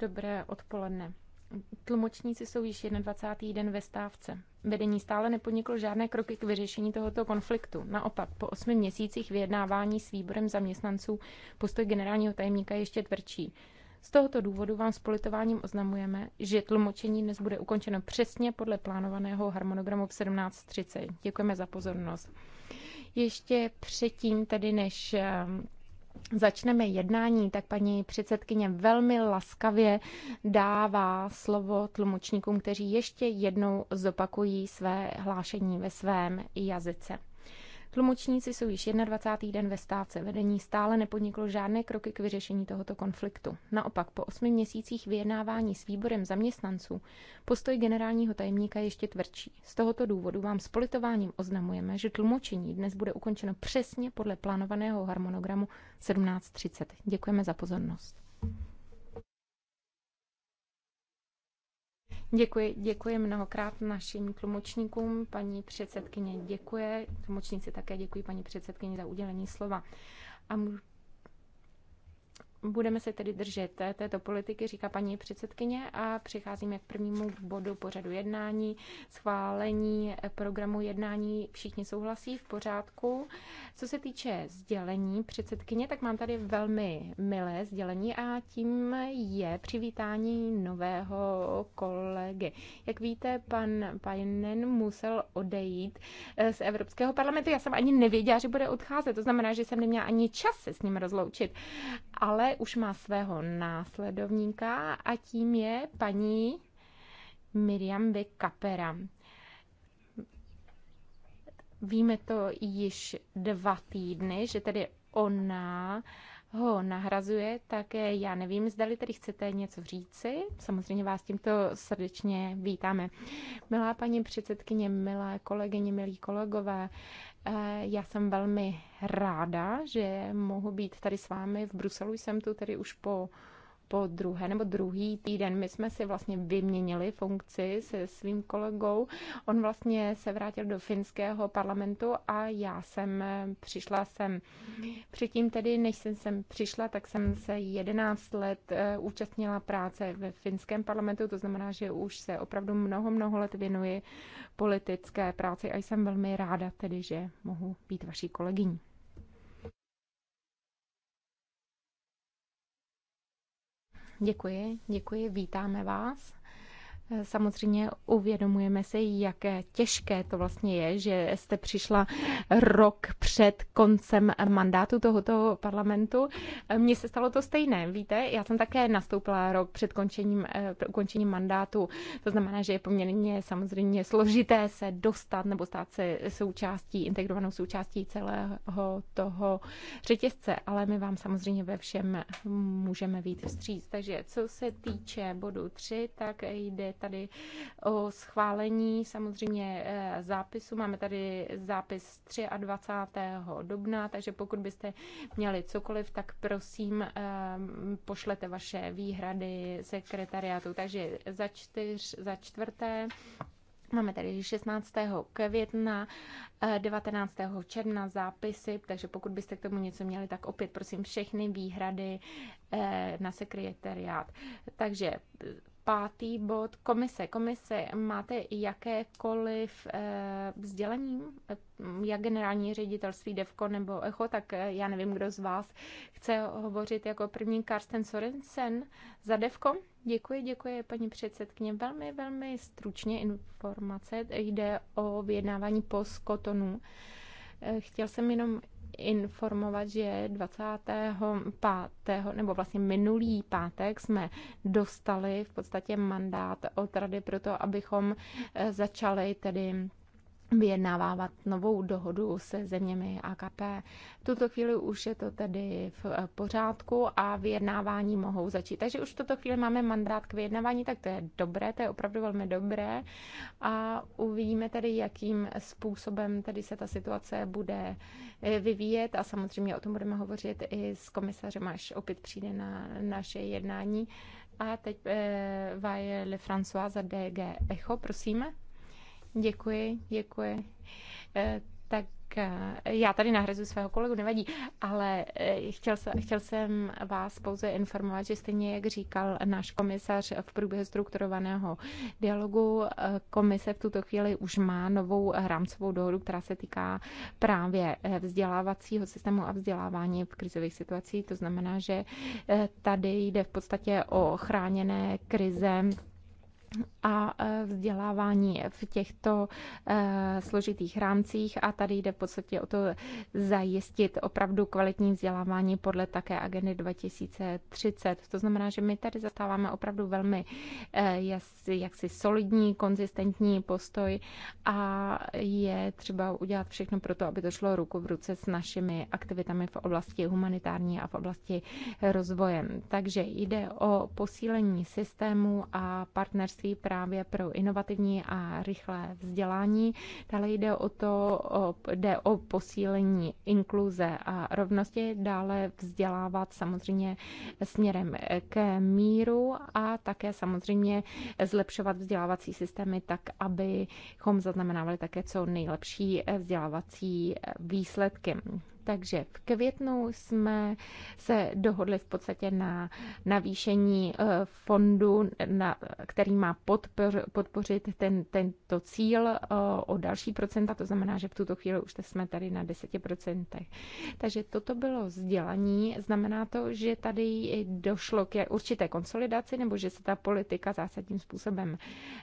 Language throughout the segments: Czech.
Dobré odpoledne. Tlumočníci jsou již 21. den ve stávce. Vedení stále nepodniklo žádné kroky k vyřešení tohoto konfliktu. Naopak, po osmi měsících vyjednávání s výborem zaměstnanců postoj generálního tajemníka je ještě tvrdší. Z tohoto důvodu vám s politováním oznamujeme, že tlumočení dnes bude ukončeno přesně podle plánovaného harmonogramu v 17.30. Děkujeme za pozornost. Ještě předtím, tedy než začneme jednání, tak paní předsedkyně velmi laskavě dává slovo tlumočníkům, kteří ještě jednou zopakují své hlášení ve svém jazyce. Tlumočníci jsou již 21. den ve stávce. Vedení stále nepodniklo žádné kroky k vyřešení tohoto konfliktu. Naopak, po osmi měsících vyjednávání s výborem zaměstnanců postoj generálního tajemníka je ještě tvrdší. Z tohoto důvodu vám s politováním oznamujeme, že tlumočení dnes bude ukončeno přesně podle plánovaného harmonogramu 17.30. Děkujeme za pozornost. Děkuji, děkuji mnohokrát našim tlumočníkům. Paní předsedkyně děkuje, tlumočníci také děkuji paní předsedkyni za udělení slova. A Budeme se tedy držet této politiky, říká paní předsedkyně, a přicházíme k prvnímu bodu pořadu jednání, schválení programu jednání. Všichni souhlasí v pořádku. Co se týče sdělení předsedkyně, tak mám tady velmi milé sdělení a tím je přivítání nového kolegy. Jak víte, pan Pajnen musel odejít eh, z Evropského parlamentu. Já jsem ani nevěděla, že bude odcházet. To znamená, že jsem neměla ani čas se s ním rozloučit. Ale ale už má svého následovníka a tím je paní Miriam de Capera. Víme to již dva týdny, že tedy ona ho nahrazuje, tak já nevím, zdali tedy chcete něco říci. Samozřejmě vás tímto srdečně vítáme. Milá paní předsedkyně, milé kolegyně, milí kolegové, Eh, já jsem velmi ráda, že mohu být tady s vámi v Bruselu. Jsem tu tedy už po po druhé nebo druhý týden. My jsme si vlastně vyměnili funkci se svým kolegou. On vlastně se vrátil do finského parlamentu a já jsem eh, přišla sem. Předtím tedy, než jsem sem přišla, tak jsem se 11 let eh, účastnila práce ve finském parlamentu, to znamená, že už se opravdu mnoho, mnoho let věnuji politické práci a jsem velmi ráda tedy, že mohu být vaší kolegyní. Děkuji, děkuji, vítáme vás. Samozřejmě uvědomujeme si, jaké těžké to vlastně je, že jste přišla rok před koncem mandátu tohoto parlamentu. Mně se stalo to stejné, víte? Já jsem také nastoupila rok před končením, eh, ukončením mandátu. To znamená, že je poměrně samozřejmě složité se dostat nebo stát se součástí, integrovanou součástí celého toho řetězce, ale my vám samozřejmě ve všem můžeme být vstříc. Takže co se týče bodu 3, tak jde tady o schválení samozřejmě eh, zápisu. Máme tady zápis 23. dubna, takže pokud byste měli cokoliv, tak prosím eh, pošlete vaše výhrady sekretariátu. Takže za, čtyř, za čtvrté Máme tady 16. května, 19. Eh, června zápisy, takže pokud byste k tomu něco měli, tak opět prosím všechny výhrady na sekretariát. Takže pátý bod komise. Komise, máte jakékoliv vzdělení, eh, eh, jak generální ředitelství DEVKO nebo ECHO, tak eh, já nevím, kdo z vás chce hovořit jako první Karsten Sorensen za DEVKO. Děkuji, děkuji paní předsedkyně. Velmi, velmi stručně informace. Jde o vyjednávání po skotonu. Chtěl jsem jenom informovat, že 25. nebo vlastně minulý pátek jsme dostali v podstatě mandát od rady pro to, abychom eh, začali tedy vyjednávat novou dohodu se zeměmi AKP. V tuto chvíli už je to tedy v eh, pořádku a vyjednávání mohou začít. Takže už v tuto chvíli máme mandát k vyjednávání, tak to je dobré, to je opravdu velmi dobré a uvidíme tedy, jakým způsobem tedy se ta situace bude eh, vyvíjet a samozřejmě o tom budeme hovořit i s komisařem, až opět přijde na naše jednání. A teď eh, Vaje Le François za DG Echo, prosíme. Děkuji, děkuji. Eh, tak eh, já tady nahrazu svého kolegu, nevadí, ale eh, chtěl, chtěl jsem vás pouze informovat, že stejně jak říkal náš komisař v průběhu strukturovaného dialogu, komise v tuto chvíli už má novou rámcovou dohodu, která se týká právě vzdělávacího systému a vzdělávání v krizových situacích. To znamená, že tady jde v podstatě o chráněné krize a e, vzdělávání v těchto e, složitých rámcích a tady jde v podstatě o to zajistit opravdu kvalitní vzdělávání podle také agendy 2030. To znamená, že my tady zastáváme opravdu velmi e, jaksi solidní, konzistentní postoj a je třeba udělat všechno pro to, aby to šlo ruku v ruce s našimi aktivitami v oblasti humanitární a v oblasti rozvoje. Takže jde o posílení systému a partnerství školství právě pro inovativní a rychlé vzdělání. Dále jde o to, o, jde o posílení inkluze a rovnosti, dále vzdělávat samozřejmě směrem k míru a také samozřejmě zlepšovat vzdělávací systémy tak, abychom zaznamenávali také co nejlepší vzdělávací výsledky. Takže v květnu jsme se dohodli v podstatě na navýšení eh, fondu, na, který má podpor, podpořit ten, tento cíl eh, o další procenta, to znamená, že v tuto chvíli už jsme tady na 10%. Takže toto bylo vzdělaní. znamená to, že tady došlo k určité konsolidaci, nebo že se ta politika zásadním způsobem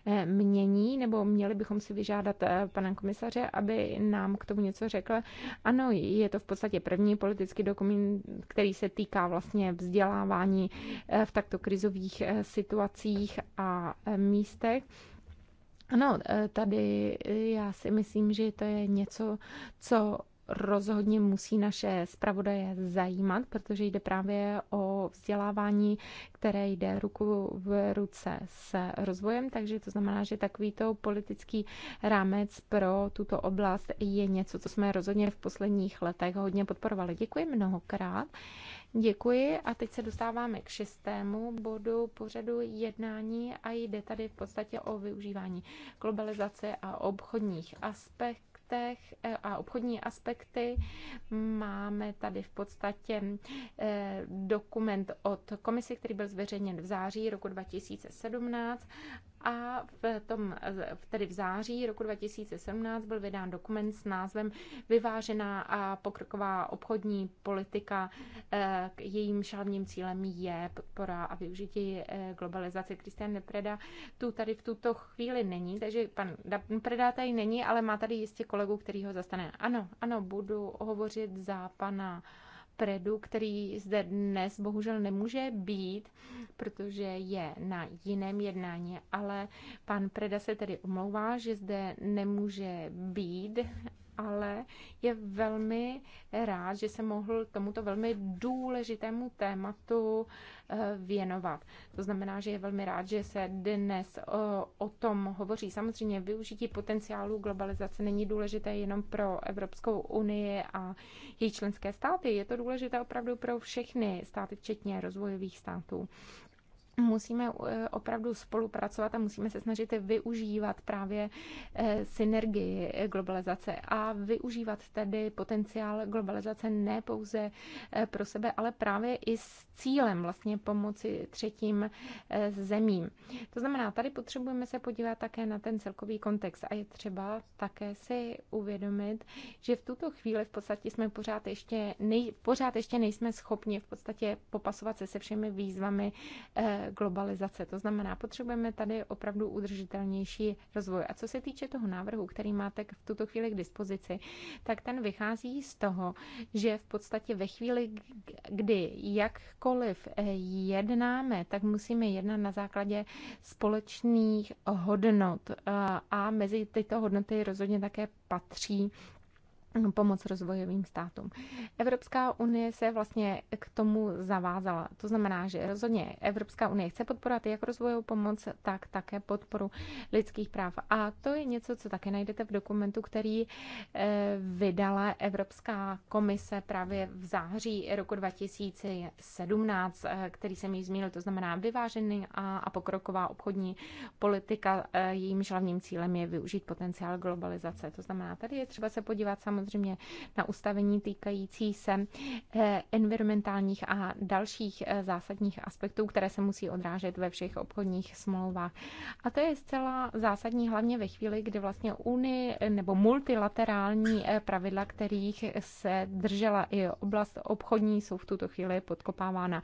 eh, mění, nebo měli bychom si vyžádat pana komisaře, aby nám k tomu něco řekl. Ano, je to v podstatě první politický dokument, který se týká vlastně vzdělávání eh, v takto krizových eh, situacích a eh, místech. Ano, tady já si myslím, že to je něco, co rozhodně musí naše zpravodaje zajímat, protože jde právě o vzdělávání, které jde ruku v ruce s rozvojem, takže to znamená, že takovýto politický rámec pro tuto oblast je něco, co jsme rozhodně v posledních letech hodně podporovali. Děkuji mnohokrát. Děkuji a teď se dostáváme k šestému bodu pořadu jednání a jde tady v podstatě o využívání globalizace a obchodních aspektů aspektech eh, a obchodní aspekty. Máme tady v podstatě eh, dokument od komise, který byl zveřejněn v září roku 2017 a v tom, tedy v září roku 2017 byl vydán dokument s názvem Vyvážená a pokroková obchodní politika. Eh, k jejím hlavním cílem je podpora a využití globalizace. Kristian Nepreda tu tady v tuto chvíli není, takže pan Preda tady není, ale má tady jistě kolegu, který ho zastane. Ano, ano, budu hovořit za pana Predu, který zde dnes bohužel nemůže být, protože je na jiném jednání, ale pan Preda se tedy omlouvá, že zde nemůže být ale je velmi rád, že se mohl tomuto velmi důležitému tématu eh, věnovat. To znamená, že je velmi rád, že se dnes eh, o tom hovoří. Samozřejmě využití potenciálu globalizace není důležité jenom pro Evropskou unii a její členské státy. Je to důležité opravdu pro všechny státy, včetně rozvojových států musíme eh, opravdu spolupracovat a musíme se snažit využívat právě eh, synergii globalizace a využívat tedy potenciál globalizace ne pouze eh, pro sebe, ale právě i s cílem vlastně pomoci třetím zemím. To znamená, tady potřebujeme se podívat také na ten celkový kontext a je třeba také si uvědomit, že v tuto chvíli v podstatě jsme pořád ještě, nej, pořád ještě nejsme schopni v podstatě popasovat se se všemi výzvami globalizace. To znamená, potřebujeme tady opravdu udržitelnější rozvoj. A co se týče toho návrhu, který máte v tuto chvíli k dispozici, tak ten vychází z toho, že v podstatě ve chvíli, kdy jakkoliv eh, jednáme, tak musíme jednat na základě společných hodnot. Eh, a mezi tyto hodnoty rozhodně také patří pomoc rozvojovým státům. Evropská unie se vlastně k tomu zavázala. To znamená, že rozhodně Evropská unie chce podporovat jak rozvojovou pomoc, tak také podporu lidských práv. A to je něco, co také najdete v dokumentu, který eh, vydala Evropská komise právě v září roku 2017, eh, který jsem ji zmínil, to znamená vyvážený a pokroková obchodní politika. Eh, Jejím hlavním cílem je využít potenciál globalizace. To znamená, tady je třeba se podívat samozřejmě samozřejmě na ustavení týkající se eh, environmentálních a dalších eh, zásadních aspektů, které se musí odrážet ve všech obchodních smlouvách. A to je zcela zásadní hlavně ve chvíli, kdy vlastně Unii nebo multilaterální eh, pravidla, kterých se držela i oblast obchodní, jsou v tuto chvíli podkopávána.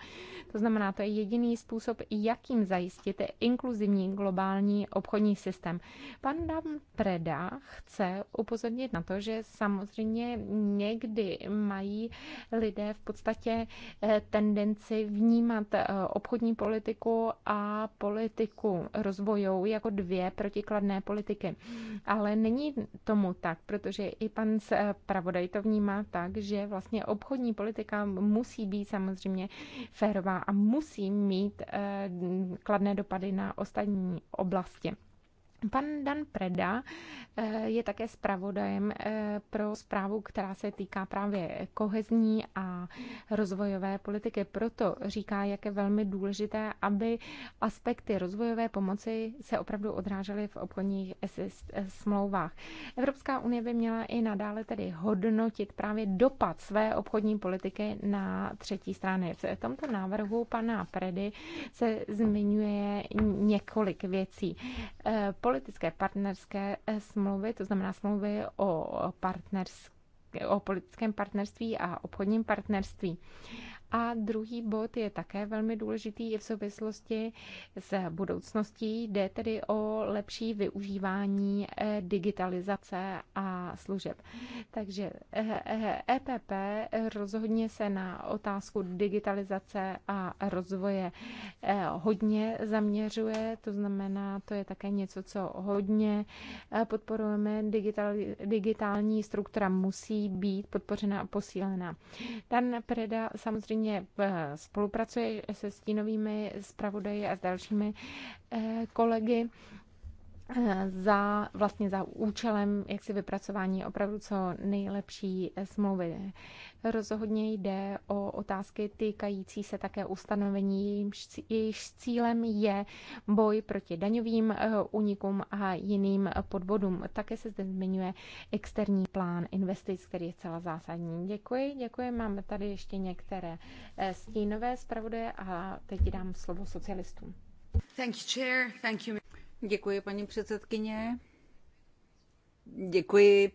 To znamená, to je jediný způsob, jakým zajistit inkluzivní globální obchodní systém. Pan Dam Preda chce upozornit na to, že samozřejmě samozřejmě někdy mají lidé v podstatě eh, tendenci vnímat eh, obchodní politiku a politiku rozvojou jako dvě protikladné politiky. Ale není tomu tak, protože i pan eh, Pravodaj to vnímá tak, že vlastně obchodní politika musí být samozřejmě férová a musí mít kladné dopady na ostatní oblasti. Pan Dan Preda eh, je také zpravodajem eh, pro zprávu, která se týká právě kohezní a rozvojové politiky. Proto říká, jak je velmi důležité, aby aspekty rozvojové pomoci se opravdu odrážely v obchodních smlouvách. Evropská unie by měla i nadále tedy hodnotit právě dopad své obchodní politiky na třetí strany. V tomto návrhu pana Predy se zmiňuje několik věcí. Eh, politické partnerské eh, smlouvy, to znamená smlouvy o, partnersk- o politickém partnerství a obchodním partnerství. A druhý bod je také velmi důležitý i v souvislosti s budoucností. Jde tedy o lepší využívání eh, digitalizace a služeb. Takže EPP eh, eh, e rozhodně se na otázku digitalizace a rozvoje hodně zaměřuje, to znamená, to je také něco, co hodně podporujeme. digitální struktura musí být podpořena a posílena. Dan Preda samozřejmě samozřejmě eh, spolupracuje se stínovými zpravodaji a s dalšími eh, kolegy eh, za, vlastně za účelem jaksi vypracování opravdu co nejlepší smlouvy rozhodně jde o otázky týkající se také ustanovení, jejichž cílem je boj proti daňovým unikům eh, a jiným podvodům. Také se zde zmiňuje externí plán investic, který je celá zásadní. Děkuji, děkuji. Máme tady ještě některé eh, stínové zpravodaje a teď dám slovo socialistům. Thank you, chair. Thank you. Děkuji, paní předsedkyně. Děkuji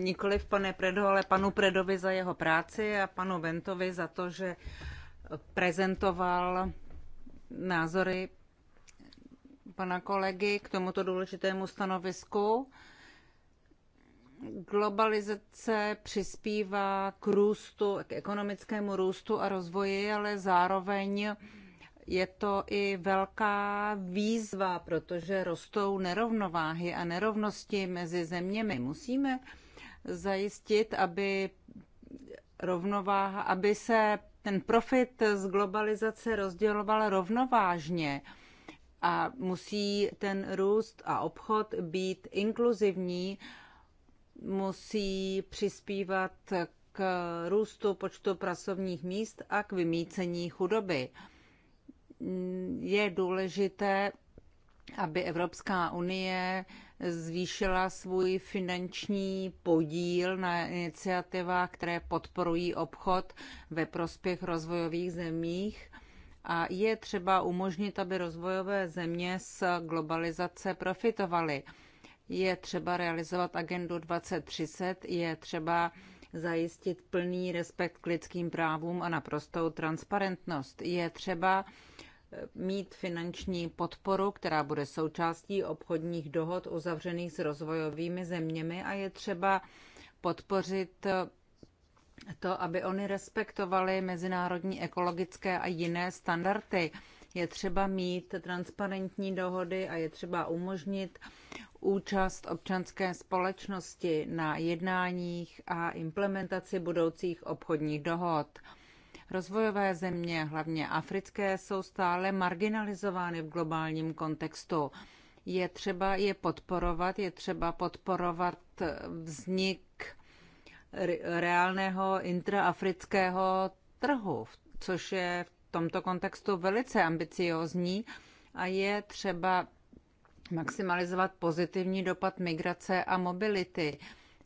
nikoli v pane Predo, ale panu Predovi za jeho práci a panu Ventovi za to, že prezentoval názory pana kolegy k tomuto důležitému stanovisku. Globalizace přispívá k růstu, k ekonomickému růstu a rozvoji, ale zároveň je to i velká výzva, protože rostou nerovnováhy a nerovnosti mezi zeměmi. Musíme zajistit, aby rovnováha, aby se ten profit z globalizace rozděloval rovnovážně a musí ten růst a obchod být inkluzivní, musí přispívat k růstu počtu pracovních míst a k vymícení chudoby je důležité, aby Evropská unie zvýšila svůj finanční podíl na iniciativách, které podporují obchod ve prospěch rozvojových zemích. A je třeba umožnit, aby rozvojové země z globalizace profitovaly. Je třeba realizovat agendu 2030, je třeba zajistit plný respekt k lidským právům a naprostou transparentnost. Je třeba mít finanční podporu, která bude součástí obchodních dohod uzavřených s rozvojovými zeměmi a je třeba podpořit to, aby oni respektovali mezinárodní ekologické a jiné standardy. Je třeba mít transparentní dohody a je třeba umožnit účast občanské společnosti na jednáních a implementaci budoucích obchodních dohod. Rozvojové země, hlavně africké, jsou stále marginalizovány v globálním kontextu. Je třeba je podporovat, je třeba podporovat vznik reálného intraafrického trhu, což je v tomto kontextu velice ambiciozní a je třeba maximalizovat pozitivní dopad migrace a mobility.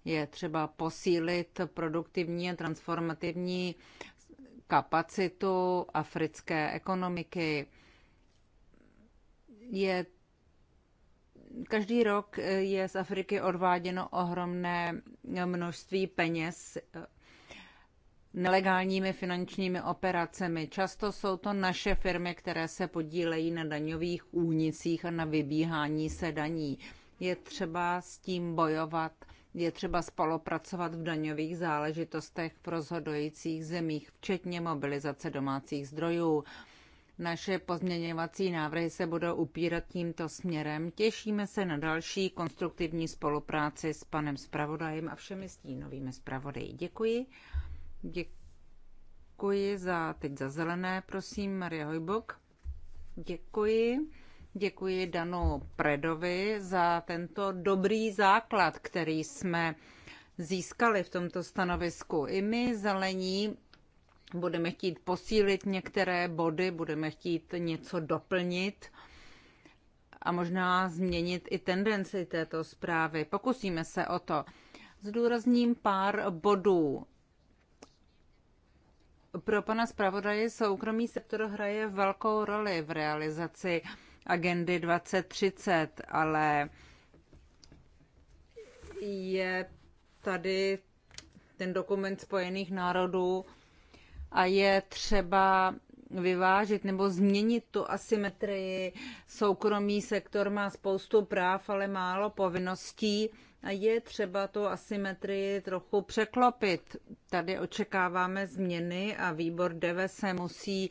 Je třeba posílit produktivní a transformativní kapacitu africké ekonomiky. Je každý rok je z Afriky odváděno ohromné množství peněz nelegálními finančními operacemi. Často jsou to naše firmy, které se podílejí na daňových únicích a na vybíhání se daní. Je třeba s tím bojovat je třeba spolupracovat v daňových záležitostech v rozhodujících zemích, včetně mobilizace domácích zdrojů. Naše pozměňovací návrhy se budou upírat tímto směrem. Těšíme se na další konstruktivní spolupráci s panem zpravodajem a všemi stínovými zpravodaji. Děkuji. Děkuji za teď za zelené, prosím, Maria Hojbok. Děkuji. Děkuji Danu Predovi za tento dobrý základ, který jsme získali v tomto stanovisku. I my zelení budeme chtít posílit některé body, budeme chtít něco doplnit a možná změnit i tendenci této zprávy. Pokusíme se o to. Zdůrazním pár bodů. Pro pana zpravodaje soukromý sektor hraje velkou roli v realizaci agendy 2030, ale je tady ten dokument Spojených národů a je třeba vyvážit nebo změnit tu asymetrii. Soukromý sektor má spoustu práv, ale málo povinností a je třeba tu asymetrii trochu překlopit. Tady očekáváme změny a výbor DEVE se musí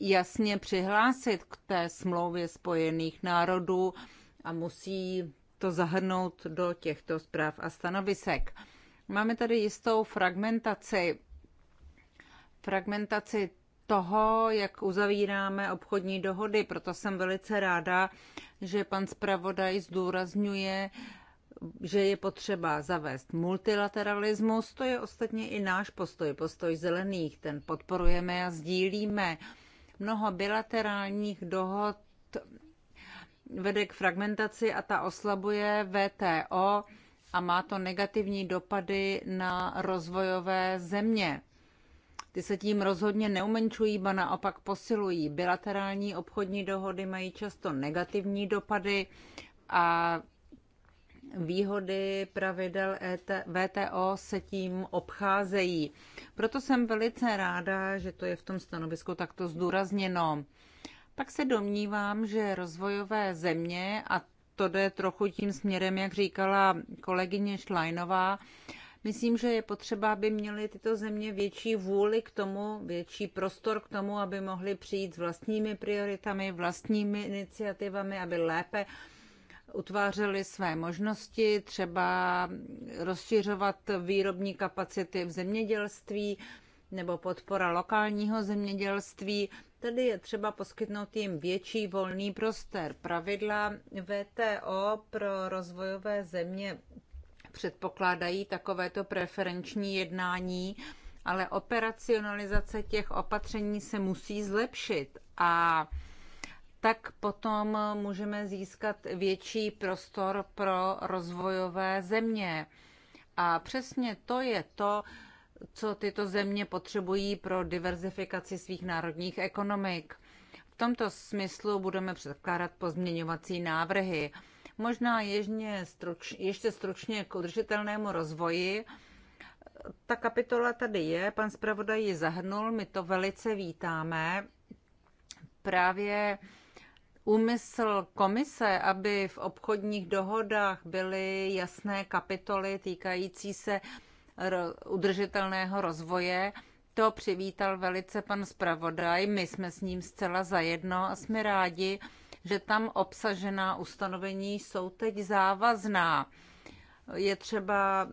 jasně přihlásit k té smlouvě Spojených národů a musí to zahrnout do těchto zpráv a stanovisek. Máme tady jistou fragmentaci. Fragmentaci toho, jak uzavíráme obchodní dohody. Proto jsem velice ráda, že pan zpravodaj zdůrazňuje, že je potřeba zavést multilateralismus. To je ostatně i náš postoj, postoj zelených. Ten podporujeme a sdílíme. Mnoho bilaterálních dohod vede k fragmentaci a ta oslabuje VTO a má to negativní dopady na rozvojové země. Ty se tím rozhodně neumenčují, ba naopak posilují. Bilaterální obchodní dohody mají často negativní dopady a výhody pravidel e VTO se tím obcházejí. Proto jsem velice ráda, že to je v tom stanovisku takto zdůrazněno. Pak se domnívám, že rozvojové země, a to jde trochu tím směrem, jak říkala kolegyně Šlajnová, myslím, že je potřeba, aby měly tyto země větší vůli k tomu, větší prostor k tomu, aby mohly přijít s vlastními prioritami, vlastními iniciativami, aby lépe utvářeli své možnosti, třeba rozšiřovat výrobní kapacity v zemědělství nebo podpora lokálního zemědělství. Tady je třeba poskytnout jim větší volný prostor. Pravidla VTO pro rozvojové země předpokládají takovéto preferenční jednání, ale operacionalizace těch opatření se musí zlepšit a tak potom můžeme získat větší prostor pro rozvojové země. A přesně to je to, co tyto země potřebují pro diverzifikaci svých národních ekonomik. V tomto smyslu budeme předkládat pozměňovací návrhy. Možná ježně struč, ještě stručně k udržitelnému rozvoji. Ta kapitola tady je, pan zpravodaj ji zahrnul, my to velice vítáme. Právě Úmysl komise, aby v obchodních dohodách byly jasné kapitoly týkající se udržitelného rozvoje, to přivítal velice pan zpravodaj. My jsme s ním zcela zajedno a jsme rádi, že tam obsažená ustanovení jsou teď závazná. Je třeba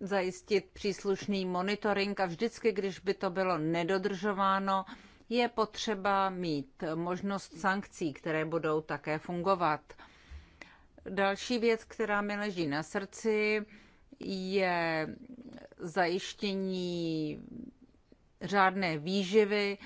zajistit příslušný monitoring a vždycky, když by to bylo nedodržováno, je potřeba mít možnost sankcí, které budou také fungovat. Další věc, která mi leží na srdci, je zajištění řádné výživy.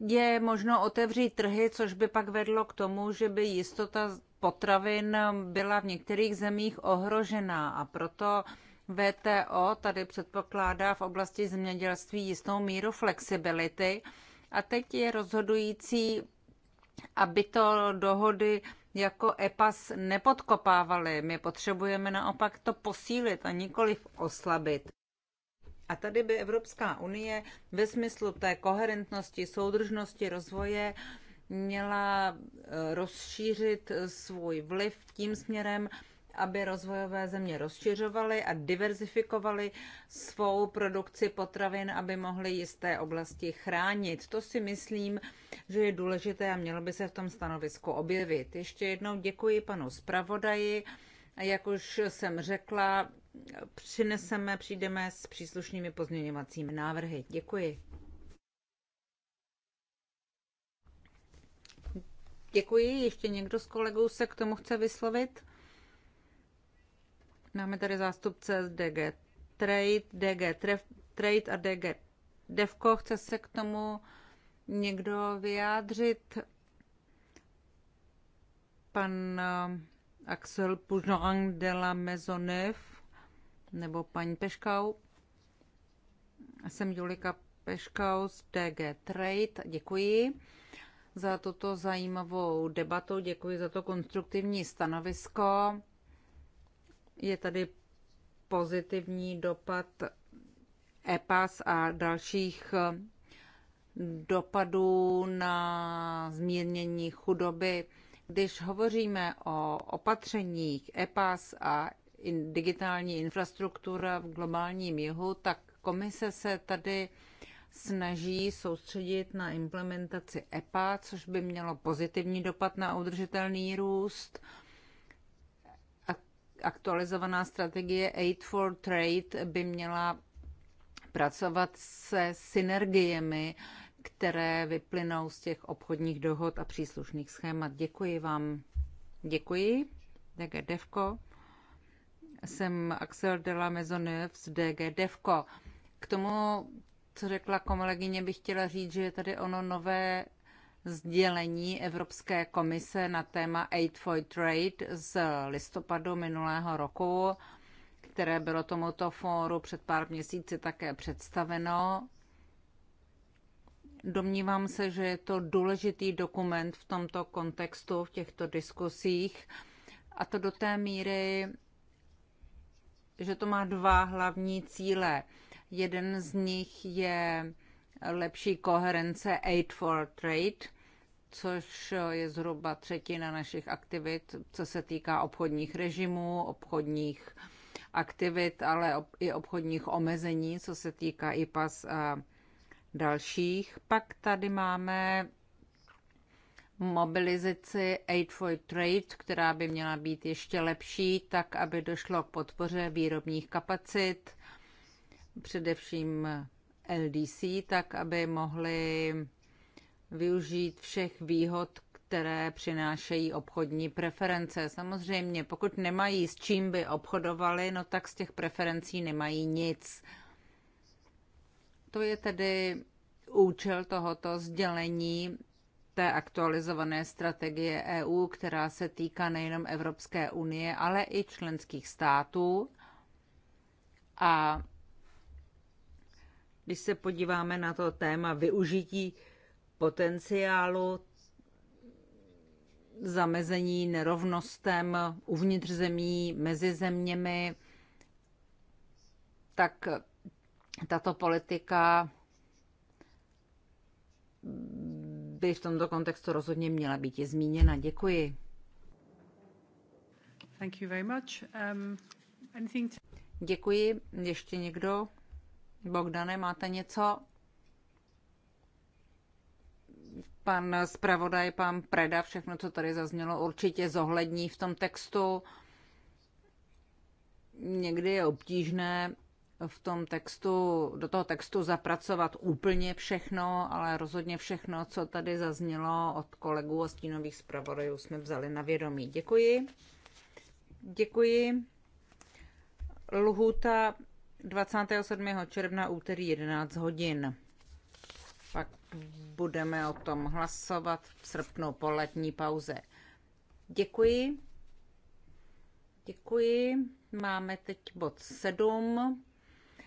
Je možno otevřít trhy, což by pak vedlo k tomu, že by jistota potravin byla v některých zemích ohrožená a proto VTO tady předpokládá v oblasti zemědělství jistou míru flexibility a teď je rozhodující, aby to dohody jako EPAS nepodkopávaly. My potřebujeme naopak to posílit a nikoliv oslabit. A tady by Evropská unie ve smyslu té koherentnosti, soudržnosti rozvoje měla eh, rozšířit svůj vliv tím směrem, aby rozvojové země rozšiřovaly a diverzifikovaly svou produkci potravin, aby mohly jisté oblasti chránit. To si myslím, že je důležité a mělo by se v tom stanovisku objevit. Ještě jednou děkuji panu zpravodaji. Jak už jsem řekla, přineseme, přijdeme s příslušnými pozměňovacími návrhy. Děkuji. Děkuji. Ještě někdo z kolegů se k tomu chce vyslovit? Máme tady zástupce z DG Trade, DG Tref, Trade a DG Devko. Chce se k tomu někdo vyjádřit? Pan eh, Axel Pujan de la Maisonneuve nebo paní Peškau. Jsem Julika Peškau z DG Trade. Děkuji za tuto zajímavou debatu, děkuji za to konstruktivní stanovisko. Je tady pozitivní dopad EPAS a dalších eh, dopadů na zmírnění chudoby. Když hovoříme o opatřeních EPAS a digitální infrastruktura v globálním jihu, tak komise se tady snaží soustředit na implementaci EPA, což by mělo pozitivní dopad na udržitelný růst aktualizovaná strategie Aid for Trade by měla pracovat se synergiemi, které vyplynou z těch obchodních dohod a příslušných schémat. Děkuji vám. Děkuji. DG Devko. Jsem Axel de la Maisonneuve z DG Devko. K tomu, co řekla komolegyně, bych chtěla říct, že je tady ono nové sdělení Evropské komise na téma Aid for Trade z listopadu minulého roku, které bylo tomuto fóru před pár měsíci také představeno. Domnívám se, že je to důležitý dokument v tomto kontextu, v těchto diskusích, a to do té míry, že to má dva hlavní cíle. Jeden z nich je lepší koherence Aid for Trade což je zhruba třetina našich aktivit, co se týká obchodních režimů, obchodních aktivit, ale i obchodních omezení, co se týká IPAS a dalších. Pak tady máme mobilizaci Aid for Trade, která by měla být ještě lepší, tak aby došlo k podpoře výrobních kapacit, především LDC, tak aby mohly využít všech výhod, které přinášejí obchodní preference. Samozřejmě, pokud nemají s čím by obchodovali, no tak z těch preferencí nemají nic. To je tedy účel tohoto sdělení té aktualizované strategie EU, která se týká nejenom Evropské unie, ale i členských států. A když se podíváme na to téma využití potenciálu zamezení nerovnostem uvnitř zemí, mezi zeměmi, tak tato politika by v tomto kontextu rozhodně měla být je zmíněna. Děkuji. Thank you very much. Um, anything to... Děkuji. Ještě někdo? Bogdane, máte něco? pan zpravodaj, pan Preda, všechno, co tady zaznělo, určitě zohlední v tom textu. Někdy je obtížné v tom textu, do toho textu zapracovat úplně všechno, ale rozhodně všechno, co tady zaznělo od kolegů a stínových zpravodajů, jsme vzali na vědomí. Děkuji. Děkuji. Lhůta 27. června úterý 11 hodin. Budeme o tom hlasovat v srpnu po letní pauze. Děkuji. Děkuji. Máme teď bod 7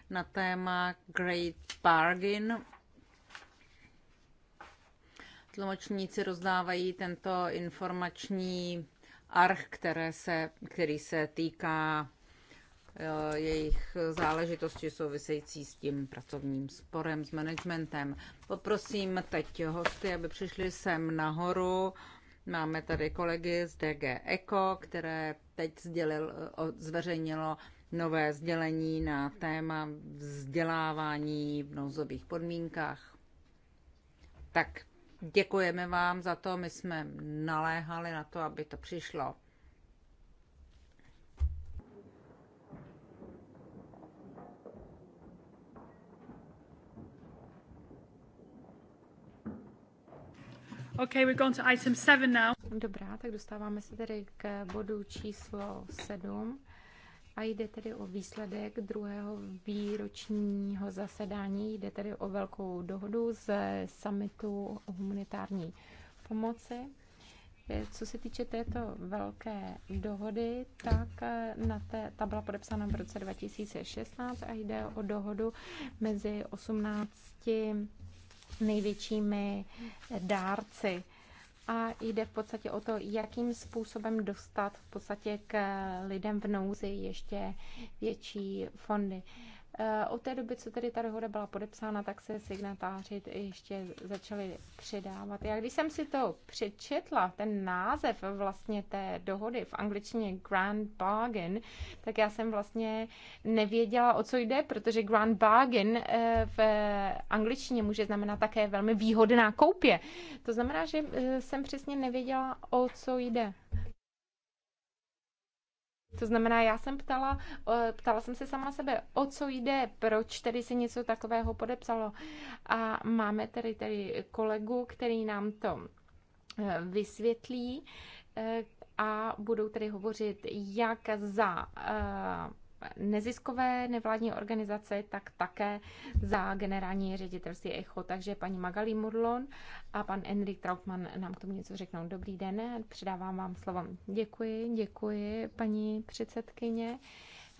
na téma Great Bargain. Tlumočníci rozdávají tento informační arch, které se, který se týká Eh, jejich záležitosti související s tím pracovním sporem s managementem. Poprosím teď hosty, aby přišli sem nahoru. Máme tady kolegy z DG Eco, které teď sdělil, zveřejnilo nové sdělení na téma vzdělávání v nouzových podmínkách. Tak děkujeme vám za to, my jsme naléhali na to, aby to přišlo. Okay, we're going to item seven now. Dobrá, tak dostáváme se tedy k bodu číslo 7 a jde tedy o výsledek druhého výročního zasedání. Jde tedy o velkou dohodu ze summitu o humanitární pomoci. Co se týče této velké dohody, tak eh, na té, ta byla podepsána v roce 2016 a jde o dohodu mezi 18 největšími dárci. A jde v podstatě o to, jakým způsobem dostat v podstatě k lidem v nouzi ještě větší fondy. Eh, od té doby, co tedy ta dohoda byla podepsána, tak se signatáři ještě začali předávat. Já když jsem si to přečetla, ten název vlastně té dohody v angličtině Grand Bargain, tak já jsem vlastně nevěděla, o co jde, protože Grand Bargain eh, v angličtině může znamenat také velmi výhodná koupě. To znamená, že eh, jsem přesně nevěděla, o co jde. To znamená, já jsem ptala, ptala jsem se sama sebe, o co jde, proč tedy se něco takového podepsalo. A máme tady tedy kolegu, který nám to e, vysvětlí e, a budou tedy hovořit jak za e, neziskové nevládní organizace, tak také za generální ředitelství ECHO. Takže paní Magali Murlon a pan Enrik Trautmann nám k tomu něco řeknou. Dobrý den, předávám vám slovo. Děkuji, děkuji, paní předsedkyně.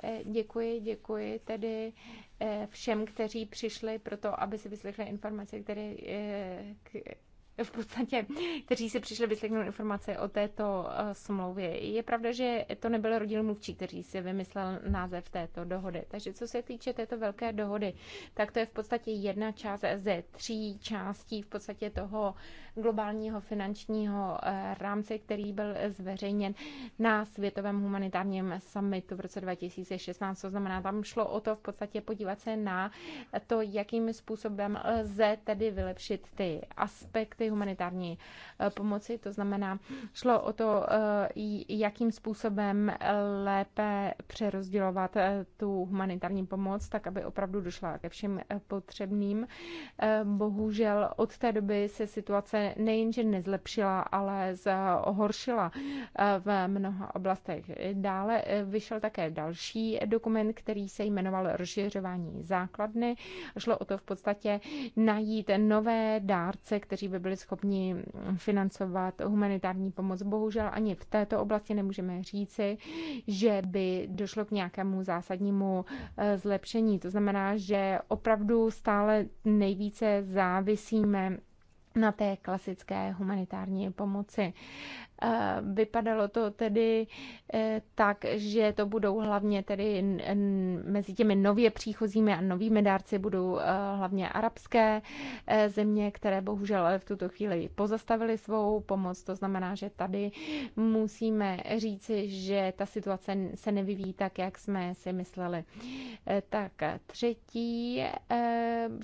Eh, děkuji, děkuji tedy eh, všem, kteří přišli pro to, aby si vyslechli informace, které eh, v podstatě, kteří si přišli vyslechnout informace o této eh, smlouvě. Je pravda, že to nebyl rodil mluvčí, kteří si vymyslel název této dohody. Takže co se týče této velké dohody, tak to je v podstatě jedna část ze tří částí v podstatě toho globálního finančního eh, rámce, který byl zveřejněn na Světovém humanitárním summitu v roce 2016. To znamená, tam šlo o to v podstatě podívat se na to, jakým způsobem lze tedy vylepšit ty aspekty humanitární eh, pomoci. To znamená, šlo o to, eh, jakým způsobem lépe přerozdělovat eh, tu humanitární pomoc, tak aby opravdu došla ke všem potřebným. Bohužel od té doby se situace nejenže nezlepšila, ale zhoršila v mnoha oblastech. Dále vyšel také další dokument, který se jmenoval Rozšiřování základny. Šlo o to v podstatě najít nové dárce, kteří by byli schopni financovat humanitární pomoc. Bohužel ani v této oblasti nemůžeme říci, že by došlo k nějakému zásadnímu eh, zlepšení. To znamená, že opravdu stále nejvíce závisíme na té klasické humanitární pomoci. Vypadalo to tedy eh, tak, že to budou hlavně tedy mezi těmi nově příchozími a novými dárci budou eh, hlavně arabské eh, země, které bohužel v tuto chvíli pozastavily svou pomoc. To znamená, že tady musíme říci, že ta situace se nevyvíjí tak, jak jsme si mysleli. Tak třetí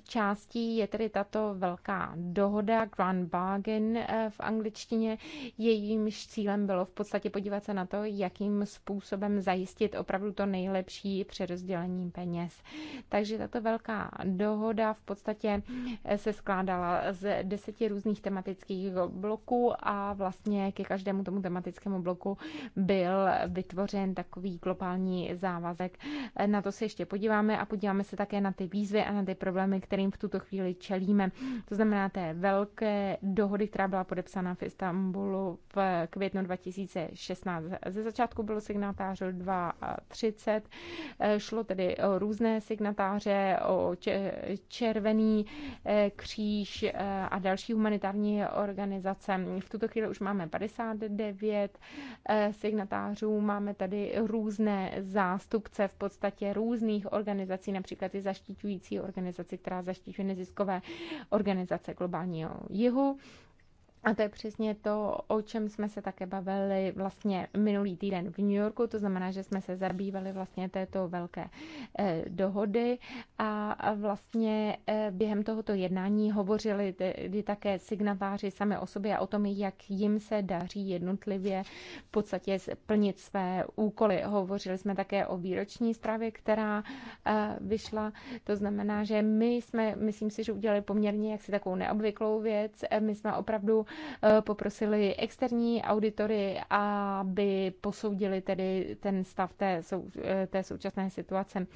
částí je tedy tato velká dohoda, Grand Bargain v angličtině. Jejím jejímž cílem bylo v podstatě podívat se na to, jakým způsobem zajistit opravdu to nejlepší rozdělení peněz. Takže tato velká dohoda v podstatě se skládala z deseti různých tematických bloků a vlastně ke každému tomu tematickému bloku byl vytvořen takový globální závazek. Na to se ještě podíváme a podíváme se také na ty výzvy a na ty problémy, kterým v tuto chvíli čelíme. To znamená té velké dohody, která byla podepsána v Istanbulu v květnu 2016. Ze začátku bylo signatářů 230, šlo tedy o různé signatáře, o Červený eh, kříž eh, a další humanitární organizace. V tuto chvíli už máme 59 eh, signatářů, máme tady různé zástupce v podstatě různých organizací, například i zaštiťující organizaci, která zaštiťuje neziskové organizace globálního jihu. A to je přesně to, o čem jsme se také bavili vlastně minulý týden v New Yorku, to znamená, že jsme se zabývali vlastně této velké eh, dohody a vlastně eh, během tohoto jednání hovořili kdy také signatáři sami o sobě a o tom, jak jim se daří jednotlivě v podstatě splnit své úkoly. Hovořili jsme také o výroční zprávě, která eh, vyšla, to znamená, že my jsme, myslím si, že udělali poměrně jaksi takovou neobvyklou věc, my jsme opravdu Eh, poprosili externí auditory, aby posoudili tedy ten stav té, sou, eh, té současné situace.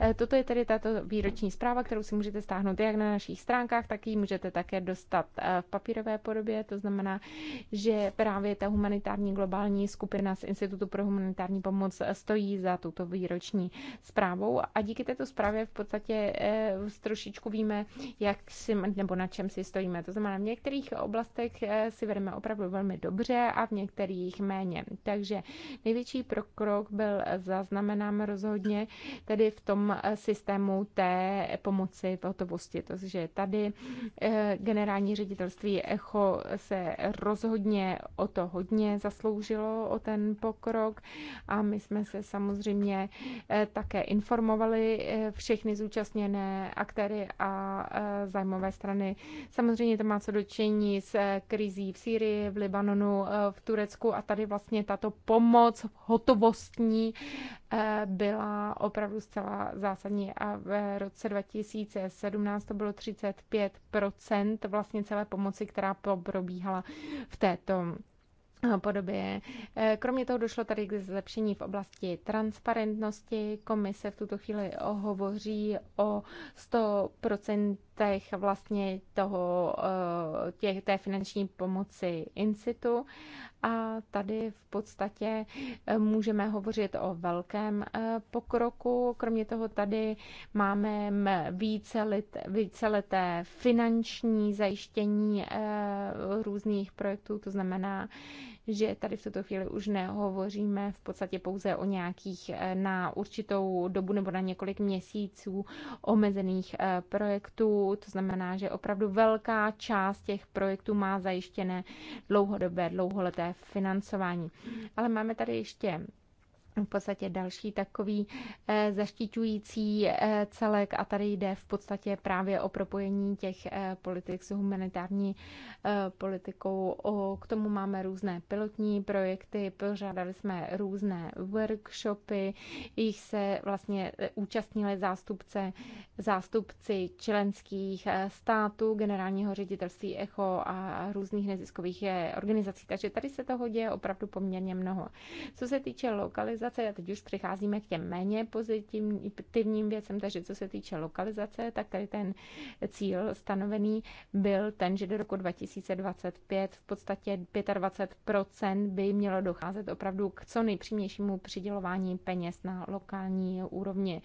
Eh, toto je tedy tato výroční zpráva, kterou si můžete stáhnout jak na našich stránkách, tak ji můžete také dostat v papírové podobě. To znamená, že právě ta humanitární globální skupina z Institutu pro humanitární pomoc stojí za tuto výroční zprávou a díky této zprávě v podstatě trošičku víme, jak si, nebo na čem si stojíme. To znamená, v některých oblastech si vedeme opravdu velmi dobře a v některých méně. Takže největší prokrok byl zaznamenán rozhodně tedy v tom systému té pomoci v hotovosti. To, že tady eh, generální ředitelství ECHO se rozhodně o to hodně zasloužilo, o ten pokrok a my jsme se samozřejmě eh, také informovali eh, všechny zúčastněné aktéry a zájmové strany. Samozřejmě to má co dočení s krizí v Sýrii, v Libanonu, eh, v Turecku a tady vlastně tato pomoc hotovostní eh, byla opravdu zcela zásadní a v roce 2017 to bylo 35 vlastně celé pomoci, která probíhala v této eh, podobě. Kromě toho došlo tady k zlepšení v oblasti transparentnosti. Komise v tuto chvíli hovoří o 100% těch vlastně toho, eh, těch, té finanční pomoci institu a tady v podstatě eh, můžeme hovořit o velkém eh, pokroku. Kromě toho tady máme víceleté finanční zajištění různých projektů, to znamená, že tady v tuto chvíli už nehovoříme v podstatě pouze o nějakých eh, na určitou dobu nebo na několik měsíců omezených eh, projektů. To znamená, že opravdu velká část těch projektů má zajištěné dlouhodobé, dlouholeté financování. Ale máme tady ještě v podstatě další takový eh, zaštiťující eh, celek a tady jde v podstatě právě o propojení těch eh, politik s humanitární politikou. K tomu máme různé pilotní projekty, pořádali jsme různé workshopy, jich se vlastně účastnili zástupce, zástupci členských států, generálního ředitelství ECHO a různých neziskových organizací. Takže tady se toho děje opravdu poměrně mnoho. Co se týče lokalizace, lokalizace. A teď už přicházíme k těm méně pozitivním věcem, takže co se týče lokalizace, tak tady ten cíl stanovený byl ten, že do roku 2025 v podstatě 25% by mělo docházet opravdu k co nejpřímějšímu přidělování peněz na lokální úrovni.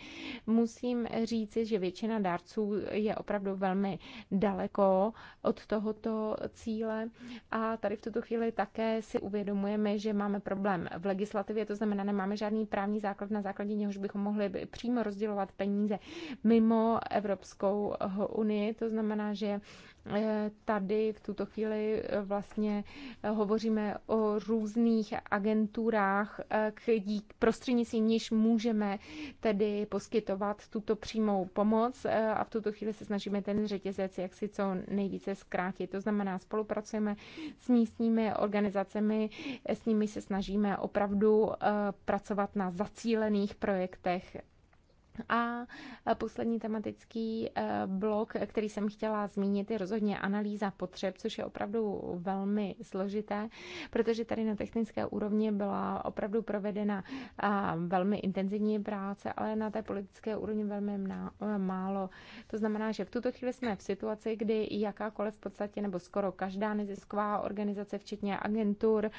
Musím říci, že většina dárců je opravdu velmi daleko od tohoto cíle a tady v tuto chvíli také si uvědomujeme, že máme problém v legislativě, to znamená, nemáme nemáme žádný právní základ, na základě něhož bychom mohli by přímo rozdělovat peníze mimo Evropskou unii. To znamená, že Eh, tady v tuto chvíli eh, vlastně eh, hovoříme o různých agenturách, k dík prostřednictvím níž můžeme tedy poskytovat tuto přímou pomoc a v tuto chvíli se snažíme ten řetězec jak si co nejvíce zkrátit. To znamená, spolupracujeme s místními organizacemi, s nimi se snažíme opravdu pracovat na zacílených projektech a poslední tematický eh, blok, který jsem chtěla zmínit, je rozhodně analýza potřeb, což je opravdu velmi složité, protože tady na technické úrovni byla opravdu provedena eh, velmi intenzivní práce, ale na té politické úrovni velmi eh, málo. To znamená, že v tuto chvíli jsme v situaci, kdy jakákoliv v podstatě nebo skoro každá nezisková organizace, včetně agentur,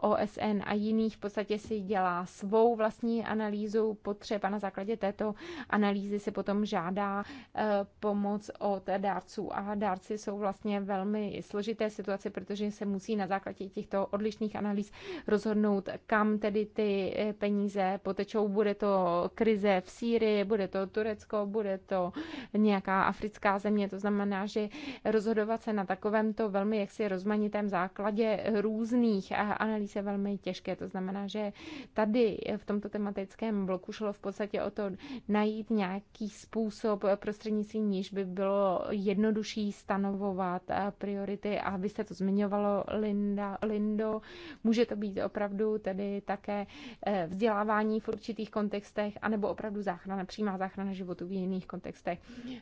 OSN a jiných, v podstatě si dělá svou vlastní analýzu potřeb a na základě této analýzy se potom žádá eh, pomoc od dárců a dárci jsou vlastně velmi složité situace, protože se musí na základě těchto odlišných analýz rozhodnout, kam tedy ty eh, peníze potečou. Bude to krize v Sýrii, bude to Turecko, bude to nějaká africká země. To znamená, že rozhodovat se na takovémto velmi jaksi rozmanitém základě různých eh, analýz je velmi těžké. To znamená, že tady v tomto tematickém bloku šlo v podstatě o to najít nějaký způsob prostřednictvím níž by bylo jednodušší stanovovat eh, priority a vy jste to zmiňovalo, Linda, Lindo, může to být opravdu tedy také eh, vzdělávání v určitých kontextech, anebo opravdu záchrana, přímá záchrana životu v jiných kontextech.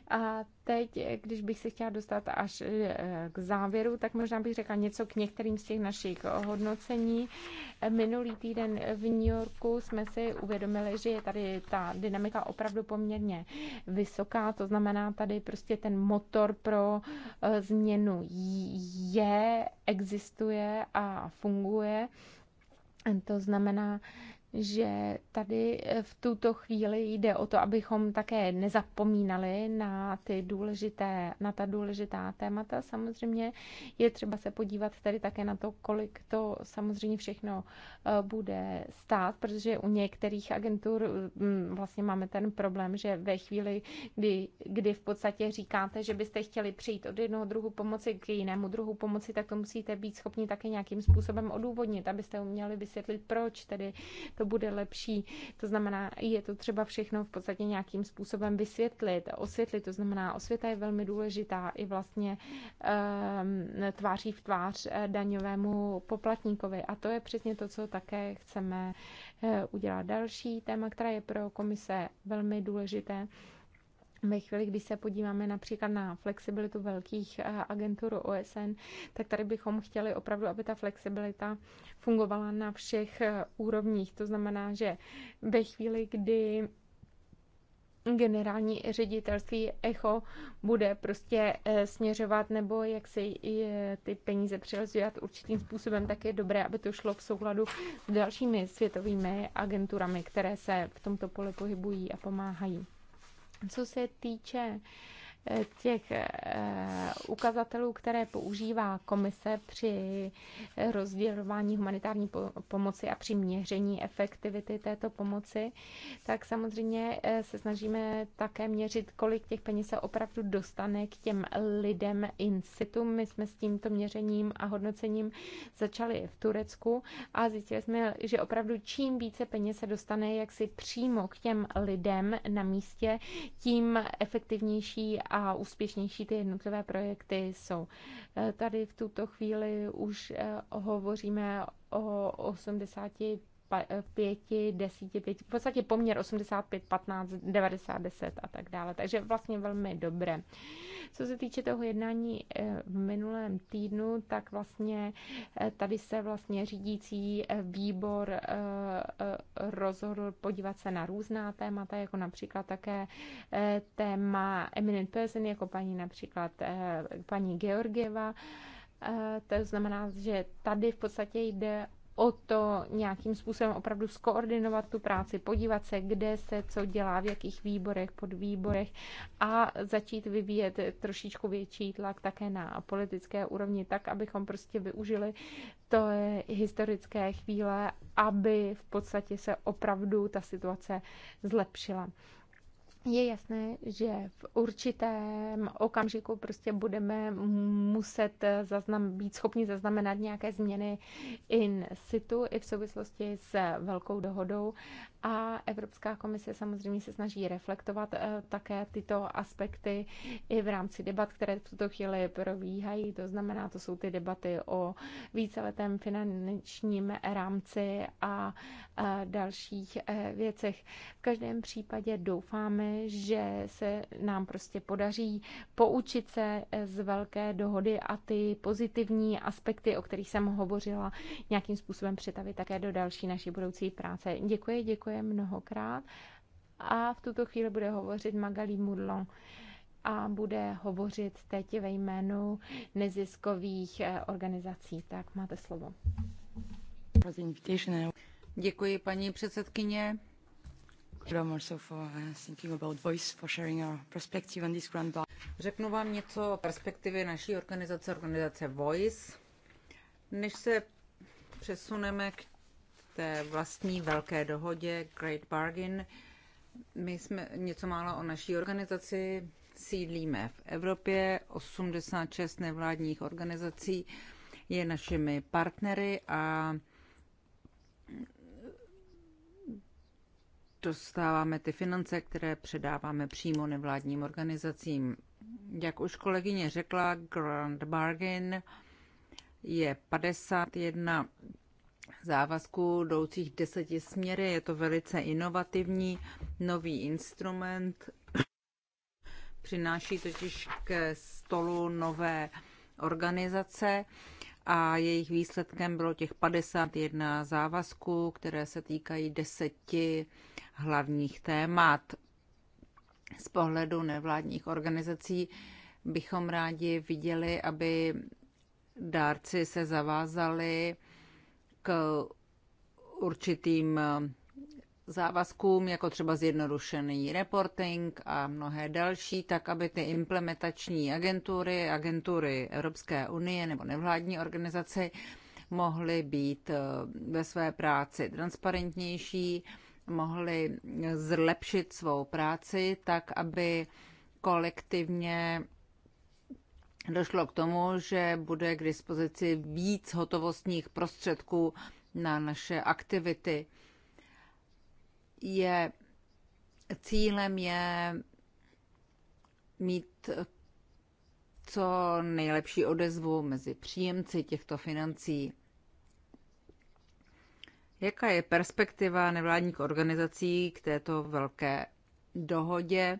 A teď, když bych se chtěla dostat až eh, k závěru, tak možná bych řekla něco k některým z těch našich hodnocení. Minulý týden v New Yorku jsme si uvědomili, že je tady ta dynamika dynamika opravdu poměrně vysoká, to znamená tady prostě ten motor pro eh, změnu je, existuje a funguje. To znamená, že tady eh, v tuto chvíli jde o to, abychom také nezapomínali na ty důležité, na ta důležitá témata. Samozřejmě je třeba se podívat tady také na to, kolik to samozřejmě všechno eh, bude stát, protože u některých agentur mm, vlastně máme ten problém, že ve chvíli, kdy, kdy v podstatě říkáte, že byste chtěli přijít od jednoho druhu pomoci k jinému druhu pomoci, tak to musíte být schopni také nějakým způsobem odůvodnit, abyste uměli vysvětlit, proč tedy to bude lepší. To znamená, je to třeba všechno v podstatě nějakým způsobem vysvětlit, osvětlit. To znamená, osvěta je velmi důležitá i vlastně um, tváří v tvář eh, daňovému poplatníkovi. A to je přesně to, co také chceme eh, udělat. Další téma, která je pro komise velmi důležité, ve chvíli, kdy se podíváme například na flexibilitu velkých eh, agentur OSN, tak tady bychom chtěli opravdu, aby ta flexibilita fungovala na všech eh, úrovních. To znamená, že ve chvíli, kdy generální ředitelství ECHO bude prostě eh, směřovat nebo jak si ty peníze přerozdělat určitým způsobem, tak je dobré, aby to šlo v souladu s dalšími světovými agenturami, které se v tomto poli pohybují a pomáhají. Co se týče těch eh, ukazatelů, které používá komise při rozdělování humanitární pomoci a při měření efektivity této pomoci, tak samozřejmě eh, se snažíme také měřit, kolik těch peněz se opravdu dostane k těm lidem in situ. My jsme s tímto měřením a hodnocením začali v Turecku a zjistili jsme, že opravdu čím více peněz se dostane jaksi přímo k těm lidem na místě, tím efektivnější a úspěšnější ty jednotlivé projekty jsou. Eh, tady v tuto chvíli už eh, hovoříme o 85 eh, pěti, desíti, pěti, v podstatě poměr 85, 15, 90, 10 a tak dále. Takže vlastně velmi dobré. Co se týče toho jednání v minulém týdnu, tak vlastně tady se vlastně řídící výbor rozhodl podívat se na různá témata, jako například také eh, téma eminent person, jako paní například eh, paní Georgieva. Eh, to znamená, že tady v podstatě jde o to nějakým způsobem opravdu skoordinovat tu práci, podívat se, kde se co dělá, v jakých výborech, podvýborech a začít vyvíjet trošičku větší tlak také na politické úrovni, tak, abychom prostě využili to historické chvíle, aby v podstatě se opravdu ta situace zlepšila je jasné, že v určitém okamžiku prostě budeme muset zaznam, být schopni zaznamenat nějaké změny in situ i v souvislosti s velkou dohodou a Evropská komise samozřejmě se snaží reflektovat eh, také tyto aspekty i v rámci debat, které v tuto chvíli probíhají. To znamená, to jsou ty debaty o víceletém finančním rámci a eh, dalších eh, věcech. V každém případě doufáme, že se nám prostě podaří poučit se z velké dohody a ty pozitivní aspekty, o kterých jsem hovořila, nějakým způsobem přetavit také do další naší budoucí práce. Děkuji, děkuji Děkuje mnohokrát. A v tuto chvíli bude hovořit Magali Mudlo a bude hovořit teď ve jménu neziskových eh, organizací. Tak máte slovo. Děkuji, paní předsedkyně. Uh, Řeknu vám něco o perspektivě naší organizace, organizace Voice. Než se přesuneme k té vlastní velké dohodě Great Bargain. My jsme něco málo o naší organizaci, sídlíme v Evropě, 86 nevládních organizací je našimi partnery a dostáváme ty finance, které předáváme přímo nevládním organizacím. Jak už kolegyně řekla, Grand Bargain je 51 závazků jdoucích deseti směry. Je to velice inovativní nový instrument. Přináší totiž k stolu nové organizace a jejich výsledkem bylo těch 51 závazků, které se týkají deseti hlavních témat. Z pohledu nevládních organizací bychom rádi viděli, aby dárci se zavázali k určitým eh, závazkům, jako třeba zjednodušený reporting a mnohé další, tak aby ty implementační agentury, agentury Evropské unie nebo nevládní organizace mohly být eh, ve své práci transparentnější, mohly zlepšit svou práci tak, aby kolektivně došlo k tomu, že bude k dispozici víc hotovostních prostředků na naše aktivity. Je, cílem je mít co nejlepší odezvu mezi příjemci těchto financí. Jaká je perspektiva nevládních organizací k této velké dohodě?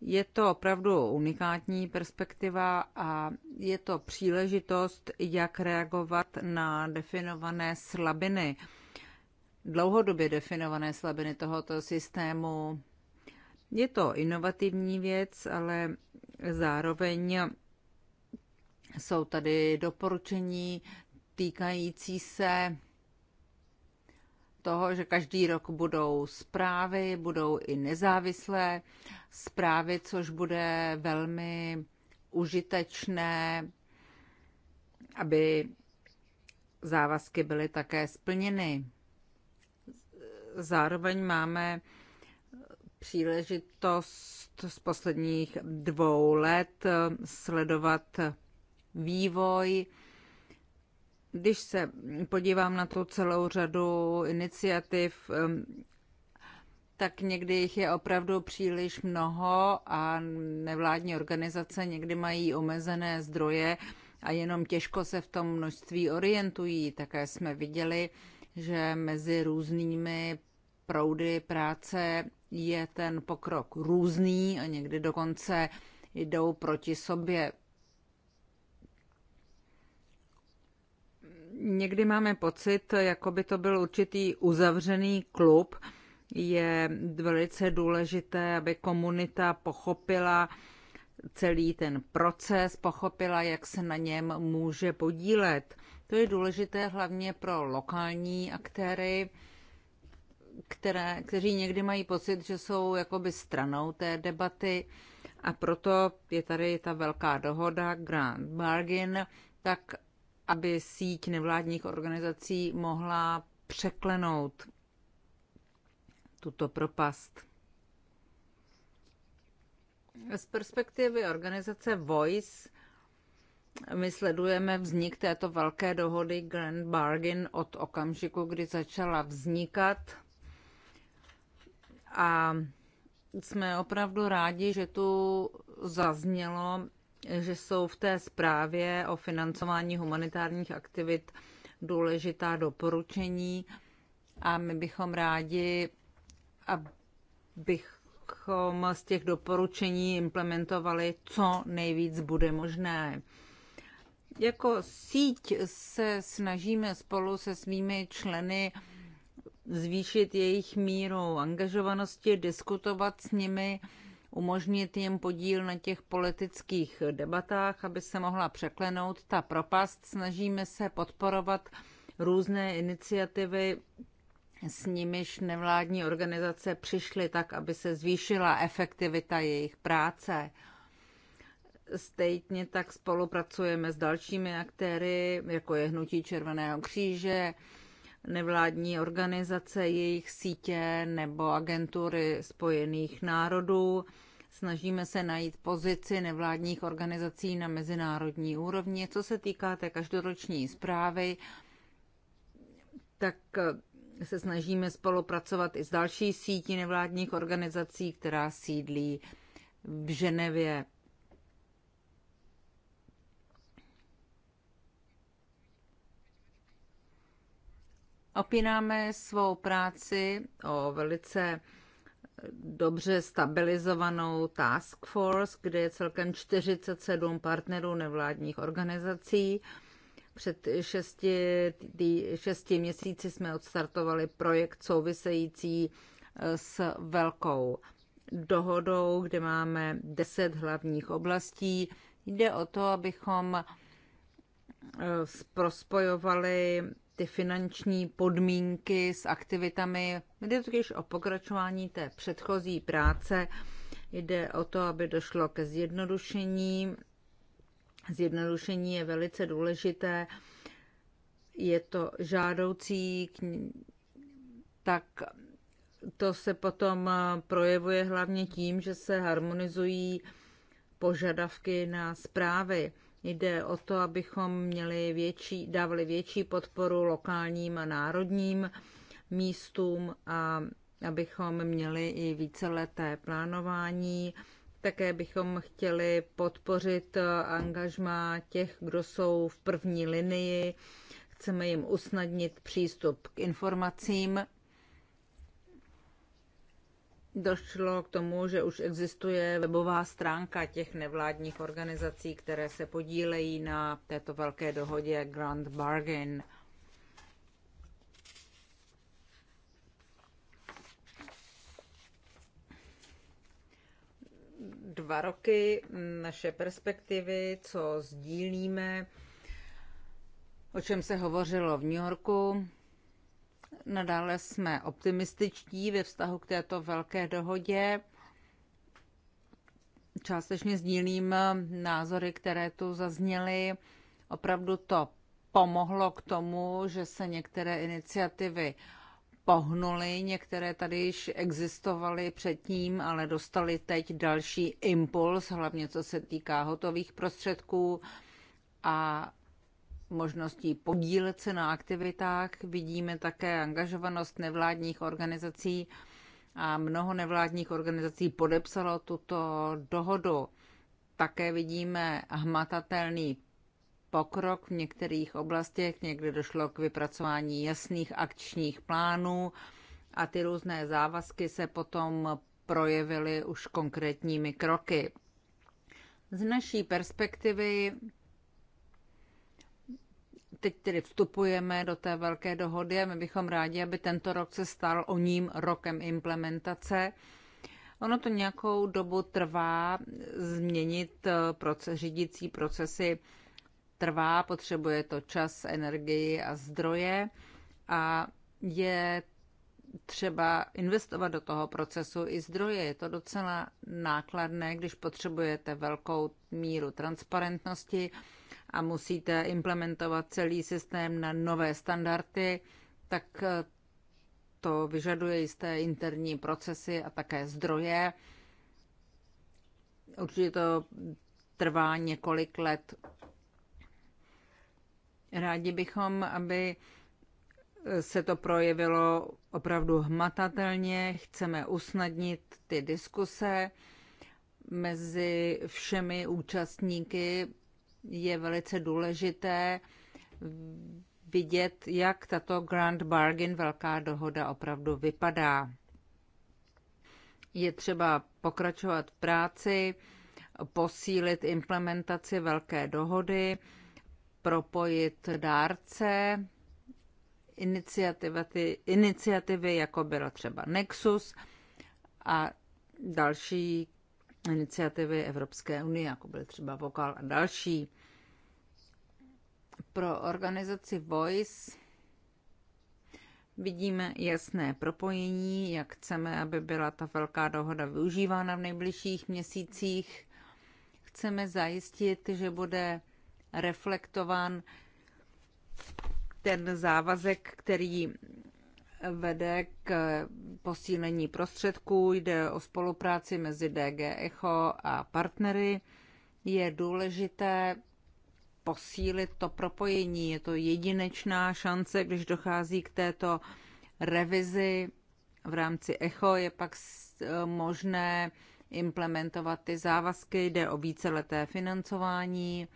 Je to opravdu unikátní perspektiva a je to příležitost, jak reagovat na definované slabiny, dlouhodobě definované slabiny tohoto systému. Je to inovativní věc, ale zároveň jsou tady doporučení týkající se toho, že každý rok budou zprávy, budou i nezávislé zprávy, což bude velmi užitečné, aby závazky byly také splněny. Zároveň máme příležitost z posledních dvou let sledovat vývoj když se podívám na tu celou řadu iniciativ, tak někdy jich je opravdu příliš mnoho a nevládní organizace někdy mají omezené zdroje a jenom těžko se v tom množství orientují. Také jsme viděli, že mezi různými proudy práce je ten pokrok různý a někdy dokonce jdou proti sobě. někdy máme pocit, jako by to byl určitý uzavřený klub. Je velice důležité, aby komunita pochopila celý ten proces, pochopila, jak se na něm může podílet. To je důležité hlavně pro lokální aktéry, které, kteří někdy mají pocit, že jsou jakoby stranou té debaty a proto je tady ta velká dohoda, Grand Bargain, tak aby síť nevládních organizací mohla překlenout tuto propast. Z perspektivy organizace Voice my sledujeme vznik této velké dohody Grand Bargain od okamžiku, kdy začala vznikat. A jsme opravdu rádi, že tu zaznělo, že jsou v té zprávě o financování humanitárních aktivit důležitá doporučení a my bychom rádi, abychom z těch doporučení implementovali, co nejvíc bude možné. Jako síť se snažíme spolu se svými členy zvýšit jejich míru angažovanosti, diskutovat s nimi, umožnit jim podíl na těch politických debatách, aby se mohla překlenout ta propast. Snažíme se podporovat různé iniciativy, s nimiž nevládní organizace přišly tak, aby se zvýšila efektivita jejich práce. Stejně tak spolupracujeme s dalšími aktéry, jako je Hnutí Červeného kříže, nevládní organizace, jejich sítě nebo agentury Spojených národů. Snažíme se najít pozici nevládních organizací na mezinárodní úrovni. Co se týká té každoroční zprávy, tak eh, se snažíme spolupracovat i s další sítí nevládních organizací, která sídlí v Ženevě. Opínáme svou práci o velice dobře stabilizovanou task force, kde je celkem 47 partnerů nevládních organizací. Před šesti, tý, šesti měsíci jsme odstartovali projekt související e, s velkou dohodou, kde máme deset hlavních oblastí. Jde o to, abychom e, prospojovali ty finanční podmínky s aktivitami. Jde totiž o pokračování té předchozí práce. Jde o to, aby došlo ke zjednodušení. Zjednodušení je velice důležité. Je to žádoucí, tak to se potom eh, projevuje hlavně tím, že se harmonizují požadavky na zprávy. Jde o to, abychom měli větší, dávali větší podporu lokálním a národním místům a abychom měli i víceleté plánování. Také bychom chtěli podpořit angažma těch, kdo jsou v první linii. Chceme jim usnadnit přístup k informacím došlo k tomu, že už existuje webová stránka těch nevládních organizací, které se podílejí na této velké dohodě Grand Bargain. Dva roky naše perspektivy, co sdílíme, o čem se hovořilo v New Yorku, Nadále jsme optimističtí ve vztahu k této velké dohodě. Částečně sdílím názory, které tu zazněly. Opravdu to pomohlo k tomu, že se některé iniciativy pohnuly, některé tady již existovaly předtím, ale dostaly teď další impuls, hlavně co se týká hotových prostředků a možností podílet se na aktivitách. Vidíme také angažovanost nevládních organizací a mnoho nevládních organizací podepsalo tuto dohodu. Také vidíme hmatatelný pokrok v některých oblastech, někde došlo k vypracování jasných akčních plánů a ty různé závazky se potom projevily už konkrétními kroky. Z naší perspektivy teď tedy vstupujeme do té velké dohody a my bychom rádi, aby tento rok se stal o ním rokem implementace. Ono to nějakou dobu trvá změnit eh, proces, řídící procesy. Trvá, potřebuje to čas, energii a zdroje a je třeba investovat do toho procesu i zdroje. Je to docela nákladné, když potřebujete velkou míru transparentnosti, a musíte implementovat celý systém na nové standardy, tak eh, to vyžaduje jisté interní procesy a také zdroje. Určitě to trvá několik let. Rádi bychom, aby se to projevilo opravdu hmatatelně. Chceme usnadnit ty diskuse mezi všemi účastníky je velice důležité vidět, jak tato Grand Bargain, velká dohoda, opravdu vypadá. Je třeba pokračovat v práci, posílit implementaci velké dohody, propojit dárce, iniciativy, iniciativy jako bylo třeba Nexus a další iniciativy Evropské unie, jako byl třeba Vokal a další. Pro organizaci Voice vidíme jasné propojení, jak chceme, aby byla ta velká dohoda využívána v nejbližších měsících. Chceme zajistit, že bude reflektován ten závazek, který vede k posílení prostředků, jde o spolupráci mezi DG Echo a partnery. Je důležité posílit to propojení. Je to jedinečná šance, když dochází k této revizi v rámci ECHO, je pak e, možné implementovat ty závazky, jde o víceleté financování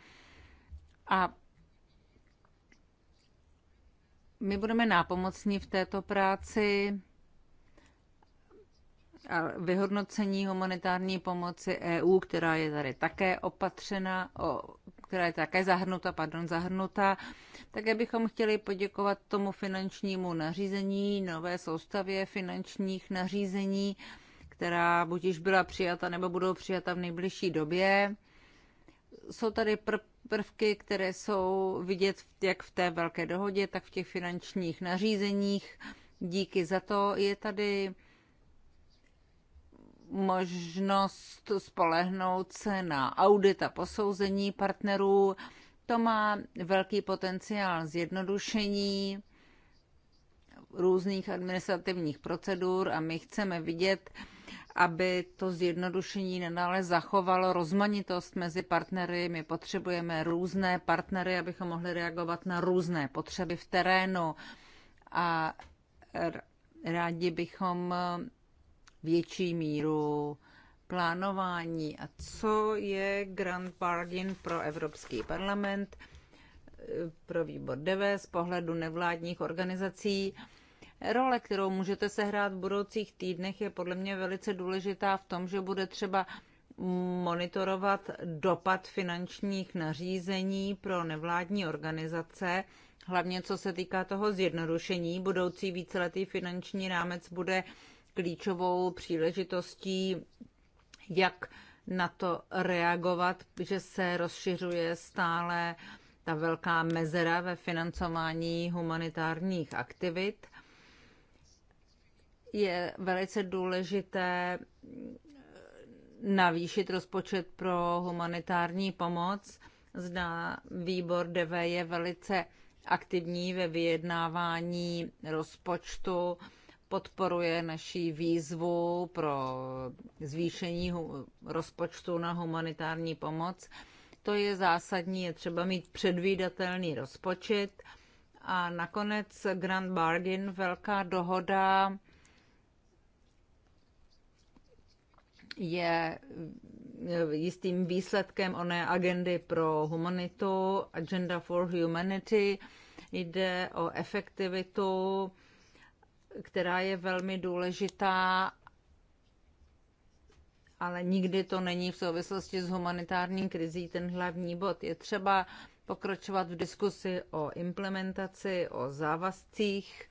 a my budeme nápomocní v této práci a vyhodnocení humanitární pomoci EU, která je tady také opatřena, o, která je také zahrnuta, pardon, zahrnuta. Také bychom chtěli poděkovat tomu finančnímu nařízení, nové soustavě finančních nařízení, která buď již byla přijata nebo budou přijata v nejbližší době. Jsou tady pr- prvky, které jsou vidět jak v té velké dohodě, tak v těch finančních nařízeních. Díky za to je tady možnost spolehnout se na audit a posouzení partnerů. To má velký potenciál zjednodušení různých administrativních procedur a my chceme vidět, aby to zjednodušení nadále zachovalo rozmanitost mezi partnery. My potřebujeme různé partnery, abychom mohli reagovat na různé potřeby v terénu a rádi bychom větší míru plánování. A co je Grand Bargain pro Evropský parlament, pro výbor DEVE z pohledu nevládních organizací? Role, kterou můžete sehrát v budoucích týdnech, je podle mě velice důležitá v tom, že bude třeba monitorovat dopad finančních nařízení pro nevládní organizace, hlavně co se týká toho zjednodušení. Budoucí víceletý finanční rámec bude klíčovou příležitostí, jak na to reagovat, že se rozšiřuje stále ta velká mezera ve financování humanitárních aktivit je velice důležité navýšit rozpočet pro humanitární pomoc. Zda výbor DV je velice aktivní ve vyjednávání rozpočtu, podporuje naší výzvu pro zvýšení rozpočtu na humanitární pomoc. To je zásadní, je třeba mít předvídatelný rozpočet. A nakonec Grand Bargain, velká dohoda, je jistým výsledkem oné agendy pro humanitu, Agenda for Humanity. Jde o efektivitu, která je velmi důležitá, ale nikdy to není v souvislosti s humanitární krizí ten hlavní bod. Je třeba pokračovat v diskusi o implementaci, o závazcích,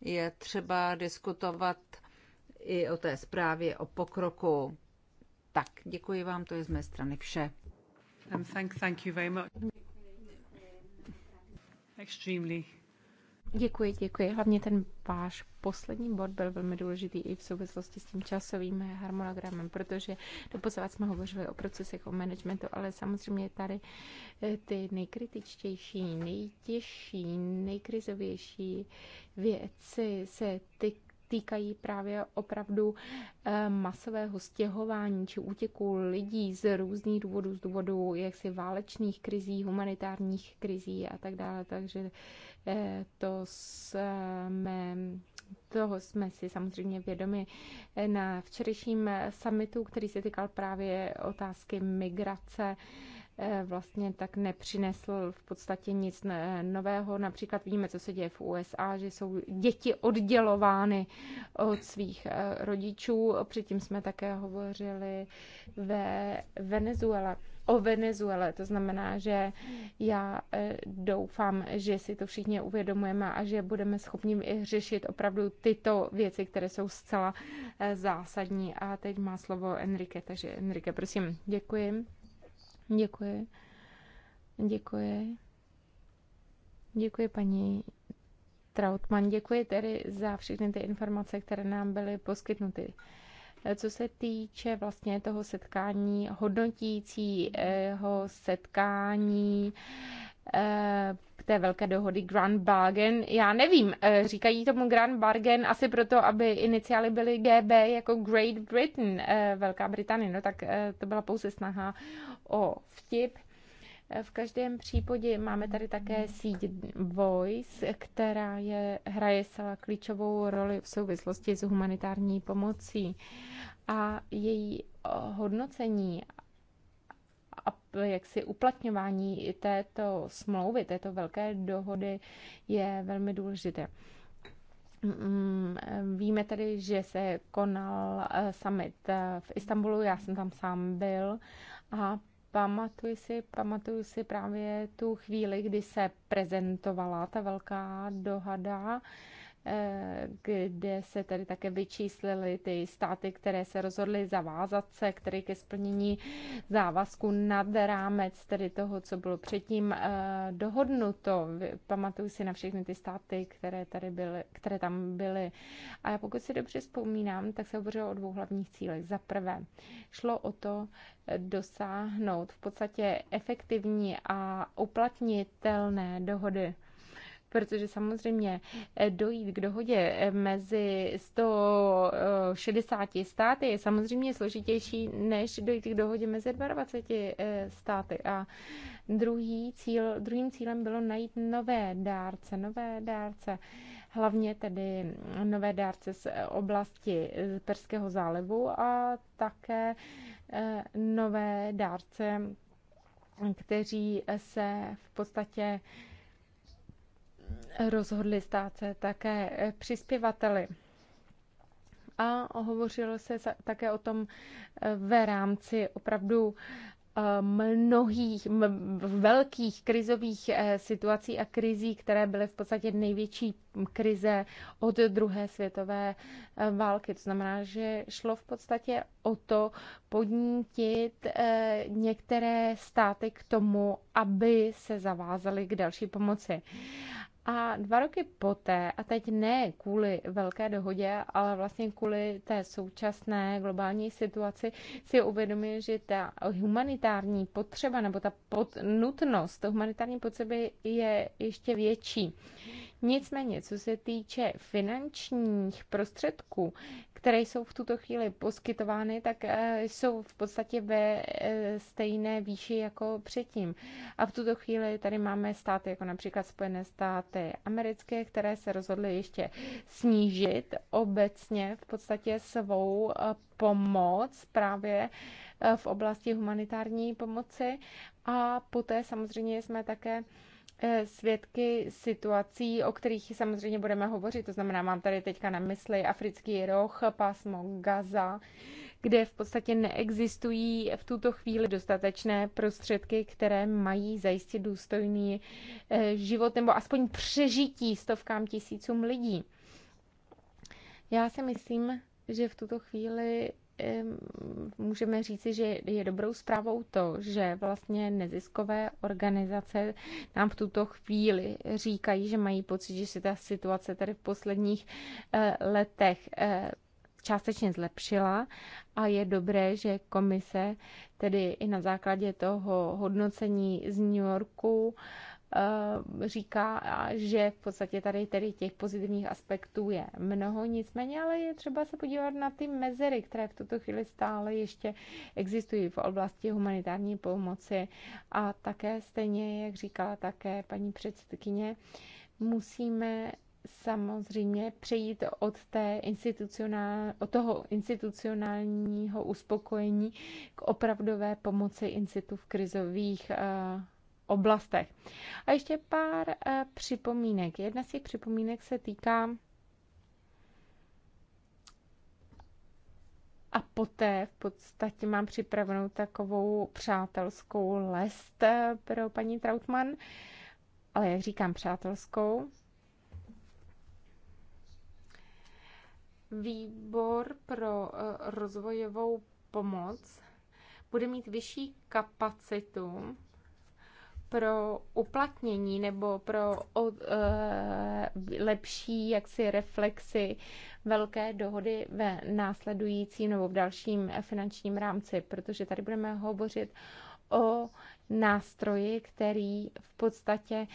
je třeba diskutovat i o té zprávě o pokroku. Tak, děkuji vám, to je z mé strany vše. Um, thank, thank you very much. Extremely. Děkuji, děkuji. Hlavně ten váš poslední bod byl velmi důležitý i v souvislosti s tím časovým harmonogramem, protože doposavat jsme hovořili o procesech, o managementu, ale samozřejmě tady eh, ty nejkritičtější, nejtěžší, nejkrizovější věci se ty týkají právě opravdu eh, masového stěhování či útěku lidí z různých důvodů, z důvodu jaksi válečných krizí, humanitárních krizí a tak dále. Takže eh, to jsme toho jsme si samozřejmě vědomi eh, na včerejším summitu, který se týkal právě otázky migrace, Eh, vlastně tak nepřinesl v podstatě nic eh, nového. Například vidíme, co se děje v USA, že jsou děti oddělovány od svých eh, rodičů. Předtím jsme také hovořili ve Venezuele o Venezuele. To znamená, že já doufám, že si to všichni uvědomujeme a že budeme schopni řešit opravdu tyto věci, které jsou zcela zásadní. A teď má slovo Enrique, takže Enrique, prosím, děkuji. Děkuji. Děkuji. Děkuji paní Trautmann. Děkuji tedy za všechny ty informace, které nám byly poskytnuty. Co se týče vlastně toho setkání, hodnotícího setkání Eh, té velké dohody Grand Bargain. Já nevím, eh, říkají tomu Grand Bargain asi proto, aby iniciály byly GB jako Great Britain, eh, Velká Británie. No tak to byla pouze snaha o vtip. V každém případě máme tady také síť Voice, která je, hraje celá klíčovou roli v souvislosti s humanitární pomocí a její hodnocení jaksi uplatňování této smlouvy, této velké dohody je velmi důležité. Mm, víme tedy, že se konal eh, summit eh, v Istanbulu, já jsem tam sám byl a pamatuju si, pamatuju si právě tu chvíli, kdy se prezentovala ta velká dohada Eh, kde se tady také vyčíslily ty státy, které se rozhodly zavázat se, které ke splnění závazku nad rámec tedy toho, co bylo předtím eh, dohodnuto. Pamatuju si na všechny ty státy, které, tady byly, které tam byly. A já pokud si dobře vzpomínám, tak se hovořilo o dvou hlavních cílech. Za prvé, šlo o to, eh, dosáhnout v podstatě efektivní a uplatnitelné dohody protože samozřejmě eh, dojít k dohodě eh, mezi 160 eh, státy je samozřejmě složitější, než dojít k dohodě mezi 22 státy. A druhý cíl, druhým cílem bylo najít nové dárce, nové dárce, hlavně tedy mm, nové dárce z oblasti Perského zálivu a také nové dárce, kteří se v podstatě rozhodli stát se také přispěvateli a hovořilo se také o tom eh, ve rámci opravdu eh, mnohých velkých krizových eh, situací a krizí, které byly v podstatě největší krize od druhé světové války. To znamená, že šlo v podstatě o to podnítit některé státy k tomu, aby se zavázaly k další pomoci. A dva roky poté, a teď ne kvůli velké dohodě, ale vlastně kvůli té současné globální situaci, si uvědomuji, že ta humanitární potřeba nebo ta pod, nutnost humanitární potřeby je ještě větší. Nicméně, co se týče finančních prostředků, které jsou v tuto chvíli poskytovány, tak eh, jsou v podstatě ve eh, stejné výši jako předtím. A v tuto chvíli tady máme státy, jako například Spojené státy americké, které se rozhodly ještě snížit obecně v podstatě svou eh, pomoc právě v oblasti humanitární pomoci. A poté samozřejmě jsme také Eh, svědky situací, o kterých samozřejmě budeme hovořit. To znamená, mám tady teďka na mysli africký roh, pásmo Gaza, kde v podstatě neexistují v tuto chvíli dostatečné prostředky, které mají zajistit důstojný eh, život nebo aspoň přežití stovkám tisícům lidí. Já si myslím, že v tuto chvíli můžeme říci, že je dobrou zprávou to, že vlastně neziskové organizace nám v tuto chvíli říkají, že mají pocit, že se ta situace tady v posledních eh, letech eh, částečně zlepšila a je dobré, že komise tedy i na základě toho hodnocení z New Yorku Eh, říká, že v podstatě tady, tady těch pozitivních aspektů je mnoho, nicméně ale je třeba se podívat na ty mezery, které v tuto chvíli stále ještě existují v oblasti humanitární pomoci a také stejně, jak říkala také paní předsedkyně, musíme samozřejmě přejít od, té institucionál, od toho institucionálního uspokojení k opravdové pomoci institu v krizových eh, oblastech. A ještě pár eh, připomínek. Jedna z těch připomínek se týká A poté v podstatě mám připravenou takovou přátelskou lest eh, pro paní Trautmann, ale jak říkám přátelskou. Výbor pro eh, rozvojovou pomoc bude mít vyšší kapacitu pro uplatnění nebo pro o, e, lepší jaksi reflexy velké dohody ve následujícím nebo v dalším finančním rámci, protože tady budeme hovořit o nástroji, který v podstatě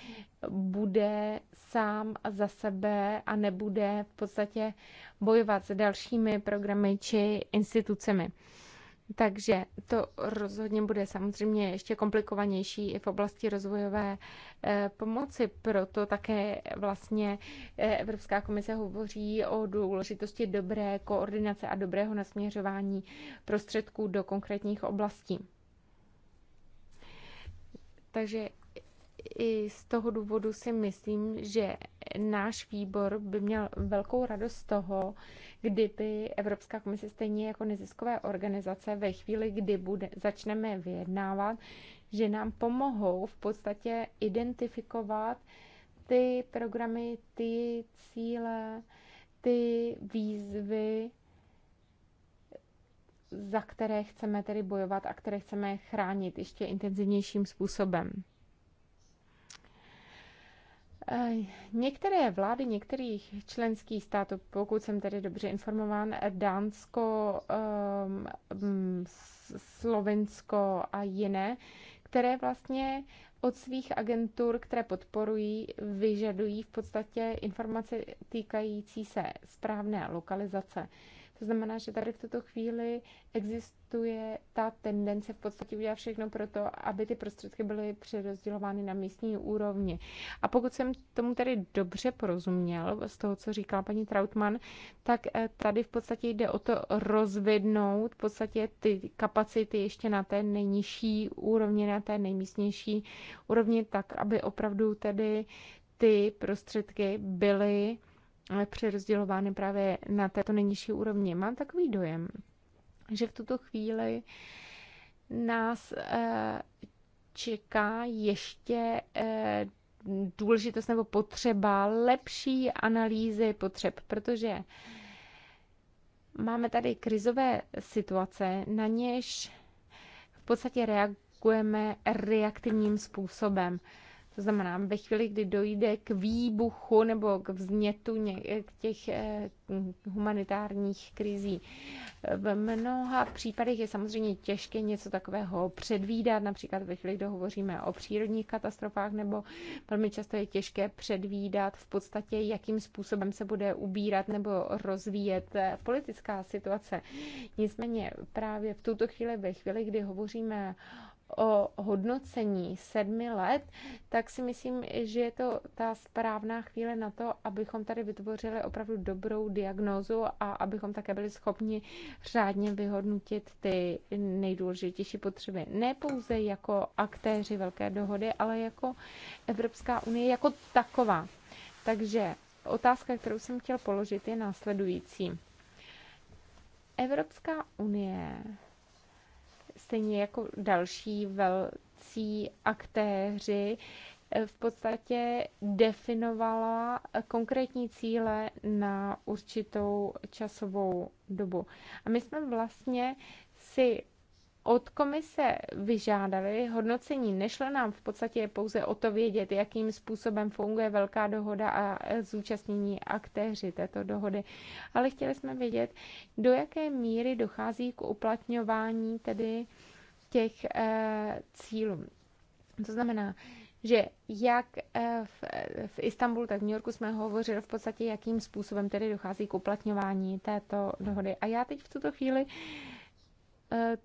bude sám za sebe a nebude v podstatě bojovat s dalšími programy či institucemi. Takže to rozhodně bude samozřejmě ještě komplikovanější i v oblasti rozvojové eh, pomoci. Proto také vlastně eh, Evropská komise hovoří o důležitosti dobré koordinace a dobrého nasměřování prostředků do konkrétních oblastí. Takže i z toho důvodu si myslím, že náš výbor by měl velkou radost z toho, kdyby Evropská komise stejně jako neziskové organizace ve chvíli, kdy bude, začneme vyjednávat, že nám pomohou v podstatě identifikovat ty programy, ty cíle, ty výzvy, za které chceme tedy bojovat a které chceme chránit ještě intenzivnějším způsobem. Eh, některé vlády některých členských států, pokud jsem tedy dobře informován, eh, Dánsko, ehm, mm, Slovensko a jiné, které vlastně od svých agentur, které podporují, vyžadují v podstatě informace týkající se správné lokalizace. To znamená, že tady v tuto chvíli existuje ta tendence v podstatě udělat všechno pro to, aby ty prostředky byly přerozdělovány na místní úrovni. A pokud jsem tomu tady dobře porozuměl z toho, co říkala paní Trautmann, tak eh, tady v podstatě jde o to rozvednout. v podstatě ty kapacity ještě na té nejnižší úrovni, na té nejmístnější úrovni, tak, aby opravdu tedy ty prostředky byly přerozdělovány právě na této nejnižší úrovni. Mám takový dojem, že v tuto chvíli nás eh, čeká ještě eh, důležitost nebo potřeba lepší analýzy potřeb, protože máme tady krizové situace, na něž v podstatě reagujeme reaktivním způsobem. To znamená, ve chvíli, kdy dojde k výbuchu nebo k vznětu těch eh, humanitárních krizí. V mnoha případech je samozřejmě těžké něco takového předvídat, například ve chvíli, kdy hovoříme o přírodních katastrofách, nebo velmi často je těžké předvídat v podstatě, jakým způsobem se bude ubírat nebo rozvíjet eh, politická situace. Nicméně právě v tuto chvíli, ve chvíli, kdy hovoříme o hodnocení sedmi let, tak si myslím, že je to ta správná chvíle na to, abychom tady vytvořili opravdu dobrou diagnózu a abychom také byli schopni řádně vyhodnotit ty nejdůležitější potřeby. Ne pouze jako aktéři velké dohody, ale jako Evropská unie jako taková. Takže otázka, kterou jsem chtěl položit, je následující. Evropská unie stejně jako další velcí aktéři, eh, v podstatě definovala konkrétní cíle na určitou časovou dobu. A my jsme vlastně si od komise vyžádali hodnocení. Nešlo nám v podstatě pouze o to vědět, jakým způsobem funguje velká dohoda a zúčastnění aktéři této dohody, ale chtěli jsme vědět, do jaké míry dochází k uplatňování tedy těch eh, cílů. To znamená, že jak eh, v, v Istanbulu, tak v New Yorku jsme hovořili v podstatě, jakým způsobem tedy dochází k uplatňování této dohody. A já teď v tuto chvíli eh,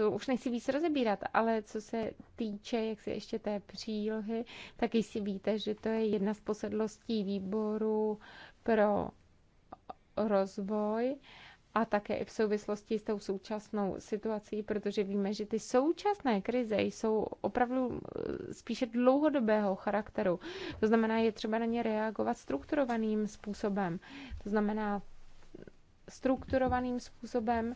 to už nechci víc rozebírat, ale co se týče, jak se ještě té přílohy, tak jistě víte, že to je jedna z posedlostí výboru pro rozvoj a také i v souvislosti s tou současnou situací, protože víme, že ty současné krize jsou opravdu eh, spíše dlouhodobého charakteru. To znamená, je třeba na ně reagovat strukturovaným způsobem. To znamená strukturovaným způsobem,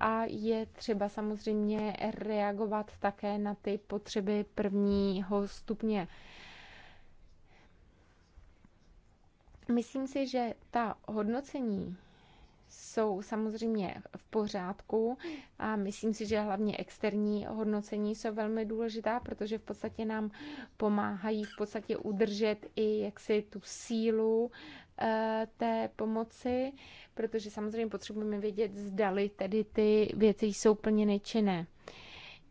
a je třeba samozřejmě reagovat také na ty potřeby prvního stupně. Myslím si, že ta hodnocení jsou samozřejmě v pořádku a myslím si, že hlavně externí hodnocení jsou velmi důležitá, protože v podstatě nám pomáhají v podstatě udržet i jaksi tu sílu eh, té pomoci protože samozřejmě potřebujeme vědět, zdali tedy ty věci jsou plněny či ne.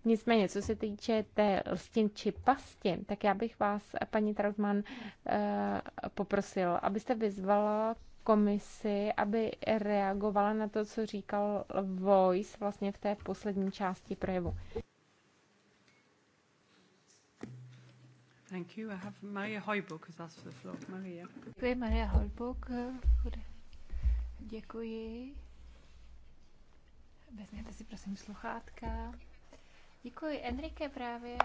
Nicméně, co se týče té lstin či pasti, tak já bych vás, paní Trautmann, eh, poprosil, abyste vyzvala komisi, aby reagovala na to, co říkal Voice vlastně v té poslední části projevu. Thank you. I have Maria Hojbuk has asked for the floor. Maria. Maria Hojbuk. Uh, Děkuji. Vezměte si prosím sluchátka. Děkuji. Enrique právě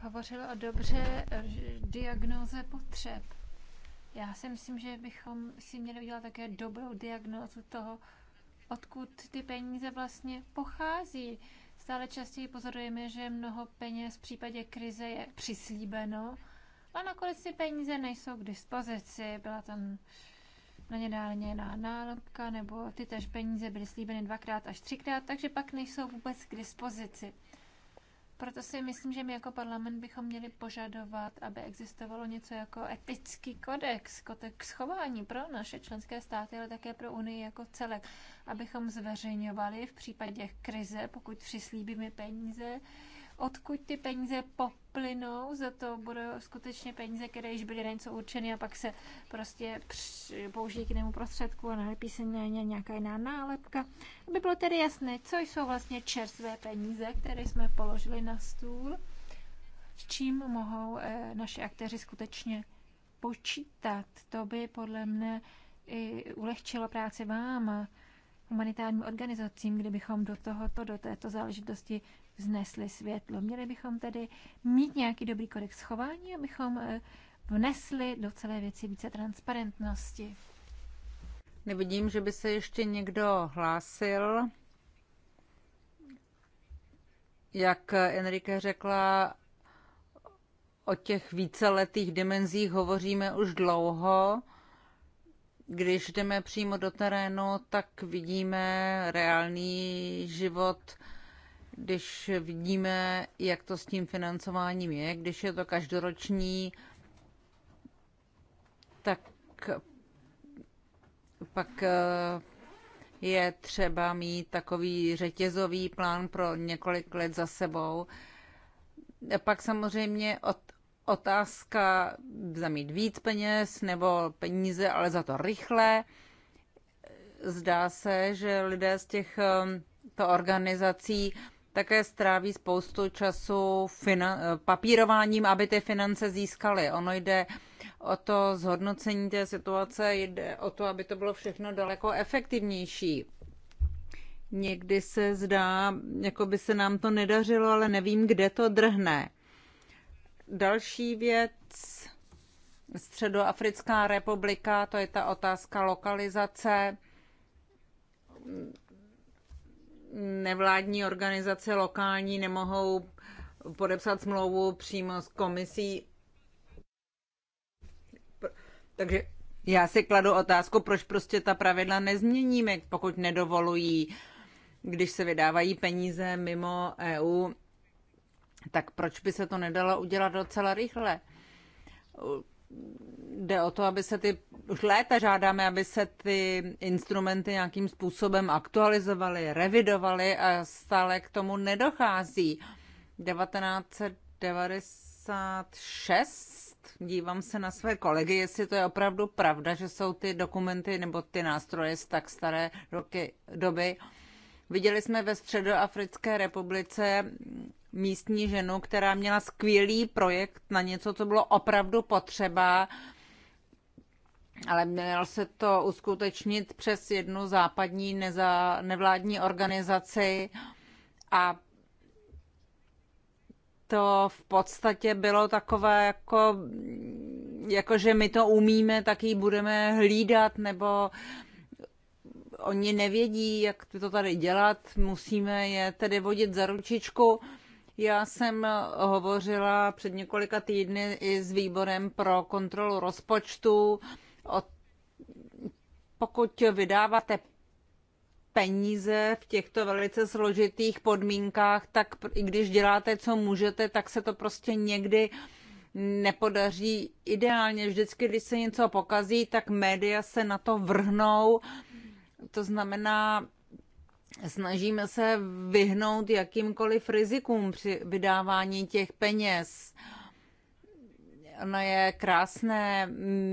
hovořil o dobře eh, diagnoze potřeb. Já si myslím, že bychom si měli udělat také dobrou diagnózu toho, odkud ty peníze vlastně pochází. Stále častěji pozorujeme, že mnoho peněz v případě krize je přislíbeno, a nakonec ty peníze nejsou k dispozici. Byla tam na ně dál nějaká nálepka, nebo ty tež peníze byly slíbeny dvakrát až třikrát, takže pak nejsou vůbec k dispozici. Proto si myslím, že my jako parlament bychom měli požadovat, aby existovalo něco jako etický kodex, kodex schování pro naše členské státy, ale také pro Unii jako celek, abychom zveřejňovali v případě krize, pokud přislíbíme peníze, odkud ty peníze poplynou, za to budou skutečně peníze, které již byly něco určeny a pak se prostě použijí k němu prostředku a nalepí se na ně nějaká jiná nálepka. Aby bylo tedy jasné, co jsou vlastně čerstvé peníze, které jsme položili na stůl, s čím mohou eh, naši aktéři skutečně počítat. To by podle mne i ulehčilo práci vám a humanitárním organizacím, kdybychom do tohoto, do této záležitosti vznesli světlo. Měli bychom tedy mít nějaký dobrý kodex chování, abychom eh, vnesli do celé věci více transparentnosti. Nevidím, že by se ještě někdo hlásil. Jak Enrique řekla, o těch víceletých dimenzích hovoříme už dlouho. Když jdeme přímo do terénu, tak vidíme reálný život když vidíme, jak to s tím financováním je, když je to každoroční, tak pak eh, je třeba mít takový řetězový plán pro několik let za sebou. A pak samozřejmě od, otázka mít víc peněz nebo peníze, ale za to rychle. Zdá se, že lidé z těchto eh, organizací také stráví spoustu času papírováním, aby ty finance získaly. Ono jde o to zhodnocení té situace, jde o to, aby to bylo všechno daleko efektivnější. Někdy se zdá, jako by se nám to nedařilo, ale nevím, kde to drhne. Další věc, Středoafrická republika, to je ta otázka lokalizace nevládní organizace lokální nemohou podepsat smlouvu přímo s komisí. Takže já si kladu otázku, proč prostě ta pravidla nezměníme, pokud nedovolují, když se vydávají peníze mimo EU, tak proč by se to nedalo udělat docela rychle? jde o to, aby se ty, už léta žádáme, aby se ty instrumenty nějakým způsobem aktualizovaly, revidovaly a stále k tomu nedochází. 1996, dívám se na své kolegy, jestli to je opravdu pravda, že jsou ty dokumenty nebo ty nástroje z tak staré roky, doby. Viděli jsme ve Středoafrické republice místní ženu, která měla skvělý projekt na něco, co bylo opravdu potřeba, ale mělo se to uskutečnit přes jednu západní neza, nevládní organizaci a to v podstatě bylo takové jako, jako že my to umíme, tak ji budeme hlídat, nebo oni nevědí, jak to tady dělat, musíme je tedy vodit za ručičku. Já jsem hovořila před několika týdny i s výborem pro kontrolu rozpočtu. pokud vydáváte peníze v těchto velice složitých podmínkách, tak i když děláte, co můžete, tak se to prostě někdy nepodaří ideálně. Vždycky, když se něco pokazí, tak média se na to vrhnou. To znamená, Snažíme se vyhnout jakýmkoliv rizikům při vydávání těch peněz. Ono je krásné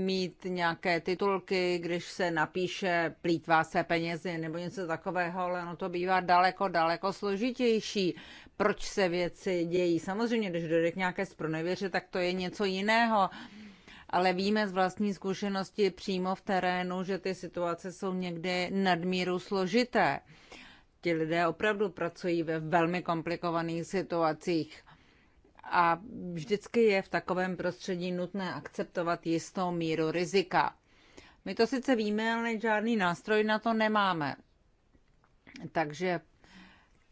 mít nějaké titulky, když se napíše plítvá se penězi nebo něco takového, ale ono to bývá daleko, daleko složitější. Proč se věci dějí? Samozřejmě, když dojde k nějaké spronevěře, tak to je něco jiného. Ale víme z vlastní zkušenosti přímo v terénu, že ty situace jsou někdy nadmíru složité ti lidé opravdu pracují ve velmi komplikovaných situacích. A vždycky je v takovém prostředí nutné akceptovat jistou míru rizika. My to sice víme, ale žádný nástroj na to nemáme. Takže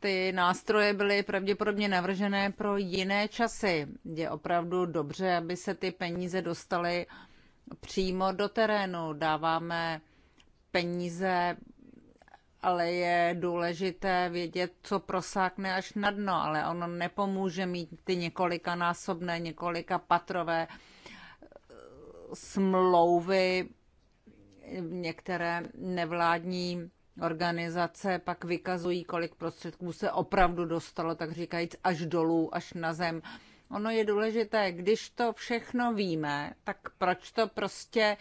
ty nástroje byly pravděpodobně navržené pro jiné časy. Je opravdu dobře, aby se ty peníze dostaly přímo do terénu. Dáváme peníze ale je důležité vědět, co prosákne až na dno, ale ono nepomůže mít ty několika násobné, několika patrové eh, smlouvy. Některé nevládní organizace pak vykazují, kolik prostředků se opravdu dostalo, tak říkajíc, až dolů, až na zem. Ono je důležité, když to všechno víme, tak proč to prostě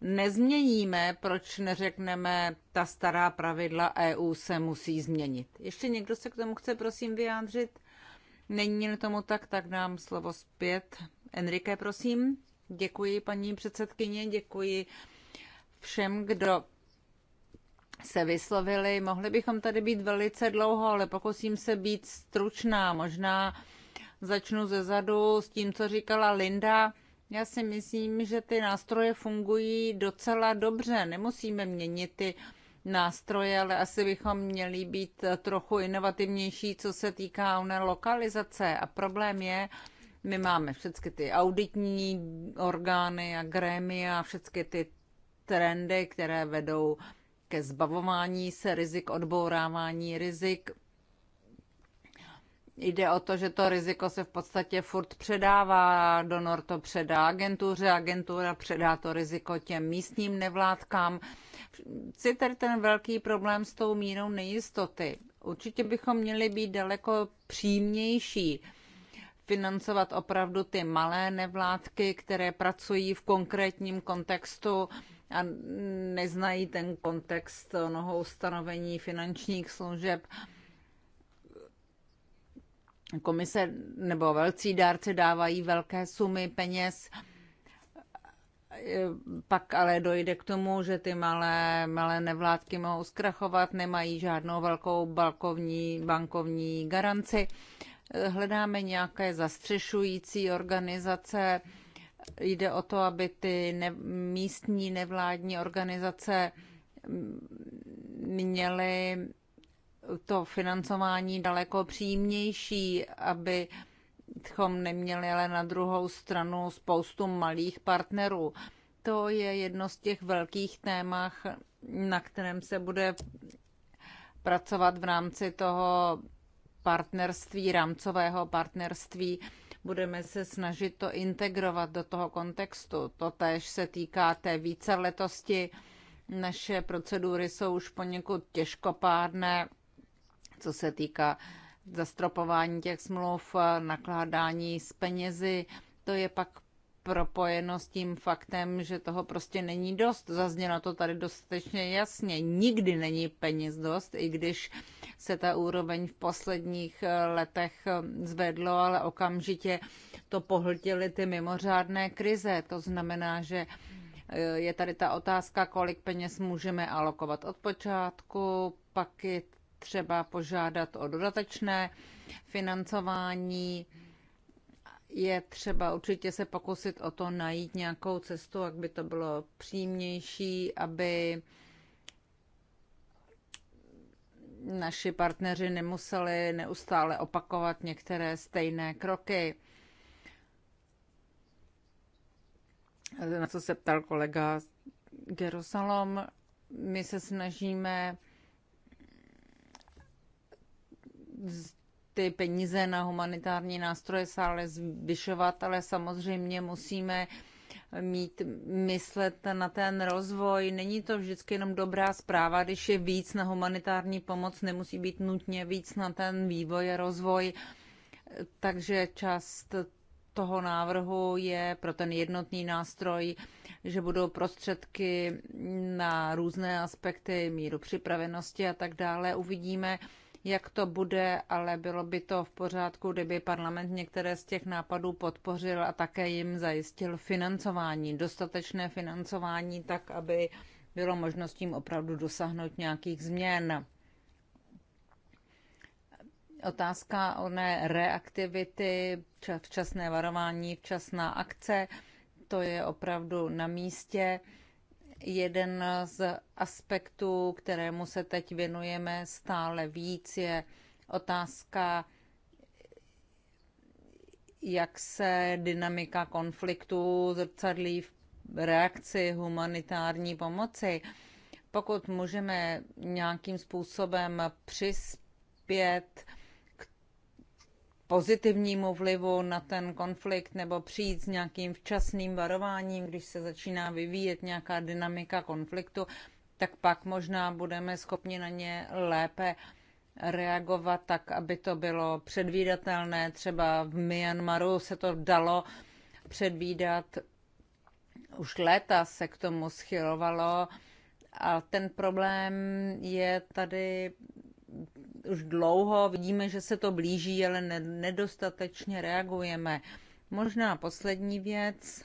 nezměníme, proč neřekneme, ta stará pravidla EU se musí změnit. Ještě někdo se k tomu chce, prosím, vyjádřit? Není tomu tak, tak dám slovo zpět. Enrique, prosím. Děkuji, paní předsedkyně, děkuji všem, kdo se vyslovili. Mohli bychom tady být velice dlouho, ale pokusím se být stručná. Možná začnu ze zadu s tím, co říkala Linda. Já si myslím, že ty nástroje fungují docela dobře. Nemusíme měnit ty nástroje, ale asi bychom měli být trochu inovativnější, co se týká oné lokalizace. A problém je, my máme všechny ty auditní orgány a grémia, všechny ty trendy, které vedou ke zbavování se rizik, odbourávání rizik. Jde o to, že to riziko se v podstatě furt předává, donor to předá agentuře, agentura předá to riziko těm místním nevládkám. Je tady ten velký problém s tou mírou nejistoty. Určitě bychom měli být daleko přímější, financovat opravdu ty malé nevládky, které pracují v konkrétním kontextu a neznají ten kontext onoho ustanovení finančních služeb komise nebo velcí dárci dávají velké sumy peněz, pak ale dojde k tomu, že ty malé, malé nevládky mohou zkrachovat, nemají žádnou velkou bankovní, bankovní garanci. Hledáme nějaké zastřešující organizace. Jde o to, aby ty ne, místní nevládní organizace měly to financování daleko přímější, aby bychom neměli ale na druhou stranu spoustu malých partnerů. To je jedno z těch velkých témat, na kterém se bude pracovat v rámci toho partnerství, rámcového partnerství. Budeme se snažit to integrovat do toho kontextu. Totež se týká té letosti. Naše procedury jsou už poněkud těžkopádné co se týká zastropování těch smluv, nakládání s penězi. To je pak propojeno s tím faktem, že toho prostě není dost. Zaznělo to tady dostatečně jasně. Nikdy není peněz dost, i když se ta úroveň v posledních eh, letech eh, zvedlo, ale okamžitě to pohltily ty mimořádné krize. To znamená, že eh, je tady ta otázka, kolik peněz můžeme alokovat od počátku, pak je třeba požádat o dodatečné financování. Je třeba určitě se pokusit o to najít nějakou cestu, jak by to bylo přímější, aby naši partneři nemuseli neustále opakovat některé stejné kroky. Na co se ptal kolega Gerusalom, my se snažíme ty peníze na humanitární nástroje se ale zvyšovat, ale samozřejmě musíme mít, myslet na ten rozvoj. Není to vždycky jenom dobrá zpráva, když je víc na humanitární pomoc, nemusí být nutně víc na ten vývoj a rozvoj. Takže část toho návrhu je pro ten jednotný nástroj, že budou prostředky na různé aspekty míru připravenosti a tak dále. Uvidíme, jak to bude, ale bylo by to v pořádku, kdyby parlament některé z těch nápadů podpořil a také jim zajistil financování, dostatečné financování, tak aby bylo možností tím opravdu dosáhnout nějakých změn. Otázka o ne reaktivity, včasné varování, včasná akce, to je opravdu na místě. Jeden z aspektů, kterému se teď věnujeme stále víc, je otázka, jak se dynamika konfliktu zrcadlí v reakci humanitární pomoci. Pokud můžeme nějakým způsobem přispět pozitivnímu vlivu na ten konflikt nebo přijít s nějakým včasným varováním, když se začíná vyvíjet nějaká dynamika konfliktu, tak pak možná budeme schopni na ně lépe reagovat tak, aby to bylo předvídatelné. Třeba v Myanmaru se to dalo předvídat. Už léta se k tomu schylovalo. A ten problém je tady už dlouho. Vidíme, že se to blíží, ale nedostatečně reagujeme. Možná poslední věc.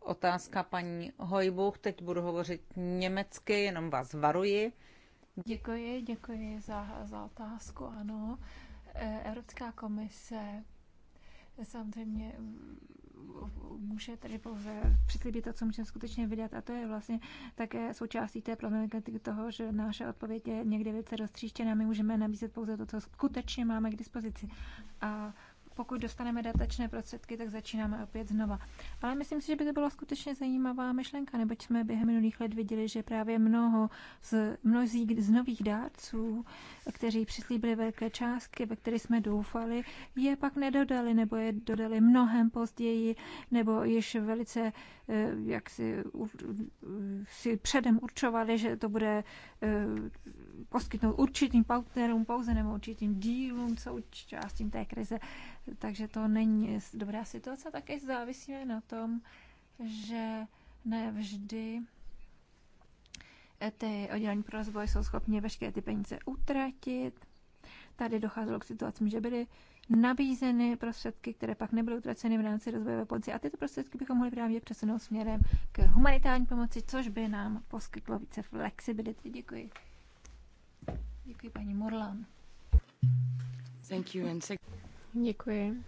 Otázka paní Hojbuch. Teď budu hovořit německy, jenom vás varuji. Děkuji, děkuji za, za otázku. Ano, e, Evropská komise samozřejmě mm, může tedy pouze přislíbit to, co může skutečně vydat. A to je vlastně také součástí té problematiky toho, že naše odpověď je někde více roztříštěná. My můžeme nabízet pouze to, co skutečně máme k dispozici. A pokud dostaneme datačné prostředky, tak začínáme opět znova. Ale myslím si, že by to byla skutečně zajímavá myšlenka, neboť jsme během minulých let viděli, že právě mnoho z, mnozí z nových dárců, kteří přislíbili velké částky, ve které jsme doufali, je pak nedodali, nebo je dodali mnohem později, nebo již velice eh, jak si, si předem určovali, že to bude Eh, poskytnout určitým partnerům, pouze nebo určitým dílům, co částím té krize. Takže to není dobrá situace. Také závisí na tom, že nevždy eh, ty oddělení pro rozvoj jsou schopni veškeré ty peníze utratit. Tady docházelo k situacím, že byly nabízeny prostředky, které pak nebyly utraceny v rámci rozvojové pomoci. A tyto prostředky bychom mohli právě přesunout směrem k humanitární pomoci, což by nám poskytlo více flexibility. Děkuji. Děkuji paní Morlan. Thank you and... Děkuji.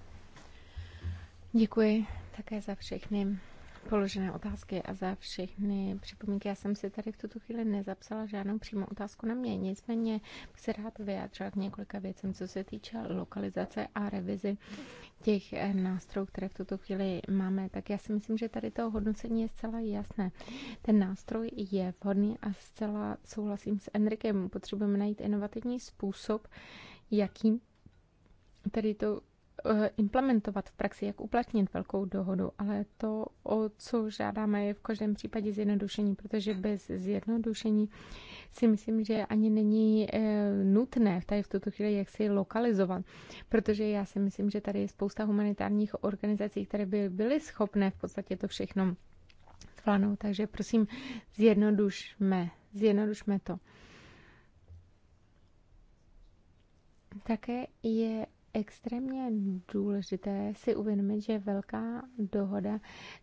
Děkuji také za všechny položené otázky a za všechny připomínky. Já jsem si tady v tuto chvíli nezapsala žádnou přímou otázku na mě, nicméně bych se rád vyjádřila k několika věcem, co se týče lokalizace a revizi těch eh, nástrojů, které v tuto chvíli máme. Tak já si myslím, že tady to hodnocení je zcela jasné. Ten nástroj je vhodný a zcela souhlasím s Enrikem. Potřebujeme najít inovativní způsob, jakým tady to Eh, implementovat v praxi, jak uplatnit velkou dohodu, ale to, o co žádáme, je v každém případě zjednodušení, protože bez zjednodušení si myslím, že ani není eh, nutné tady v tuto chvíli jak si lokalizovat, protože já si myslím, že tady je spousta humanitárních organizací, které by byly schopné v podstatě to všechno zvládnout, takže prosím, zjednodušme, zjednodušme to. Také je extrémně důležité si uvědomit, že velká dohoda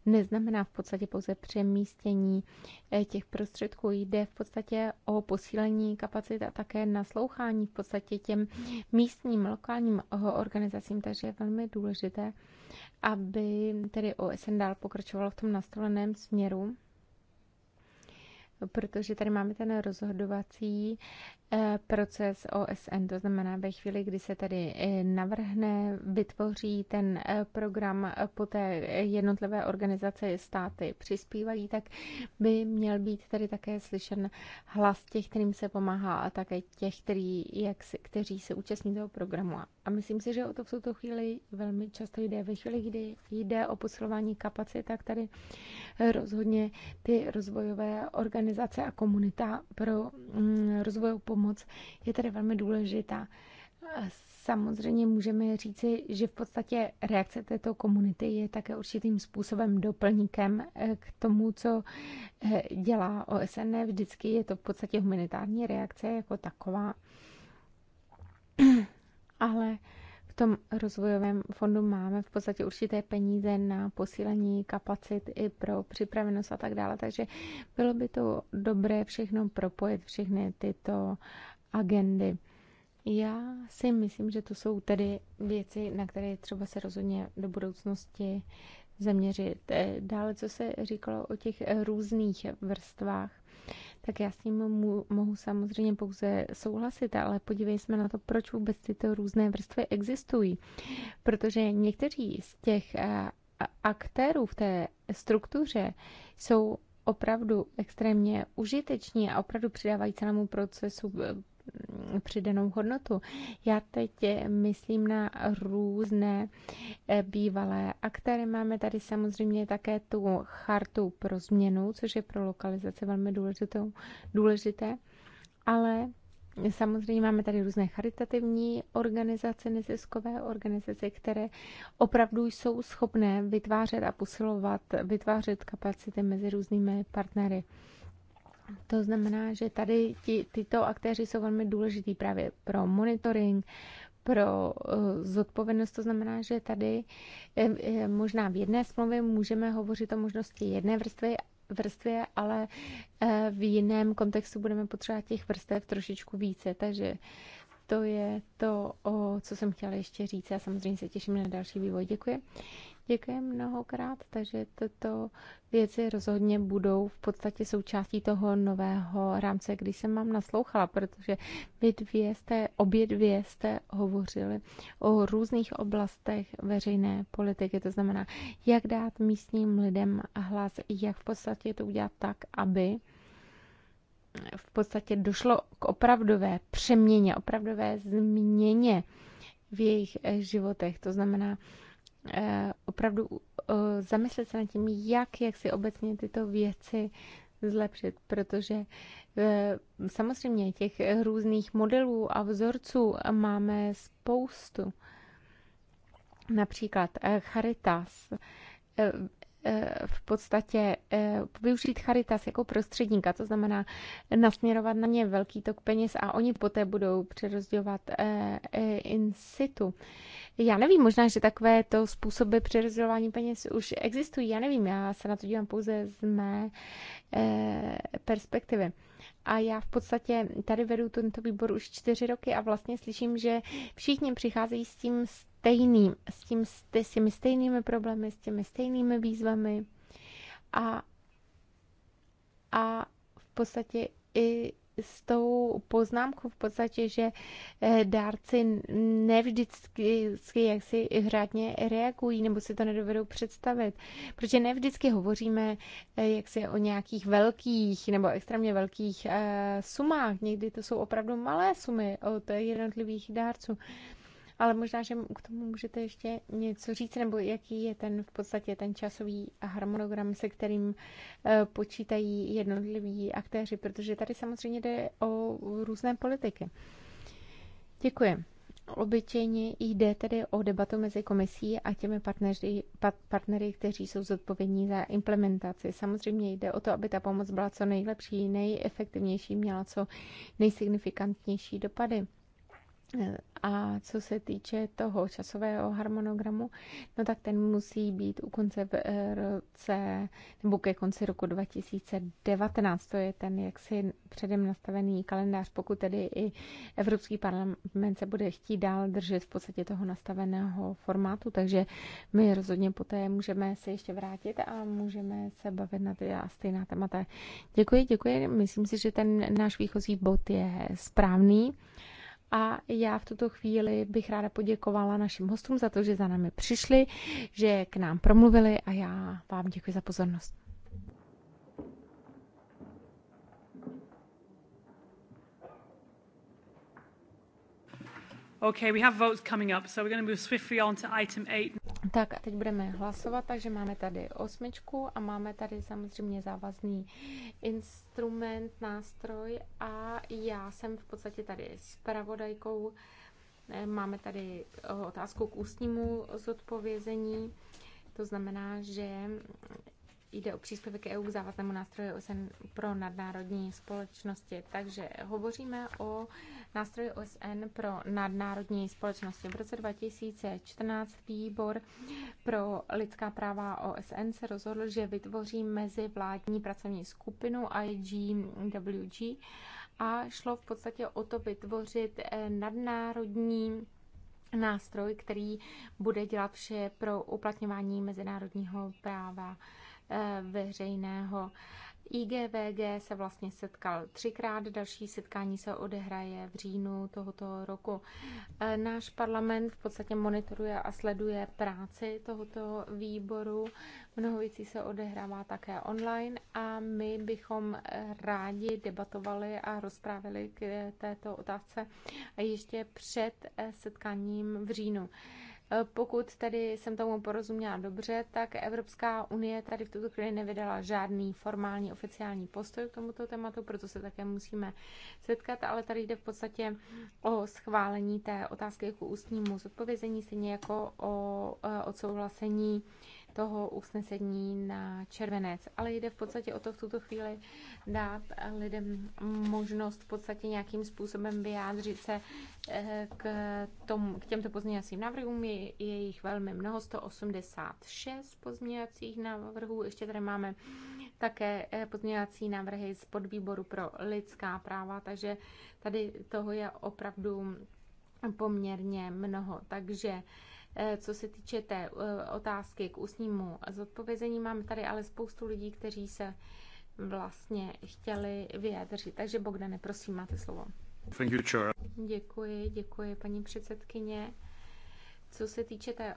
neznamená v podstatě pouze přemístění eh, těch prostředků. Jde v podstatě o posílení kapacit a také naslouchání v podstatě těm místním, lokálním organizacím, takže je velmi důležité, aby tedy OSN dál pokračoval v tom nastoleném směru protože tady máme ten rozhodovací eh, proces OSN, to znamená ve chvíli, kdy se tady eh, navrhne, vytvoří ten eh, program, poté jednotlivé organizace státy přispívají, tak by měl být tady také slyšen hlas těch, kterým se pomáhá a také těch, který, jak, kteří se účastní toho programu a a myslím si, že o to v tuto chvíli velmi často jde. Ve chvíli, kdy jde o posilování kapacit, tak tady rozhodně ty rozvojové organizace a komunita pro mm, rozvojovou pomoc je tady velmi důležitá. Samozřejmě můžeme říci, že v podstatě reakce této komunity je také určitým způsobem doplníkem eh, k tomu, co eh, dělá OSN. Vždycky je to v podstatě humanitární reakce jako taková ale v tom rozvojovém fondu máme v podstatě určité peníze na posílení kapacit i pro připravenost a tak dále. Takže bylo by to dobré všechno propojit, všechny tyto agendy. Já si myslím, že to jsou tedy věci, na které třeba se rozhodně do budoucnosti zaměřit. Dále, co se říkalo o těch různých vrstvách tak já s tím mu, mohu samozřejmě pouze souhlasit, ale podívej se na to, proč vůbec tyto různé vrstvy existují. Protože někteří z těch eh, aktérů v té struktuře jsou opravdu extrémně užiteční a opravdu přidávají celému procesu eh, přidanou hodnotu. Já teď eh, myslím na různé eh, bývalé aktéry. Máme tady samozřejmě také tu chartu pro změnu, což je pro lokalizace velmi důležitou, důležité, ale Samozřejmě máme tady různé charitativní organizace, neziskové organizace, které opravdu jsou schopné vytvářet a posilovat, vytvářet kapacity mezi různými partnery. To znamená, že tady ti, tyto aktéři jsou velmi důležitý právě pro monitoring, pro eh, zodpovědnost. To znamená, že tady eh, eh, možná v jedné smlouvě můžeme hovořit o možnosti jedné vrstvy, vrstvě, ale v jiném kontextu budeme potřebovat těch vrstev trošičku více. Takže to je to, o co jsem chtěla ještě říct. Já samozřejmě se těším na další vývoj. Děkuji. Děkuji mnohokrát, takže tyto věci rozhodně budou v podstatě součástí toho nového rámce, když jsem vám naslouchala, protože vy dvě jste, obě dvě jste hovořili o různých oblastech veřejné politiky, to znamená, jak dát místním lidem hlas, jak v podstatě to udělat tak, aby v podstatě došlo k opravdové přeměně, opravdové změně v jejich životech. To znamená, Eh, opravdu eh, zamyslet se nad tím, jak, jak si obecně tyto věci zlepšit, protože eh, samozřejmě těch různých modelů a vzorců máme spoustu. Například Charitas, v podstatě využít Charitas jako prostředníka, to znamená nasměrovat na ně velký tok peněz a oni poté budou přerozdělovat in situ. Já nevím, možná, že takové to způsoby přerozdělování peněz už existují, já nevím, já se na to dívám pouze z mé e, perspektivy. A já v podstatě tady vedu tento výbor už čtyři roky a vlastně slyším, že všichni přicházejí s tím stejným, s, tím, s těmi stejnými problémy, s těmi stejnými výzvami. A, a v podstatě i s tou poznámkou v podstatě, že eh, dárci nevždycky jak si řádně reagují nebo si to nedovedou představit. Protože nevždycky hovoříme eh, jak si o nějakých velkých nebo extrémně velkých eh, sumách. Někdy to jsou opravdu malé sumy od jednotlivých dárců ale možná, že k tomu můžete ještě něco říct, nebo jaký je ten v podstatě ten časový harmonogram, se kterým eh, počítají jednotliví aktéři, protože tady samozřejmě jde o různé politiky. Děkuji. Obyčejně jde tedy o debatu mezi komisí a těmi partneři, partnery, kteří jsou zodpovědní za implementaci. Samozřejmě jde o to, aby ta pomoc byla co nejlepší, nejefektivnější, měla co nejsignifikantnější dopady. A co se týče toho časového harmonogramu, no tak ten musí být u konce v eh, roce, nebo ke konci roku 2019. To je ten jaksi předem nastavený kalendář, pokud tedy i Evropský parlament se bude chtít dál držet v podstatě toho nastaveného formátu, takže my rozhodně poté můžeme se ještě vrátit a můžeme se bavit na ty stejná témata. Děkuji, děkuji. Myslím si, že ten náš výchozí bod je správný. A já v tuto chvíli bych ráda poděkovala našim hostům za to, že za námi přišli, že k nám promluvili a já vám děkuji za pozornost. Okay, we have votes coming up, so we're going to move swiftly on to item 8. Tak a teď budeme hlasovat, takže máme tady osmičku a máme tady samozřejmě závazný instrument, nástroj a já jsem v podstatě tady s pravodajkou. Eh, máme tady eh, otázku k ústnímu zodpovězení. To znamená, že jde o příspěvek EU k závaznému nástroji OSN pro nadnárodní společnosti. Takže hovoříme o nástroji OSN pro nadnárodní společnosti. V roce 2014 výbor pro lidská práva OSN se rozhodl, že vytvoří mezivládní pracovní skupinu IGWG a šlo v podstatě o to vytvořit eh, nadnárodní nástroj, který bude dělat vše pro uplatňování mezinárodního práva. Eh, veřejného. IGVG se vlastně setkal třikrát, další setkání se odehraje v říjnu tohoto roku. Eh, náš parlament v podstatě monitoruje a sleduje práci tohoto výboru. Mnoho věcí se odehrává také online a my bychom rádi debatovali a rozprávili k eh, této otázce ještě před setkáním v říjnu. Eh, pokud tady jsem tomu porozuměla dobře, tak Evropská unie tady v tuto chvíli nevydala žádný formální oficiální postoj k tomuto tématu, proto se také musíme setkat, ale tady jde v podstatě o schválení té otázky k jako ústnímu zodpovězení, stejně jako o eh, odsouhlasení toho usnesení na červenec, ale jde v podstatě o to v tuto chvíli dát lidem možnost v podstatě nějakým způsobem vyjádřit se eh, k, tom, k těmto pozměňovacím návrhům. Je, je jich velmi mnoho, 186 pozměňovacích návrhů. Ještě tady máme také eh, pozměňovací návrhy z podvýboru pro lidská práva, takže tady toho je opravdu poměrně mnoho. Takže Eh, co se týče té eh, otázky k ústnímu zodpovězení. Máme tady ale spoustu lidí, kteří se vlastně chtěli vyjádřit. Takže Bogdane, prosím, máte slovo. Thank you, Chair. Děkuji, děkuji, paní předsedkyně. Co se týče té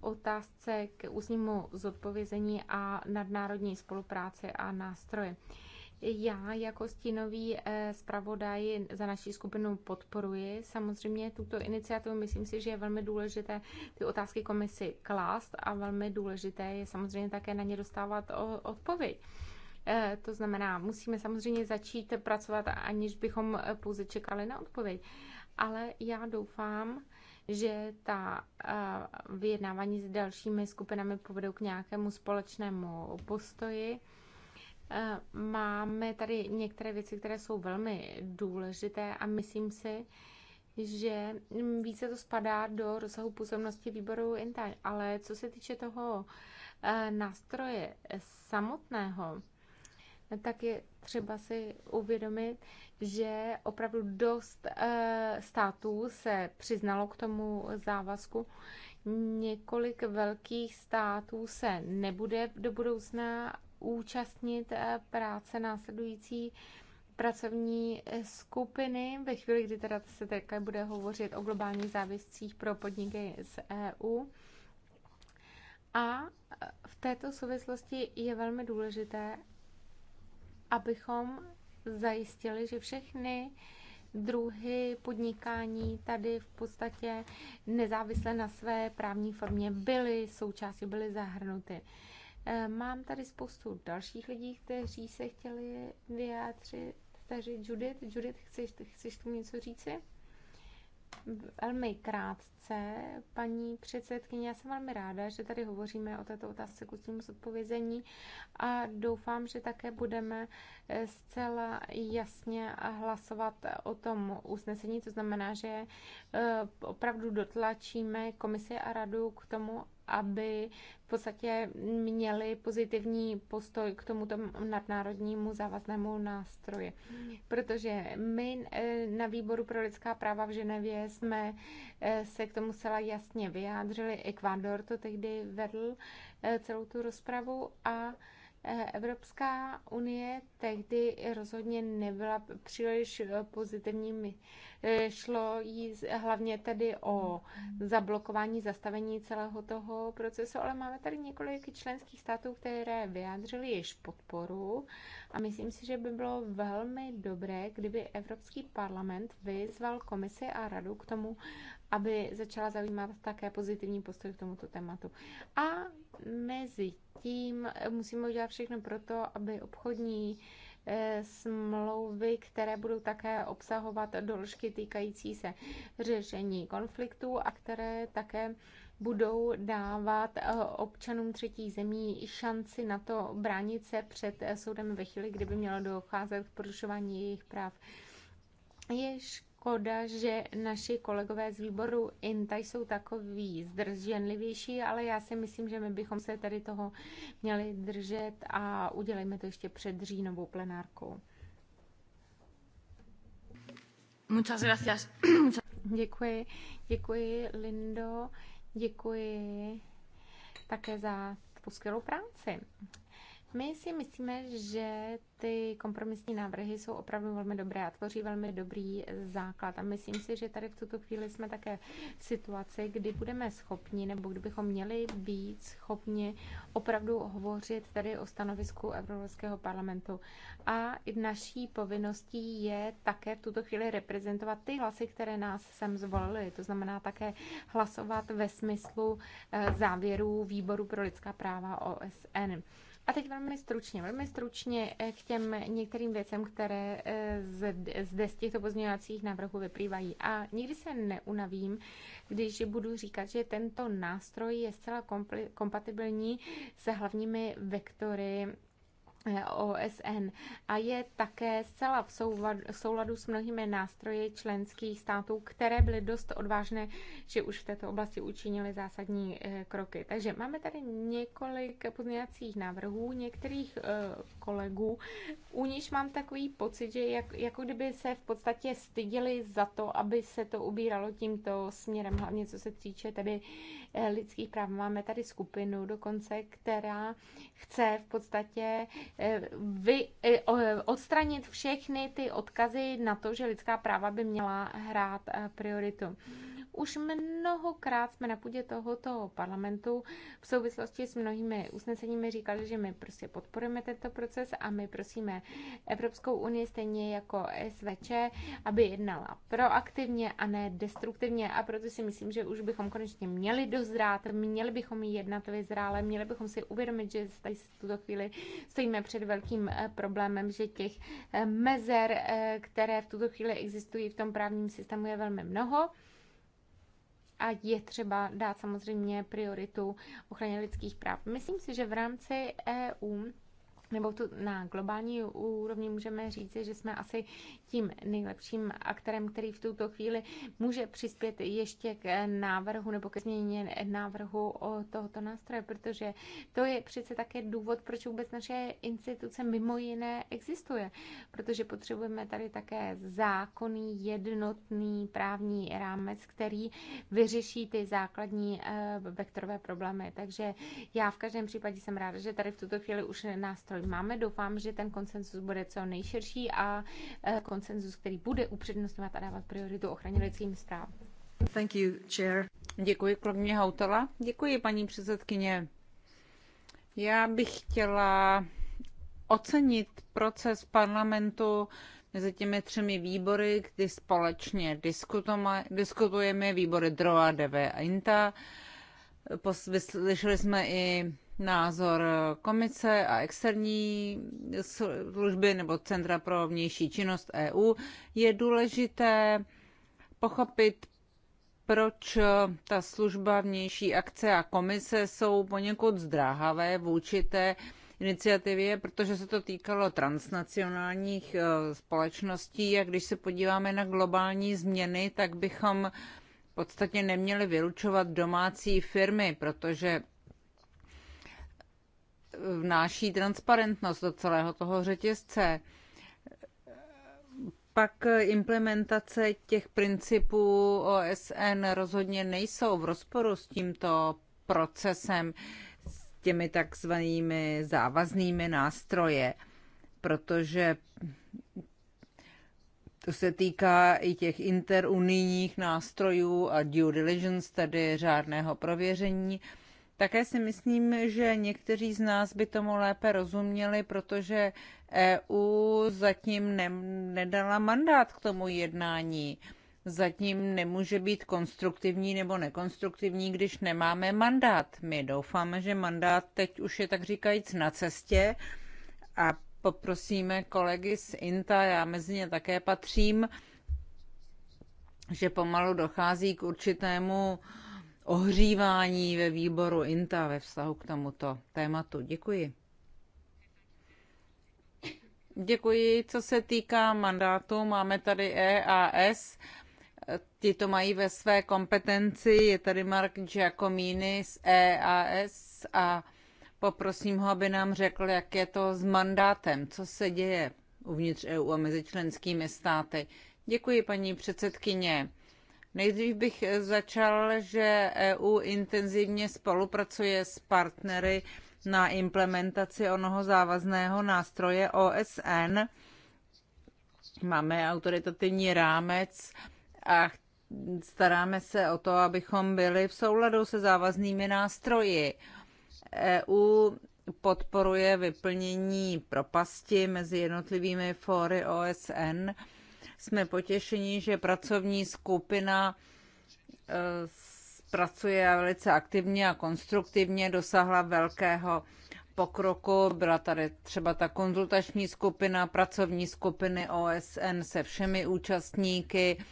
otázce k ústnímu zodpovězení a nadnárodní spolupráci a nástroje. Já jako stínový eh, zpravodaj za naší skupinu podporuji samozřejmě tuto iniciativu. Myslím si, že je velmi důležité ty otázky komisi klást a velmi důležité je samozřejmě také na ně dostávat odpověď. Eh, to znamená, musíme samozřejmě začít pracovat, aniž bychom pouze čekali na odpověď. Ale já doufám, že ta eh, vyjednávání s dalšími skupinami povedou k nějakému společnému postoji Eh, máme tady některé věci, které jsou velmi důležité a myslím si, že více to spadá do rozsahu působnosti výboru INTA, ale co se týče toho eh, nástroje samotného, tak je třeba si uvědomit, že opravdu dost eh, států se přiznalo k tomu závazku. Několik velkých států se nebude do budoucna účastnit eh, práce následující pracovní eh, skupiny. Ve chvíli, kdy teda se také bude hovořit o globálních záviscích pro podniky z EU. A eh, v této souvislosti je velmi důležité, abychom zajistili, že všechny druhy podnikání tady v podstatě nezávisle na své právní formě byly součástí, byly zahrnuty. Eh, mám tady spoustu dalších lidí, kteří se chtěli vyjádřit. Takže Judith, Judith, chceš, chceš tomu něco říci? Velmi krátce, paní předsedkyně, já jsem velmi ráda, že tady hovoříme o této otázce k ústnímu zodpovězení a doufám, že také budeme eh, zcela jasně hlasovat o tom usnesení, to znamená, že eh, opravdu dotlačíme komisi a radu k tomu, aby v podstatě měli pozitivní postoj k tomuto nadnárodnímu závaznému nástroji. Protože my eh, na výboru pro lidská práva v Ženevě jsme eh, se k tomu zcela jasně vyjádřili. Ekvádor to tehdy vedl eh, celou tu rozpravu a Eh, Evropská unie tehdy rozhodně nebyla příliš eh, pozitivní. Eh, šlo jí hlavně tedy o zablokování, zastavení celého toho procesu, ale máme tady několik členských států, které vyjádřily již podporu a myslím si, že by bylo velmi dobré, kdyby Evropský parlament vyzval komisi a radu k tomu, aby začala zajímat také pozitivní postoj k tomuto tématu. A mezi tím musíme udělat všechno pro to, aby obchodní eh, smlouvy, které budou také obsahovat doložky týkající se řešení konfliktů a které také budou dávat eh, občanům třetí zemí šanci na to bránit se před eh, soudem ve chvíli, kdyby mělo docházet k porušování jejich práv. Je škoda, škoda, že naši kolegové z výboru INTA jsou takový zdrženlivější, ale já si myslím, že my bychom se tady toho měli držet a udělejme to ještě před říjnovou plenárkou. Muchas gracias. Děkuji, děkuji Lindo, děkuji také za skvělou práci. My si myslíme, že ty kompromisní návrhy jsou opravdu velmi dobré a tvoří velmi dobrý základ. A myslím si, že tady v tuto chvíli jsme také v situaci, kdy budeme schopni, nebo kdybychom měli být schopni opravdu hovořit tady o stanovisku Evropského parlamentu. A naší povinností je také v tuto chvíli reprezentovat ty hlasy, které nás sem zvolili. To znamená také hlasovat ve smyslu eh, závěrů Výboru pro lidská práva OSN. A teď velmi stručně, velmi stručně eh, k těm některým věcem, které eh, zde z těchto pozměňovacích návrhů vyplývají. A nikdy se neunavím, když budu říkat, že tento nástroj je zcela kompatibilní se hlavními vektory Eh, OSN a je také zcela v souladu s mnohými nástroji členských států, které byly dost odvážné, že už v této oblasti učinili zásadní eh, kroky. Takže máme tady několik pozměňovacích návrhů některých eh, kolegů, u nich mám takový pocit, že jak, jako kdyby se v podstatě stydili za to, aby se to ubíralo tímto směrem, hlavně co se týče tedy lidských práv. Máme tady skupinu dokonce, která chce v podstatě Eh, vy, eh, eh, odstranit všechny ty odkazy na to, že lidská práva by měla hrát prioritu. Už mnohokrát jsme na půdě tohoto parlamentu v souvislosti s mnohými usneseními říkali, že my prostě podporujeme tento proces a my prosíme Evropskou unii stejně jako SVČ, aby jednala proaktivně a ne destruktivně a proto si myslím, že už bychom konečně měli dozrát, měli bychom jednat vyzrále, měli bychom si uvědomit, že tady v tuto chvíli stojíme před velkým eh, problémem, že těch eh, mezer, eh, které v tuto chvíli existují v tom právním systému, je velmi mnoho a je třeba dát samozřejmě prioritu ochraně lidských práv. Myslím si, že v rámci EU nebo tu, na globální úrovni můžeme říci, že jsme asi tím nejlepším aktorem, který v tuto chvíli může přispět ještě k návrhu nebo ke změně návrhu o tohoto nástroje, protože to je přece také důvod, proč vůbec naše instituce mimo jiné existuje, protože potřebujeme tady také zákonný, jednotný právní rámec, který vyřeší ty základní eh, vektorové problémy. Takže já v každém případě jsem ráda, že tady v tuto chvíli už nástroj máme. Doufám, že ten konsenzus bude co nejširší a e, konsenzus, který bude upřednostňovat a dávat prioritu ochraně lidským zpráv. Thank you, chair. Děkuji, kromě Hautala. Děkuji, paní předsedkyně. Já bych chtěla ocenit proces parlamentu mezi těmi třemi výbory, kdy společně diskutujeme výbory DROA, DV a INTA. Vyslyšeli jsme i názor komise a externí služby nebo Centra pro vnější činnost EU, je důležité pochopit, proč ta služba vnější akce a komise jsou poněkud zdráhavé vůči té iniciativě, protože se to týkalo transnacionálních eh, společností a když se podíváme na globální změny, tak bychom v podstatě neměli vylučovat domácí firmy, protože vnáší transparentnost do celého toho řetězce. Pak implementace těch principů OSN rozhodně nejsou v rozporu s tímto procesem, s těmi takzvanými závaznými nástroje, protože to se týká i těch interunijních nástrojů a due diligence, tedy řádného prověření. Také si myslím, že někteří z nás by tomu lépe rozuměli, protože EU zatím ne- nedala mandát k tomu jednání. Zatím nemůže být konstruktivní nebo nekonstruktivní, když nemáme mandát. My doufáme, že mandát teď už je tak říkajíc na cestě a poprosíme kolegy z INTA, já mezi ně také patřím, že pomalu dochází k určitému uh, ohřívání ve výboru INTA ve vztahu k tomuto tématu. Děkuji. Děkuji. Co se týká mandátu, máme tady EAS. Ti to mají ve své kompetenci. Je tady Mark Giacomini z EAS a poprosím ho, aby nám řekl, jak je to s mandátem, co se děje uvnitř EU a mezi členskými státy. Děkuji, paní předsedkyně. Nejdřív bych eh, začal, že EU intenzivně spolupracuje s partnery na implementaci onoho závazného nástroje OSN. Máme autoritativní rámec a staráme se o to, abychom byli v souladu se závaznými nástroji. EU podporuje vyplnění propasti mezi jednotlivými fóry OSN jsme potěšení, že pracovní skupina eh, pracuje velice aktivně a konstruktivně, dosáhla velkého pokroku. Byla tady třeba ta konzultační skupina, pracovní skupiny OSN se všemi účastníky.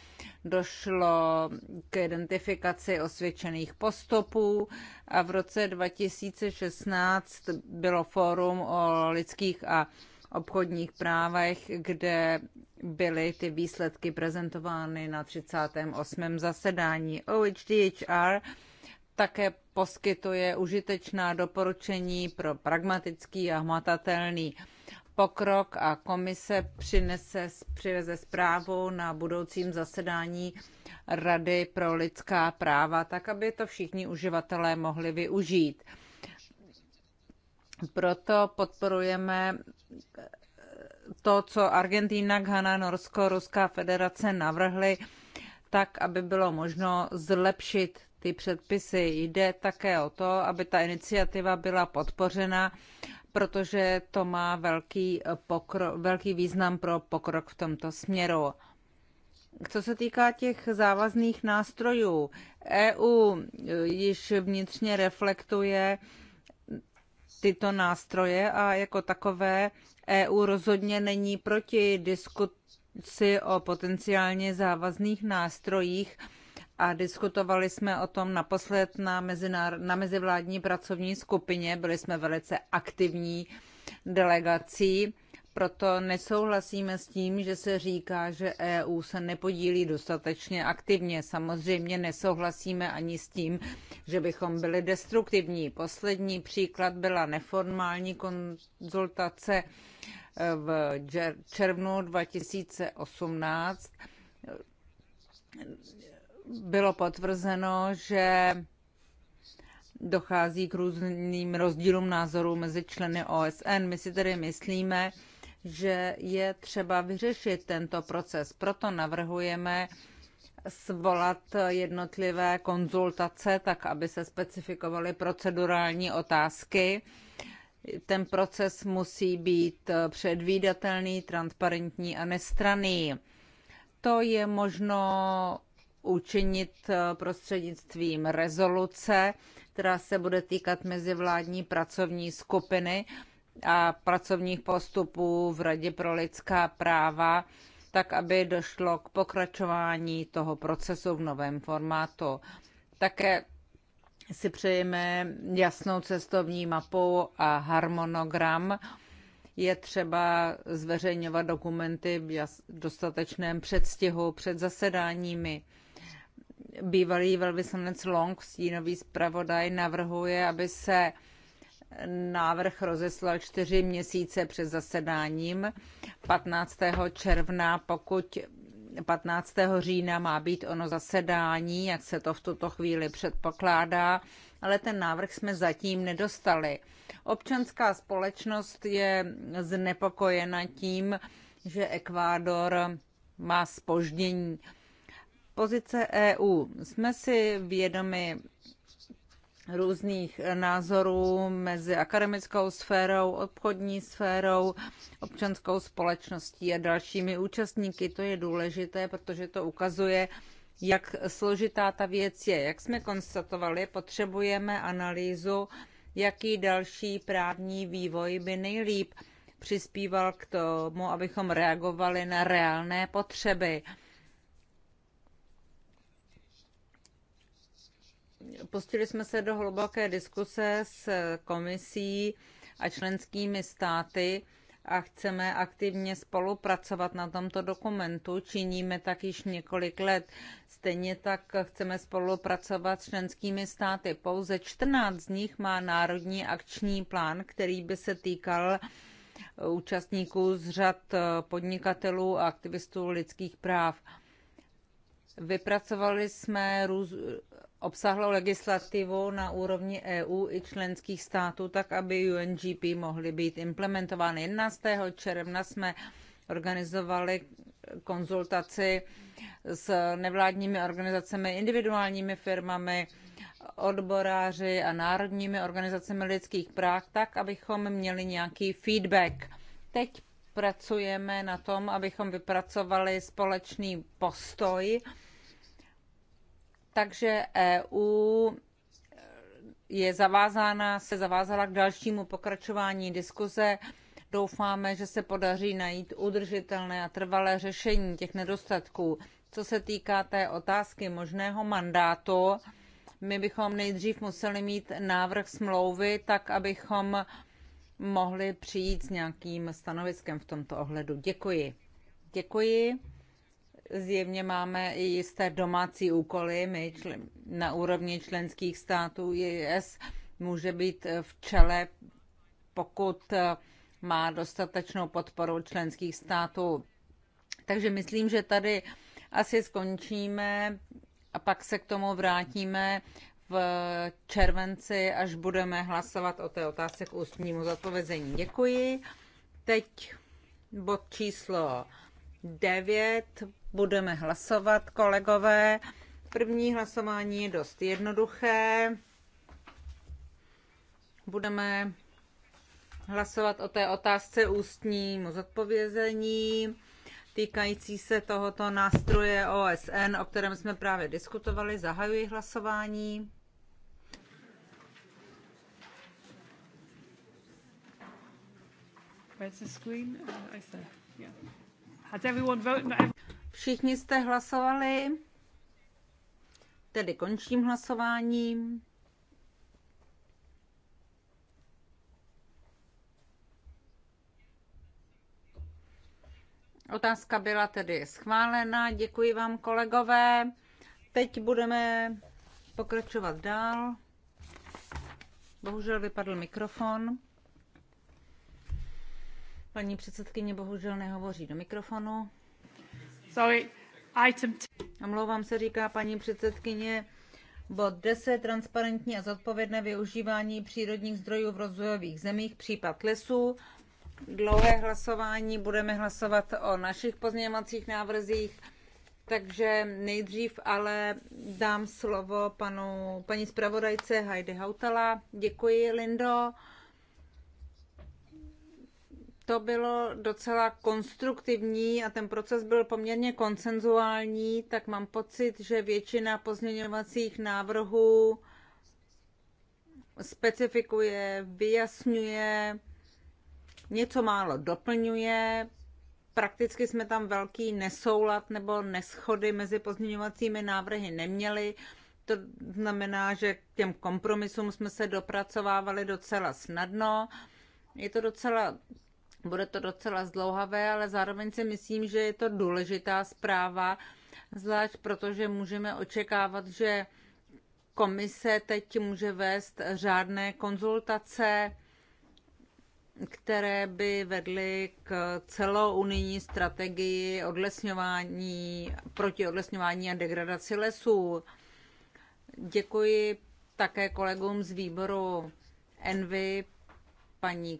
Došlo k identifikaci osvědčených postupů a v roce 2016 bylo fórum o lidských a obchodních právech, kde byly ty výsledky prezentovány na 38. zasedání OHDHR také poskytuje užitečná doporučení pro pragmatický a hmatatelný pokrok a komise přinese, přiveze zprávu na budoucím zasedání Rady pro lidská práva, tak aby to všichni uživatelé mohli využít. Proto podporujeme to, co Argentína, Ghana, Norsko, Ruská federace navrhly, tak, aby bylo možno zlepšit ty předpisy. Jde také o to, aby ta iniciativa byla podpořena, protože to má velký, pokro, velký význam pro pokrok v tomto směru. Co se týká těch závazných nástrojů, EU již vnitřně reflektuje tyto nástroje a jako takové EU rozhodně není proti diskusi o potenciálně závazných nástrojích a diskutovali jsme o tom naposled na, mezinár- na mezivládní pracovní skupině. Byli jsme velice aktivní delegací proto nesouhlasíme s tím, že se říká, že EU se nepodílí dostatečně aktivně. Samozřejmě nesouhlasíme ani s tím, že bychom byli destruktivní. Poslední příklad byla neformální konzultace eh, v červnu 2018. Bylo potvrzeno, že dochází k různým rozdílům názorů mezi členy OSN. My si tedy myslíme, že je třeba vyřešit tento proces. Proto navrhujeme svolat jednotlivé konzultace, tak aby se specifikovaly procedurální otázky. Ten proces musí být předvídatelný, transparentní a nestraný. To je možno učinit prostřednictvím rezoluce, která se bude týkat mezivládní pracovní skupiny a pracovních postupů v Radě pro lidská práva, tak aby došlo k pokračování toho procesu v novém formátu. Také si přejeme jasnou cestovní mapu a harmonogram. Je třeba zveřejňovat dokumenty v dostatečném předstihu před zasedáními. Bývalý velvyslanec Long, stínový zpravodaj, navrhuje, aby se návrh rozeslal čtyři měsíce před zasedáním 15. června, pokud 15. října má být ono zasedání, jak se to v tuto chvíli předpokládá, ale ten návrh jsme zatím nedostali. Občanská společnost je znepokojena tím, že Ekvádor má spoždění. Pozice EU. Jsme si vědomi různých názorů mezi akademickou sférou, obchodní sférou, občanskou společností a dalšími účastníky. To je důležité, protože to ukazuje, jak složitá ta věc je. Jak jsme konstatovali, potřebujeme analýzu, jaký další právní vývoj by nejlíp přispíval k tomu, abychom reagovali na reálné potřeby. pustili jsme se do hluboké diskuse s komisí a členskými státy a chceme aktivně spolupracovat na tomto dokumentu. Činíme tak již několik let. Stejně tak chceme spolupracovat s členskými státy. Pouze 14 z nich má národní akční plán, který by se týkal účastníků z řad podnikatelů a aktivistů lidských práv. Vypracovali jsme růz, obsáhlou legislativu na úrovni EU i členských států, tak aby UNGP mohly být implementovány. 11. června jsme organizovali konzultaci s nevládními organizacemi, individuálními firmami, odboráři a národními organizacemi lidských práv, tak, abychom měli nějaký feedback. Teď pracujeme na tom, abychom vypracovali společný postoj takže EU je zavázána, se zavázala k dalšímu pokračování diskuze. Doufáme, že se podaří najít udržitelné a trvalé řešení těch nedostatků. Co se týká té otázky možného mandátu, my bychom nejdřív museli mít návrh smlouvy, tak abychom mohli přijít s nějakým stanoviskem v tomto ohledu. Děkuji. Děkuji zjevně máme i jisté domácí úkoly. My na úrovni členských států IS může být v čele, pokud eh, má dostatečnou podporu členských států. Takže myslím, že tady asi skončíme a pak se k tomu vrátíme v červenci, až budeme hlasovat o té otázce k ústnímu zodpovězení. Děkuji. Teď bod číslo 9, budeme hlasovat, kolegové. První hlasování je dost jednoduché. Budeme hlasovat o té otázce ústnímu zodpovězení týkající se tohoto nástroje OSN, o kterém jsme právě diskutovali. Zahajuji hlasování. Where's the screen? Uh, I said, Yeah. Has everyone voted? Všichni jste hlasovali, tedy končím hlasování. Otázka byla tedy schválena. Děkuji vám, kolegové. Teď budeme pokračovat dál. Bohužel vypadl mikrofon. Paní předsedkyně bohužel nehovoří do mikrofonu. Sorry. Item Omlouvám se, říká paní předsedkyně. Bod 10. Transparentní a zodpovědné využívání přírodních zdrojů v rozvojových zemích, případ lesů. Dlouhé hlasování, budeme hlasovat o našich pozměňovacích návrzích, takže nejdřív ale dám slovo panu, paní zpravodajce Heidi Hautala. Děkuji, Lindo to bylo docela konstruktivní a ten proces byl poměrně konsenzuální, tak mám pocit, že většina pozměňovacích návrhů specifikuje, vyjasňuje, něco málo doplňuje. Prakticky jsme tam velký nesoulad nebo neschody mezi pozměňovacími návrhy neměli. To znamená, že k těm kompromisům jsme se dopracovávali docela snadno. Je to docela bude to docela zdlouhavé, ale zároveň si myslím, že je to důležitá zpráva, zvlášť protože můžeme očekávat, že komise teď může vést řádné konzultace, které by vedly k celou unijní strategii odlesňování, proti odlesňování a degradaci lesů. Děkuji také kolegům z výboru Envy, paní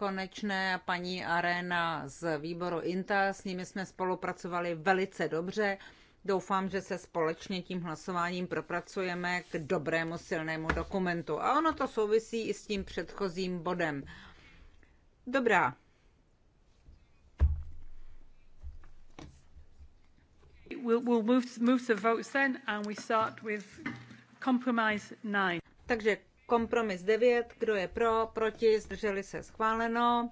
Konečné a paní Arena z výboru INTA. S nimi jsme spolupracovali velice dobře. Doufám, že se společně tím hlasováním propracujeme k dobrému silnému dokumentu. A ono to souvisí i s tím předchozím bodem. Dobrá. We'll, we'll move, move the votes then and we start with compromise Takže Kompromis 9, kdo je pro, proti, zdrželi se schváleno.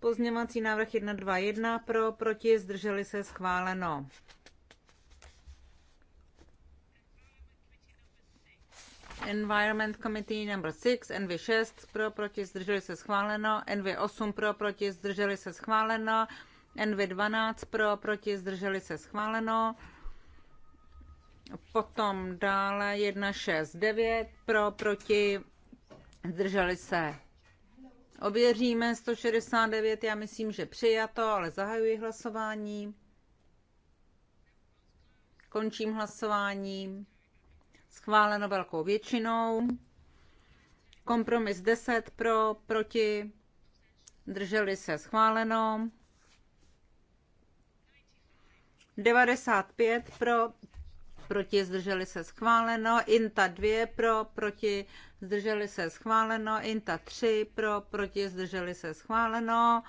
Pozměňovací návrh 1, 2, 1, pro, proti, zdrželi se schváleno. Environment Committee number 6, NV6 pro, proti, zdrželi se schváleno, NV8 pro, proti, zdrželi se schváleno, NV12 pro, proti, zdrželi se schváleno, Potom dále 169 pro, proti, zdrželi se. Ověříme 169, já myslím, že přijato, ale zahajuji hlasování. Končím hlasování. Schváleno velkou většinou. Kompromis 10 pro, proti, drželi se schváleno. 95 pro, proti, zdrželi se schváleno, INTA 2 pro, proti, zdrželi se schváleno, INTA 3 pro, proti, zdrželi se schváleno,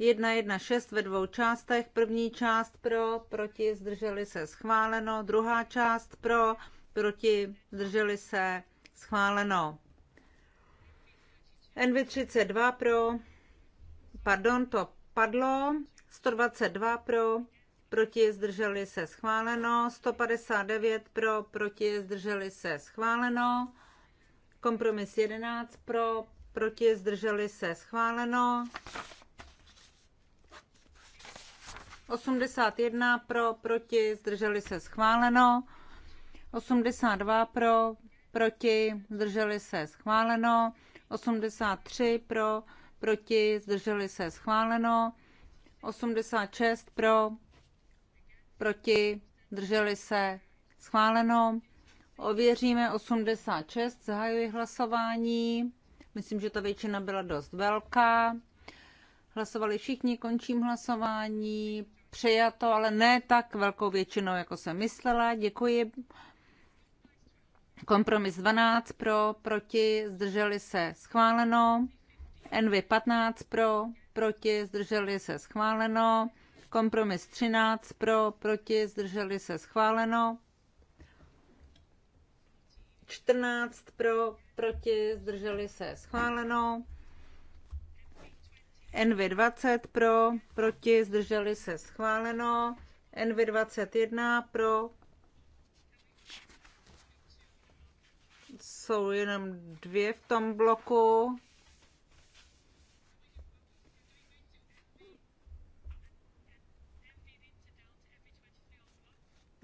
1.1.6 ve dvou částech, první část pro, proti, zdrželi se schváleno, druhá část pro, proti, zdrželi se schváleno. NV32 pro, pardon, to padlo, 122 pro, proti, zdrželi se schváleno, 159 pro, proti, zdrželi se schváleno, kompromis 11 pro, proti, zdrželi se schváleno, 81 pro, proti, zdrželi se schváleno, 82 pro, proti, zdrželi se schváleno, 83 pro, proti, zdrželi se schváleno, 86 pro, proti, drželi se, schváleno. Ověříme 86, zahajuji hlasování. Myslím, že ta většina byla dost velká. Hlasovali všichni, končím hlasování. Přijato, ale ne tak velkou většinou, jako jsem myslela. Děkuji. Kompromis 12 pro, proti, zdrželi se, schváleno. NV 15 pro, proti, zdrželi se, schváleno. Kompromis 13 pro, proti, zdrželi se schváleno. 14 pro, proti, zdrželi se schváleno. NV20 pro, proti, zdrželi se schváleno. NV21 pro, jsou jenom dvě v tom bloku.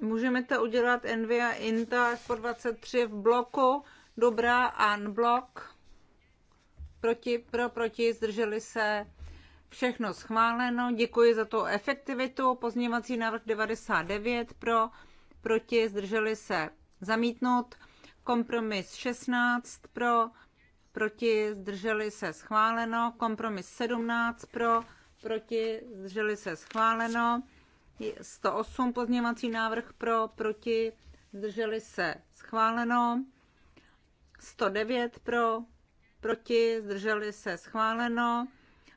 Můžeme to udělat NVIDIA INTA 123 v bloku, dobrá, unblock. proti, pro, proti, zdrželi se, všechno schváleno, děkuji za tu efektivitu, pozměňovací návrh 99 pro, proti, zdrželi se, zamítnout, kompromis 16 pro, proti, zdrželi se, schváleno, kompromis 17 pro, proti, zdrželi se, schváleno, 108 pozměňovací návrh pro, proti, zdrželi se schváleno. 109 pro, proti, zdrželi se schváleno.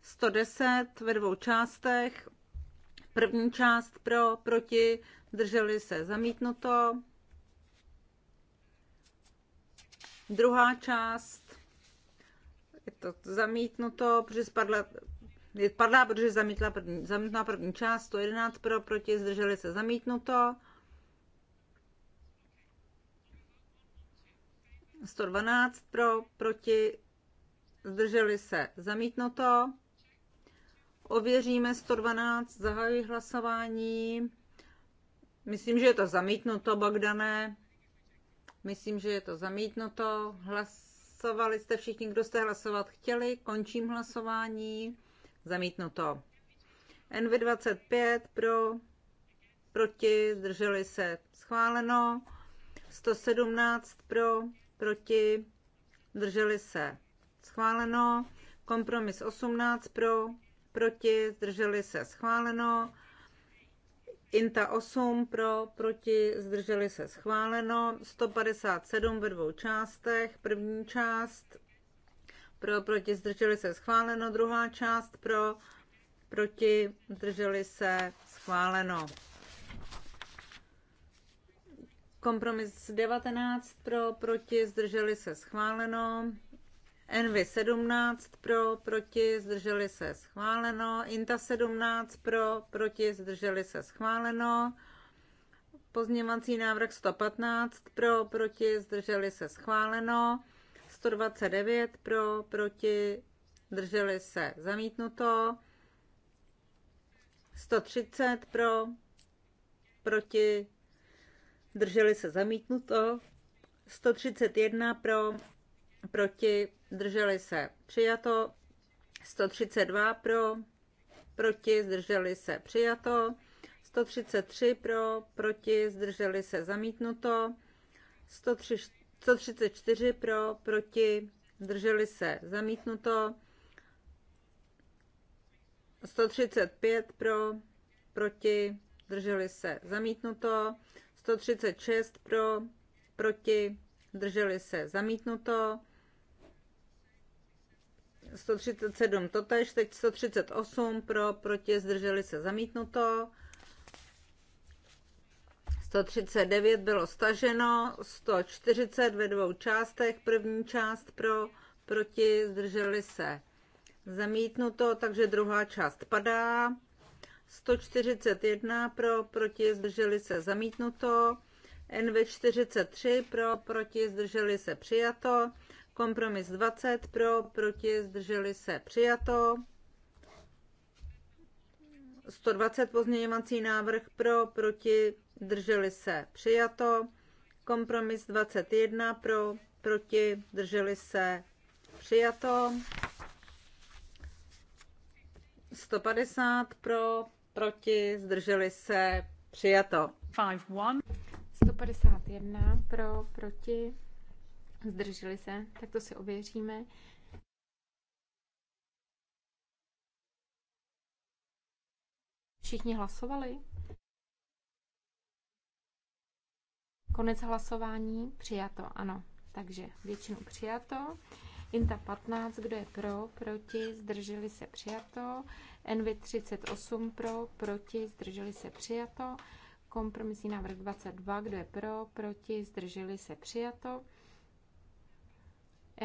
110 ve dvou částech. První část pro, proti, zdrželi se zamítnuto. Druhá část, je to zamítnuto, protože spadla Padla, protože zamítla první, zamítla první část, 111 pro, proti, zdrželi se zamítnuto. 112 pro, proti, zdrželi se zamítnuto. Ověříme 112, zahajuji hlasování. Myslím, že je to zamítnuto, Bogdané. Myslím, že je to zamítnuto. Hlasovali jste všichni, kdo jste hlasovat chtěli. Končím hlasování. Zamítnuto. NV25 pro, proti, zdrželi se, schváleno. 117 pro, proti, zdrželi se, schváleno. Kompromis 18 pro, proti, zdrželi se, schváleno. INTA 8 pro, proti, zdrželi se, schváleno. 157 ve dvou částech. První část pro, proti, zdrželi se, schváleno. Druhá část pro, proti, zdrželi se, schváleno. Kompromis 19 pro, proti, zdrželi se, schváleno. Envy 17 pro, proti, zdrželi se, schváleno. Inta 17 pro, proti, zdrželi se, schváleno. Pozměňovací návrh 115 pro, proti, zdrželi se, schváleno. 129 pro, proti, drželi se zamítnuto, 130 pro, proti, drželi se zamítnuto, 131 pro, proti, drželi se přijato, 132 pro, proti, zdrželi se přijato, 133 pro, proti, zdrželi se zamítnuto, 103, 134 pro, proti, zdrželi se, zamítnuto. 135 pro, proti, zdrželi se, zamítnuto. 136 pro, proti, zdrželi se, zamítnuto. 137 totež, teď 138 pro, proti, zdrželi se, zamítnuto. 139 bylo staženo, 140 ve dvou částech, první část pro, proti, zdrželi se zamítnuto, takže druhá část padá. 141 pro, proti, zdrželi se zamítnuto. NV43 pro, proti, zdrželi se přijato. Kompromis 20 pro, proti, zdrželi se přijato. 120 pozměňovací návrh pro, proti, drželi se, přijato. Kompromis 21 pro, proti, drželi se, přijato. 150 pro, proti, zdrželi se, přijato. 151 pro, proti, zdrželi se, tak to si ověříme. Všichni hlasovali? Konec hlasování, přijato, ano. Takže většinu přijato. Inta 15, kdo je pro, proti, zdrželi se přijato. NV 38 pro, proti, zdrželi se přijato. Kompromisní návrh 22, kdo je pro, proti, zdrželi se přijato.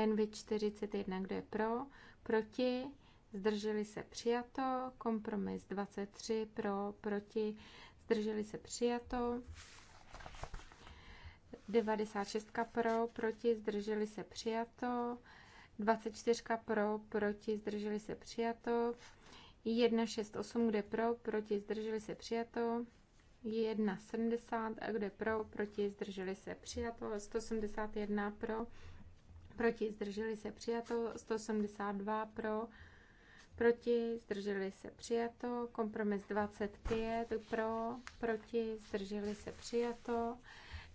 NV 41, kdo je pro, proti, zdrželi se přijato, kompromis 23 pro, proti, zdrželi se přijato, 96 pro, proti, zdrželi se přijato, 24 pro, proti, zdrželi se přijato, 168 kde pro, proti, zdrželi se přijato, 1,70 a kde pro, proti, zdrželi se přijato, 171 pro, proti, zdrželi se přijato, 172 pro, proti, zdrželi se přijato, kompromis 25 pro, proti, zdrželi se přijato,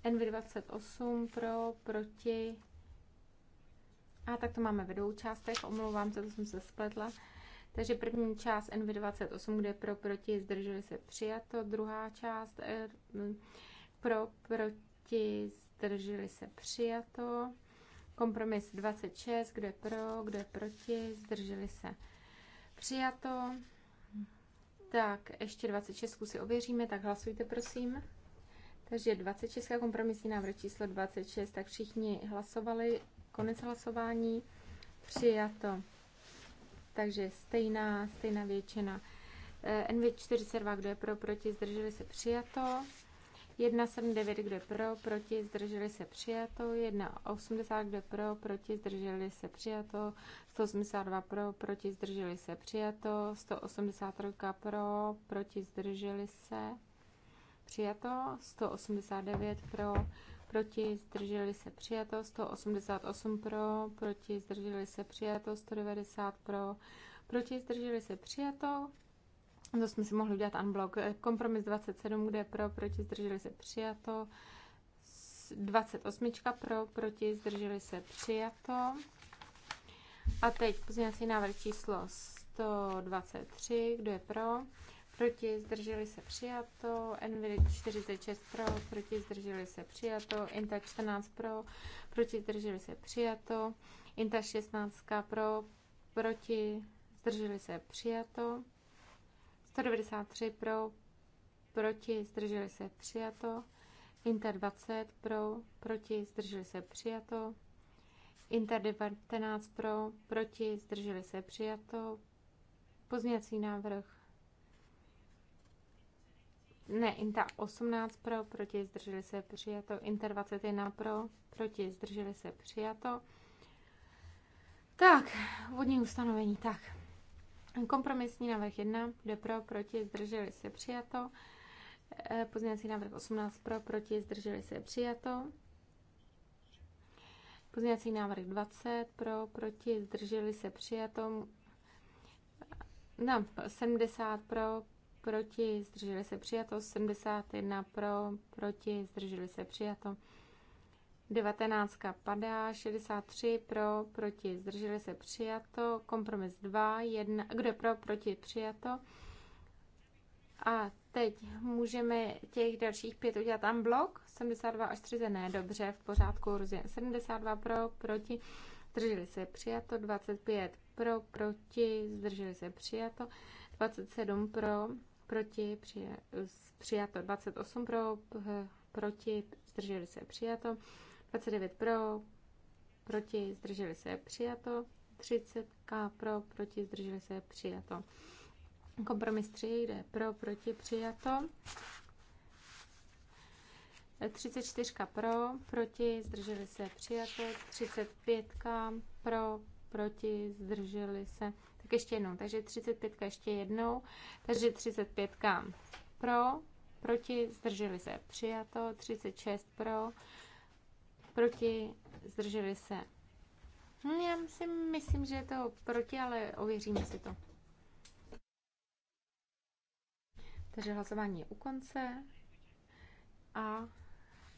NV28 pro, proti, a tak to máme ve dvou částech, omlouvám se, to jsem se spletla. Takže první část NV28, kde pro, proti, zdrželi se přijato, druhá část eh, pro, proti, zdrželi se přijato, kompromis 26, kde pro, kde proti, zdrželi se přijato Přijato. Tak, ještě 26 si ověříme, tak hlasujte, prosím. Takže 26 kompromisní návrh číslo 26, tak všichni hlasovali, konec hlasování, přijato. Takže stejná, stejná většina. Eh, NV42, kdo je pro, proti, zdrželi se, přijato. 179, kdo je pro, proti, zdrželi se přijato. 180, kdo je pro, proti, zdrželi se přijato. 182 pro, proti, zdrželi se přijato. 183 pro, proti, zdrželi se přijato. 189 pro, proti, zdrželi se přijato. 188 pro, proti, zdrželi se přijato. 190 pro, proti, zdrželi se přijato. To jsme si mohli udělat unblock. Kompromis 27, kde je pro, proti, zdrželi se přijato. 28 pro, proti, zdrželi se přijato. A teď pozměňovací návrh číslo 123, kdo je pro, proti, zdrželi se přijato, NVIDIA 46 pro, proti, zdrželi se přijato, INTA 14 pro, proti, zdrželi se přijato, INTA 16 pro, proti, zdrželi se přijato, 193 pro, proti, zdrželi se přijato. Inter 20 pro, proti, zdrželi se přijato. Inter 19 pro, proti, zdrželi se přijato. Pozměňovací návrh. Ne, Inter 18 pro, proti, zdrželi se přijato. Inter 21 pro, proti, zdrželi se přijato. Tak, vodní ustanovení, tak. Kompromisní návrh 1, kdo e, pro, proti, zdrželi se, přijato. Pozměňovací návrh 18 pro, proti, zdrželi se, přijato. Pozměňovací návrh 20 pro, proti, zdrželi se, přijato. No, 70 pro, proti, zdrželi se, přijato. 71 pro, proti, zdrželi se, přijato. 19 padá, 63 pro, proti, zdrželi se přijato, kompromis 2, 1, kdo pro, proti, přijato. A teď můžeme těch dalších pět udělat tam blok, 72 až 30 ne, dobře, v pořádku, 72 pro, proti, zdrželi se přijato, 25 pro, proti, zdrželi se přijato, 27 pro, proti, přijato, 28 pro, proti, zdrželi se přijato, 29 pro, proti, zdrželi se, přijato. 30k pro, proti, zdrželi se, přijato. Kompromis 3 jde pro, proti, přijato. 34 pro, proti, zdrželi se, přijato. 35 pro, proti, zdrželi se. Tak ještě jednou, takže 35 ještě jednou. Takže 35 pro, proti, zdrželi se, přijato. 36 pro, proti, zdrželi se. Hm, já si myslím, že je to proti, ale ověříme si to. Takže hlasování je u konce a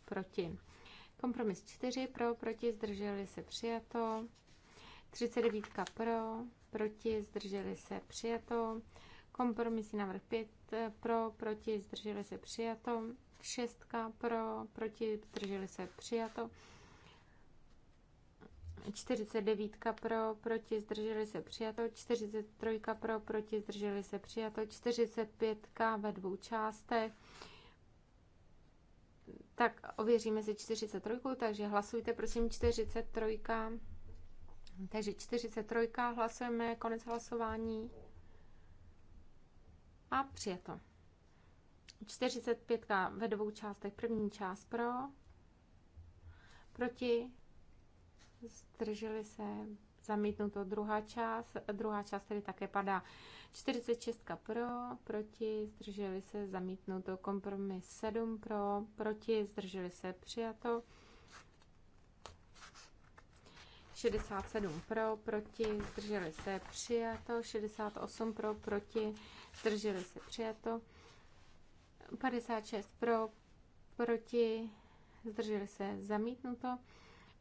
proti. Kompromis 4 pro, proti, zdrželi se přijato. 39 pro, proti, zdrželi se přijato. Kompromisní návrh 5 pro, proti, zdrželi se přijato šestka pro, proti, zdrželi se přijato. 49 pro, proti, zdrželi se přijato. 43 pro, proti, zdrželi se přijato. 45 ve dvou částech. Tak ověříme si 43, takže hlasujte prosím 43. Takže 43 hlasujeme, konec hlasování a přijato. 45 ve dvou částech. První část pro, proti, zdrželi se, zamítnuto druhá část, druhá část tedy také padá. 46 pro, proti, zdrželi se, zamítnuto kompromis 7 pro, proti, zdrželi se, přijato. 67 pro, proti, zdrželi se, přijato. 68 pro, proti, zdrželi se, přijato. 56 pro, proti, zdrželi se, zamítnuto.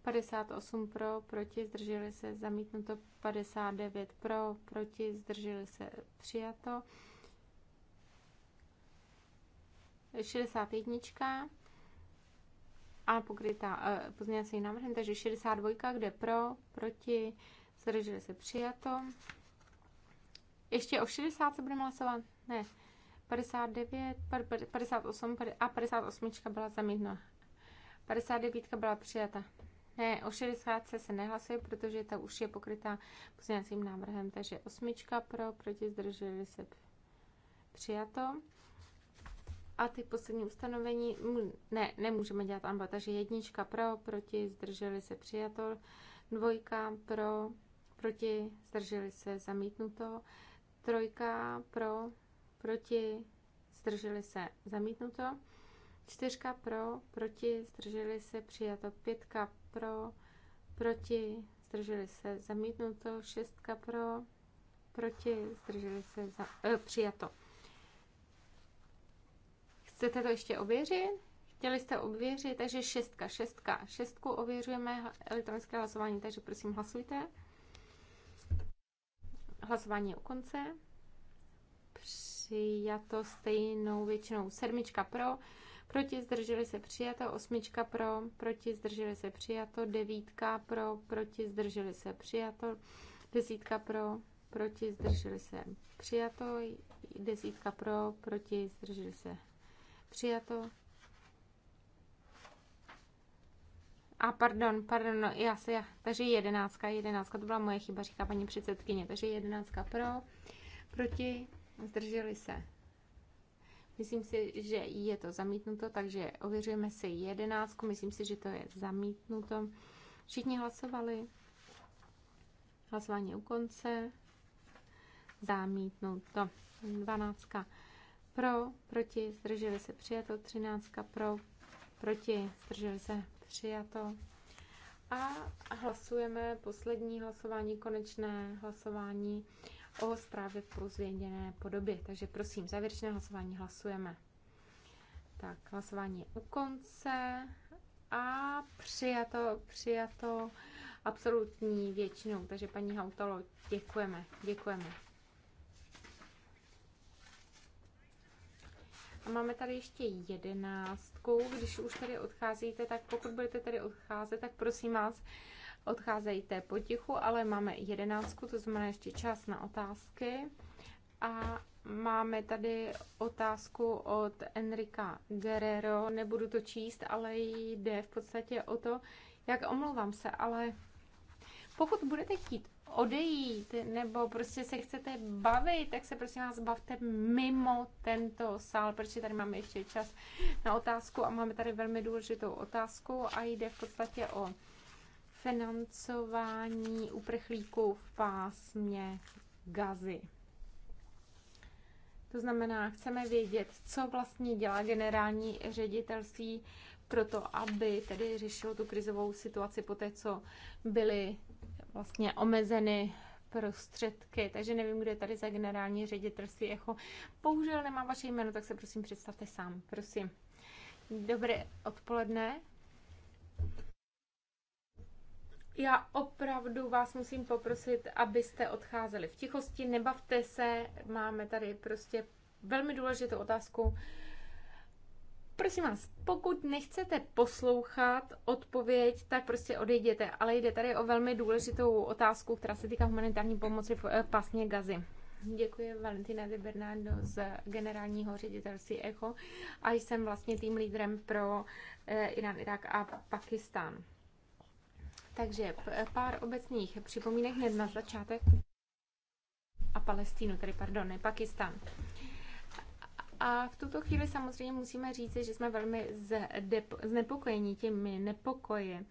58 pro, proti, zdrželi se, zamítnuto. 59 pro, proti, zdrželi se, přijato. 61 a pokrytá eh, pozměňovacím návrhem, takže 62, kde pro, proti, zdrželi se, přijato. Ještě o 60 se budeme hlasovat? Ne. 59, 58 a 58 byla zamítnuta. 59 byla přijata. Ne, o 60 se nehlasuje, protože ta už je pokrytá pozměňovacím návrhem. Takže osmička pro, proti zdrželi se přijato. A ty poslední ustanovení, ne, nemůžeme dělat amba, takže jednička pro, proti zdrželi se přijato. Dvojka pro, proti zdrželi se zamítnuto. Trojka pro, proti, zdrželi se zamítnuto. Čtyřka pro, proti, zdrželi se přijato. Pětka pro, proti, zdrželi se zamítnuto. Šestka pro, proti, zdrželi se za, eh, přijato. Chcete to ještě ověřit? Chtěli jste ověřit, takže šestka, šestka. Šestku ověřujeme elektronické hlasování, takže prosím hlasujte. Hlasování je u konce. Při přijato stejnou většinou. Sedmička pro, proti zdrželi se přijato, osmička pro, proti zdrželi se přijato, devítka pro, proti zdrželi se přijato, desítka pro, proti zdrželi se přijato, desítka pro, proti zdrželi se přijato. A pardon, pardon, no, já se, já, takže jedenáctka, jedenáctka, to byla moje chyba, říká paní předsedkyně, takže jedenáctka pro, proti zdrželi se. Myslím si, že je to zamítnuto, takže ověřujeme si jedenáctku. Myslím si, že to je zamítnuto. Všichni hlasovali. Hlasování u konce. Zamítnuto. Dvanáctka pro, proti, zdrželi se přijato. Třináctka pro, proti, zdrželi se přijato. A hlasujeme poslední hlasování, konečné hlasování o zprávě v pozvěněné podobě. Takže prosím, závěrečné hlasování hlasujeme. Tak, hlasování je u konce a přijato, přijato absolutní většinou. Takže paní Hautalo, děkujeme, děkujeme. A máme tady ještě jedenáctku. Když už tady odcházíte, tak pokud budete tady odcházet, tak prosím vás, odcházejte potichu, ale máme jedenáctku, to znamená ještě čas na otázky. A máme tady otázku od Enrika Guerrero. Nebudu to číst, ale jde v podstatě o to, jak omlouvám se, ale pokud budete chtít odejít nebo prostě se chcete bavit, tak se prosím vás bavte mimo tento sál, protože tady máme ještě čas na otázku a máme tady velmi důležitou otázku a jde v podstatě o financování uprchlíků v pásmě Gazy. To znamená, chceme vědět, co vlastně dělá generální ředitelství pro to, aby tedy řešil tu krizovou situaci po té, co byly vlastně omezeny prostředky, takže nevím, kdo je tady za generální ředitelství ECHO. Bohužel nemám vaše jméno, tak se prosím představte sám, prosím. Dobré odpoledne, já opravdu vás musím poprosit, abyste odcházeli v tichosti, nebavte se, máme tady prostě velmi důležitou otázku. Prosím vás, pokud nechcete poslouchat odpověď, tak prostě odejděte, ale jde tady o velmi důležitou otázku, která se týká humanitární pomoci v eh, pasně Gazy. Děkuji Valentina de Bernardo z generálního ředitelství ECHO a jsem vlastně tým lídrem pro eh, Irán, Irák a Pakistán. Takže pár obecných připomínek hned na začátek. A Palestínu, tedy pardon, ne Pakistan. A v tuto chvíli samozřejmě musíme říct, že jsme velmi znepokojeni těmi nepokoji,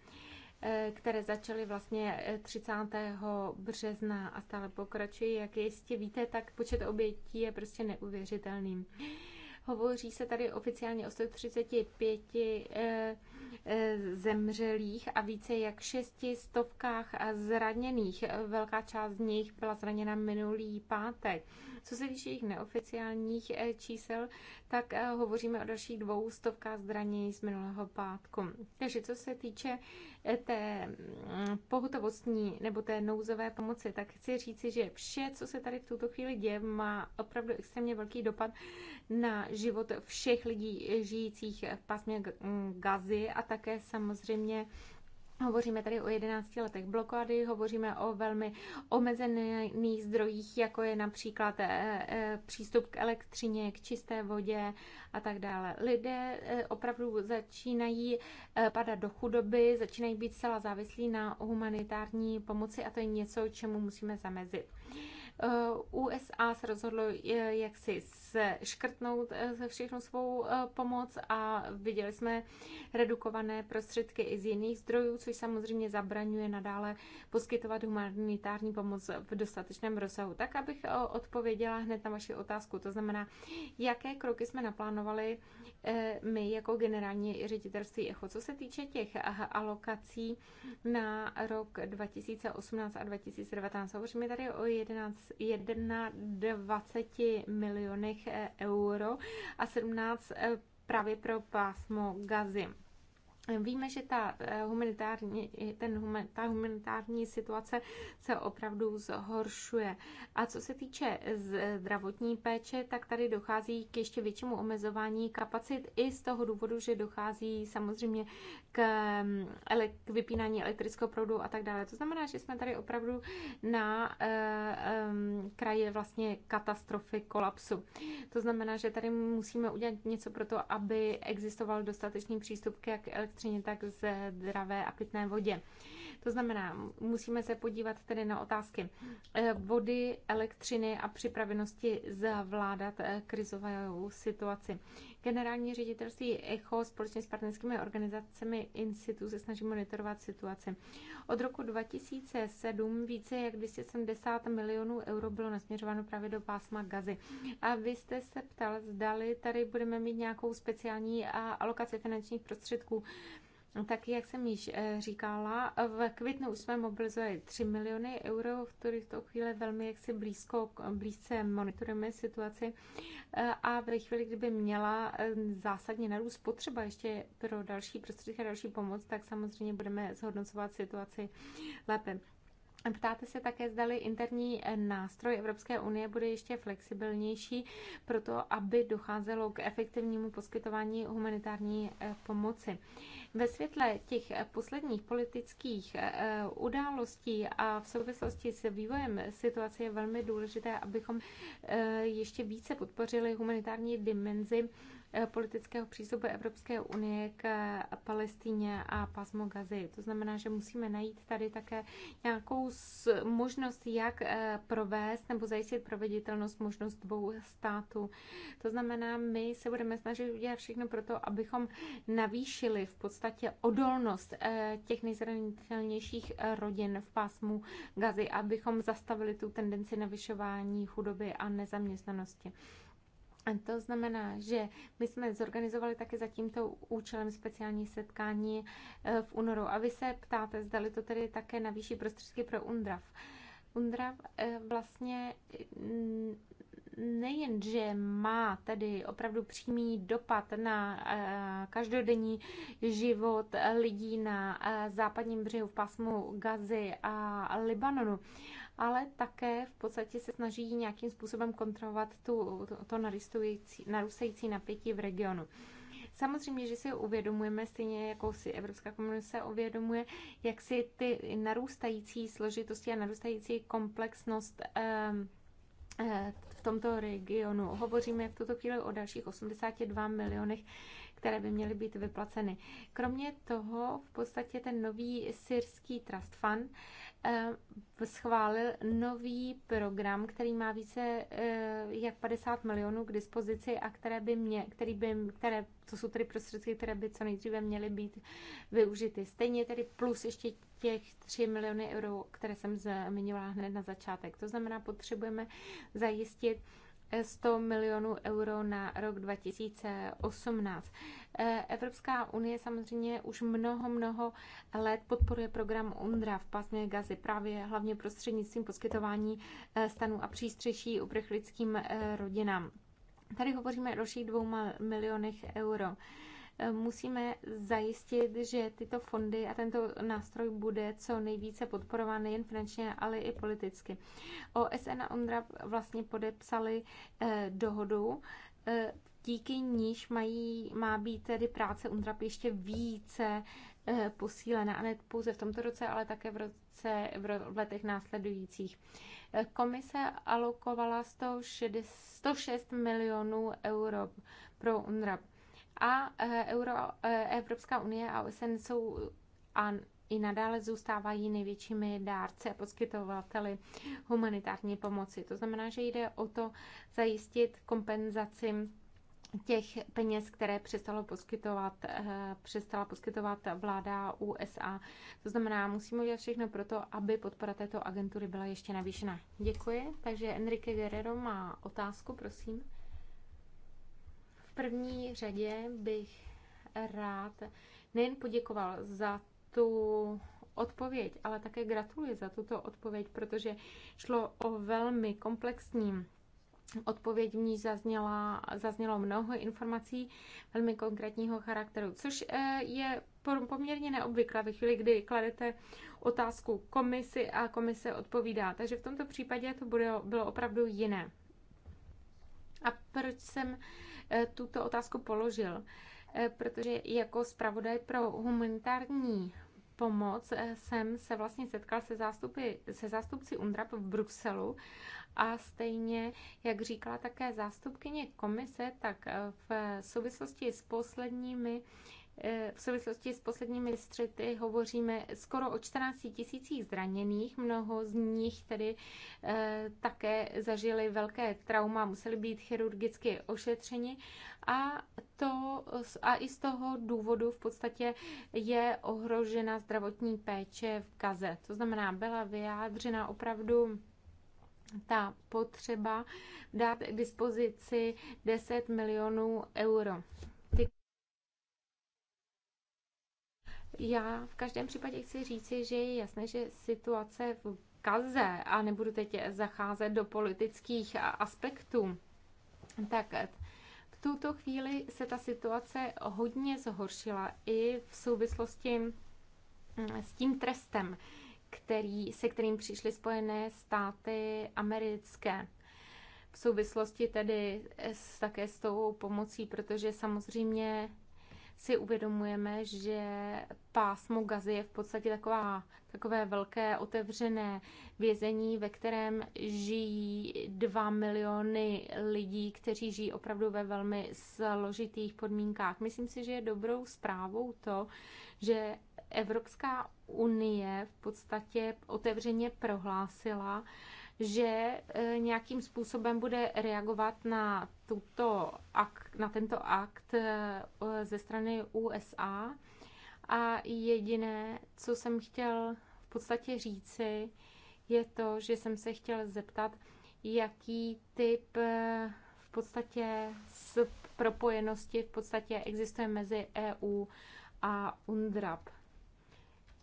eh, které začaly vlastně 30. Eh, března a stále pokračují. Jak jistě víte, tak počet obětí je prostě neuvěřitelný. Hovoří se tady oficiálně o 135 E, zemřelých a více jak šesti stovkách zraněných. Velká část z nich byla zraněna minulý pátek. Co se týče jejich neoficiálních e, čísel, tak e, hovoříme o dalších dvou stovkách zranění z minulého pátku. Takže co se týče té mm, pohotovostní nebo té nouzové pomoci, tak chci říci, že vše, co se tady v tuto chvíli děje, má opravdu extrémně velký dopad na život všech lidí žijících v pásmě Gazy a také samozřejmě Hovoříme tady o 11 letech blokády, hovoříme o velmi omezených zdrojích, jako je například eh, eh, přístup k elektřině, k čisté vodě a tak dále. Lidé eh, opravdu začínají padat do chudoby, začínají být zcela závislí na humanitární pomoci a to je něco, čemu musíme zamezit. Eh, USA se rozhodlo eh, jak si škrtnout eh, všechnu svou pomoc a viděli jsme redukované prostředky i z jiných zdrojů, což samozřejmě zabraňuje nadále poskytovat humanitární pomoc v dostatečném rozsahu. Tak, abych odpověděla hned na vaši otázku, to znamená, jaké kroky jsme naplánovali my jako generální ředitelství ECHO. Co se týče těch alokací na rok 2018 a 2019, hovoříme tady o 11 21 milionech eh, euro a 17 eh, právě pro pásmo Gazim. Víme, že ta eh, humanitární, ten human, ta humanitární situace se opravdu zhoršuje. A co se týče eh, zdravotní péče, tak tady dochází k ještě většímu omezování kapacit i z toho důvodu, že dochází samozřejmě k, mm, k vypínání elektrického proudu a tak dále. To znamená, že jsme tady opravdu na um, kraji vlastně katastrofy, kolapsu. To znamená, že tady musíme udělat něco pro to, aby existoval dostatečný přístup k jak elektřině, tak zdravé a pitné vodě. To znamená, musíme se podívat tedy na otázky eh, vody, elektřiny a připravenosti zvládat eh, krizovou situaci. Generální ředitelství ECHO společně s partnerskými organizacemi institu se snaží monitorovat situaci. Od roku 2007 více jak 270 milionů euro bylo nasměřováno právě do pásma gazy. A vy jste se ptal, zdali tady budeme mít nějakou speciální alokaci finančních prostředků No tak jak jsem již eh, říkala, v květnu už jsme mobilizovali 3 miliony euro, v který v tou chvíli velmi jaksi blízko, blízce monitorujeme situaci eh, a ve chvíli, kdyby měla eh, zásadně narůst potřeba ještě pro další prostředky a další pomoc, tak samozřejmě budeme zhodnocovat situaci lépe. Ptáte se také, zdali interní eh, nástroj Evropské unie bude ještě flexibilnější pro to, aby docházelo k efektivnímu poskytování humanitární eh, pomoci. Ve světle těch eh, posledních politických událostí a v souvislosti s vývojem situace je velmi důležité, abychom ještě více podpořili humanitární dimenzi Eh, politického přístupu Evropské unie k Palestíně a pasmu Gazy. To znamená, že musíme najít tady také nějakou možnost, jak eh, provést nebo zajistit proveditelnost možnost dvou států. To znamená, my se budeme snažit udělat všechno pro to, abychom navýšili v podstatě odolnost eh, těch nejzranitelnějších rodin v pásmu Gazy, abychom zastavili tu tendenci navyšování chudoby a nezaměstnanosti. To znamená, že my jsme zorganizovali také za tímto účelem speciální setkání eh, v únoru. A vy se ptáte, zdali to tedy také navýší prostředky pro UNDRAV. UNDRAV eh, vlastně mm, nejenže má tedy opravdu přímý dopad na eh, každodenní život lidí na západním břehu v pásmu Gazy a Libanonu, ale také v podstatě se snaží nějakým způsobem kontrolovat tu, to, to narůstající napětí v regionu. Samozřejmě, že si uvědomujeme, stejně jako si Evropská komise uvědomuje, jak si ty narůstající složitosti a narůstající komplexnost eh, v tomto regionu. Hovoříme v tuto chvíli o dalších 82 milionech které by měly být vyplaceny. Kromě toho v podstatě ten nový syrský trust fund Eh, schválil nový program, který má více eh, jak 50 milionů k dispozici a které by mě, který by, které, to jsou tedy prostředky, které by co nejdříve měly být využity. Stejně tedy plus ještě těch 3 miliony euro, které jsem zmiňovala hned na začátek. To znamená, potřebujeme zajistit 100 milionů euro na rok 2018. E, Evropská unie samozřejmě už mnoho, mnoho let podporuje program UNDRA v pásmě Gazy právě hlavně prostřednictvím poskytování e, stanů a přístřeší uprchlickým e, rodinám. Tady hovoříme o dalších dvou milionech euro. Eh, musíme zajistit, že tyto fondy a tento nástroj bude co nejvíce podporován nejen finančně, ale i politicky. OSN a Ondra vlastně podepsali eh, dohodu, eh, díky níž mají, má být tedy práce UNDRAP ještě více posílena, a ne pouze v tomto roce, ale také v, roce, v letech následujících. Komise alokovala 106 milionů euro pro UNRAP. A e, Euro, e, Evropská unie a OSN jsou a i nadále zůstávají největšími dárci a poskytovateli humanitární pomoci. To znamená, že jde o to zajistit kompenzaci těch peněz, které přestalo poskytovat, e, přestala poskytovat vláda USA. To znamená, musíme udělat všechno pro to, aby podpora této agentury byla ještě navýšena. Děkuji. Takže Enrique Guerrero má otázku, prosím. V první řadě bych rád nejen poděkoval za tu odpověď, ale také gratuluji za tuto odpověď, protože šlo o velmi komplexní odpověď, v ní zazněla, zaznělo mnoho informací velmi konkrétního charakteru, což eh, je poměrně neobvyklé ve chvíli, kdy kladete otázku komisi a komise odpovídá. Takže v tomto případě to bylo opravdu jiné. A proč jsem Eh, tuto otázku položil, eh, protože jako zpravodaj pro humanitární pomoc eh, jsem se vlastně setkal se, zástupy, se zástupci UNDRAP v Bruselu a stejně, jak říkala také zástupkyně komise, tak v souvislosti s posledními E, v souvislosti s posledními střety hovoříme skoro o 14 tisících zraněných. Mnoho z nich tedy e, také zažili velké trauma, museli být chirurgicky ošetřeni a, to, a i z toho důvodu v podstatě je ohrožena zdravotní péče v Gaze. To znamená, byla vyjádřena opravdu ta potřeba dát k dispozici 10 milionů euro. Já v každém případě chci říci, že je jasné, že situace v Gaze, a nebudu teď zacházet do politických aspektů, tak v tuto chvíli se ta situace hodně zhoršila i v souvislosti mm, s tím trestem, který, se kterým přišly Spojené státy americké v souvislosti tedy s, také s tou pomocí, protože samozřejmě si uvědomujeme, že pásmo Gazy je v podstatě taková, takové velké otevřené vězení, ve kterém žijí dva miliony lidí, kteří žijí opravdu ve velmi složitých podmínkách. Myslím si, že je dobrou zprávou to, že Evropská unie v podstatě otevřeně prohlásila, že e, nějakým způsobem bude reagovat na, tuto akt, na tento akt e, ze strany USA. A jediné, co jsem chtěl v podstatě říci, je to, že jsem se chtěl zeptat, jaký typ e, v podstatě s propojenosti v podstatě existuje mezi EU a UNDRAP.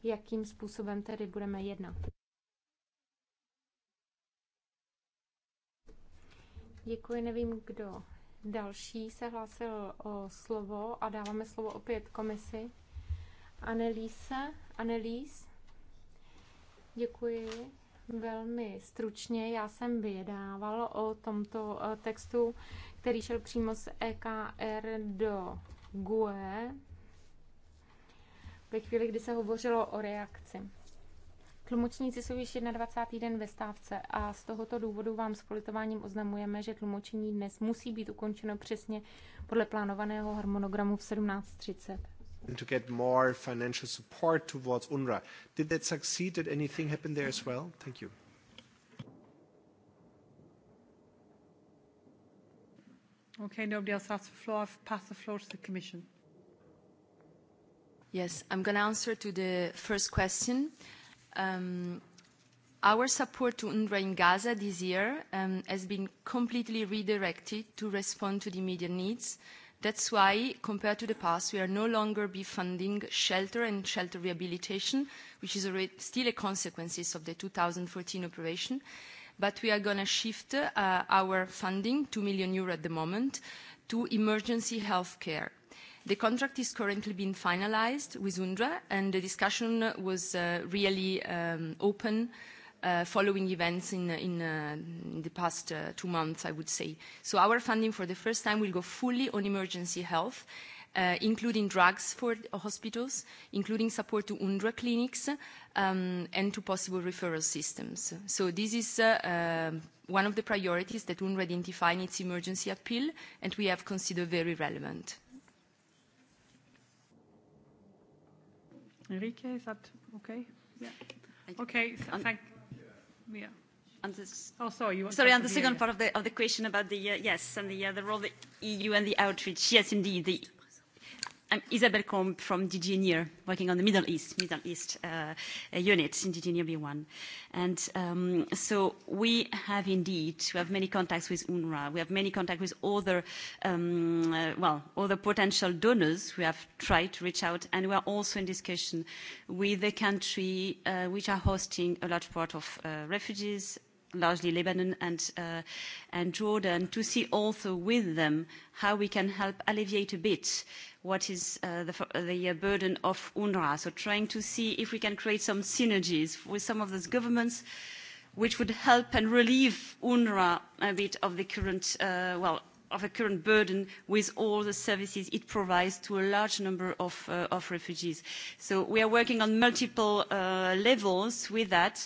Jakým způsobem tedy budeme jednat? Děkuji, nevím kdo. Další se hlásil o slovo a dáváme slovo opět komisi. Anelise, Anelís, děkuji velmi stručně. Já jsem vyjedával o tomto eh, textu, který šel přímo z EKR do GUE ve chvíli, kdy se hovořilo o reakci. Tlumočníci jsou již 21. den ve stávce a z tohoto důvodu vám s politováním oznamujeme, že tlumočení dnes musí být ukončeno přesně podle plánovaného harmonogramu v 17.30. To get more financial support towards UNRWA. Did that succeed? Did anything happen there as well? Thank you. Okay, nobody else has the floor. I've passed the floor to the Commission. Yes, I'm going to answer to the first question. Um, our support to UNRWA in Gaza this year um, has been completely redirected to respond to the immediate needs. That's why, compared to the past, we are no longer be funding shelter and shelter rehabilitation, which is already still a consequence of the 2014 operation, but we are going to shift uh, our funding, 2 million euro at the moment, to emergency health care The contract is currently being finalized with UNRWA, and the discussion was uh, really um, open uh, following events in, uh, the past two months, I would say. So our funding for the first time will go fully on emergency health, including drugs for hospitals, including support to UNRWA clinics, um, and to possible referral systems. So this is um, one of the priorities that UNRWA identified in its emergency appeal, and we have considered very relevant. Enrique, is that okay? Yeah. Okay, so thank, yeah. And this, oh, sorry, you want sorry, on the second part of the, of the question about the, uh, yes, and the, uh, the role of the EU and the outreach. Yes, indeed, the I'm Isabel Combe from DG Near, working on the Middle East, Middle East uh, unit in DG Near B1. And um, so we have indeed, we have many contacts with UNRWA. We have many contacts with other, um, uh, well, other potential donors we have tried to reach out. And we are also in discussion with the country uh, which are hosting a large part of uh, refugees largely Lebanon uh, and, Jordan, to see also with them how we can help alleviate a bit what is uh, the, uh, burden of UNRWA. So trying to see if we can create some synergies with some of those governments which would help and relieve UNRWA a bit of the current, well, of the current burden with all the services it provides to a large number of, refugees. So we are working on multiple levels with that.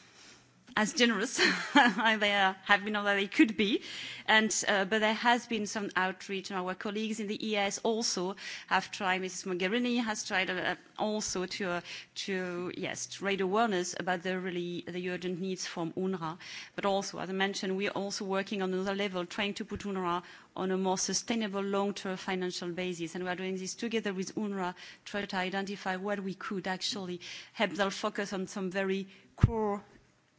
as generous as they uh, have been or that they could be. And, uh, but there has been some outreach, and our colleagues in the ES also have tried, Mrs. Mogherini has tried uh, uh, also to, uh, to, yes, to raise awareness about the really the urgent needs from UNRWA. But also, as I mentioned, we are also working on another level, trying to put UNRWA on a more sustainable long-term financial basis. And we are doing this together with UNRWA, trying to identify what we could actually help them focus on some very core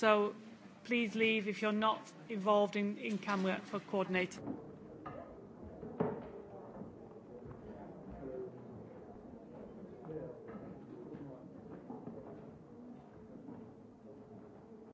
So please leave if you're not involved in, in CAM work for coordinating.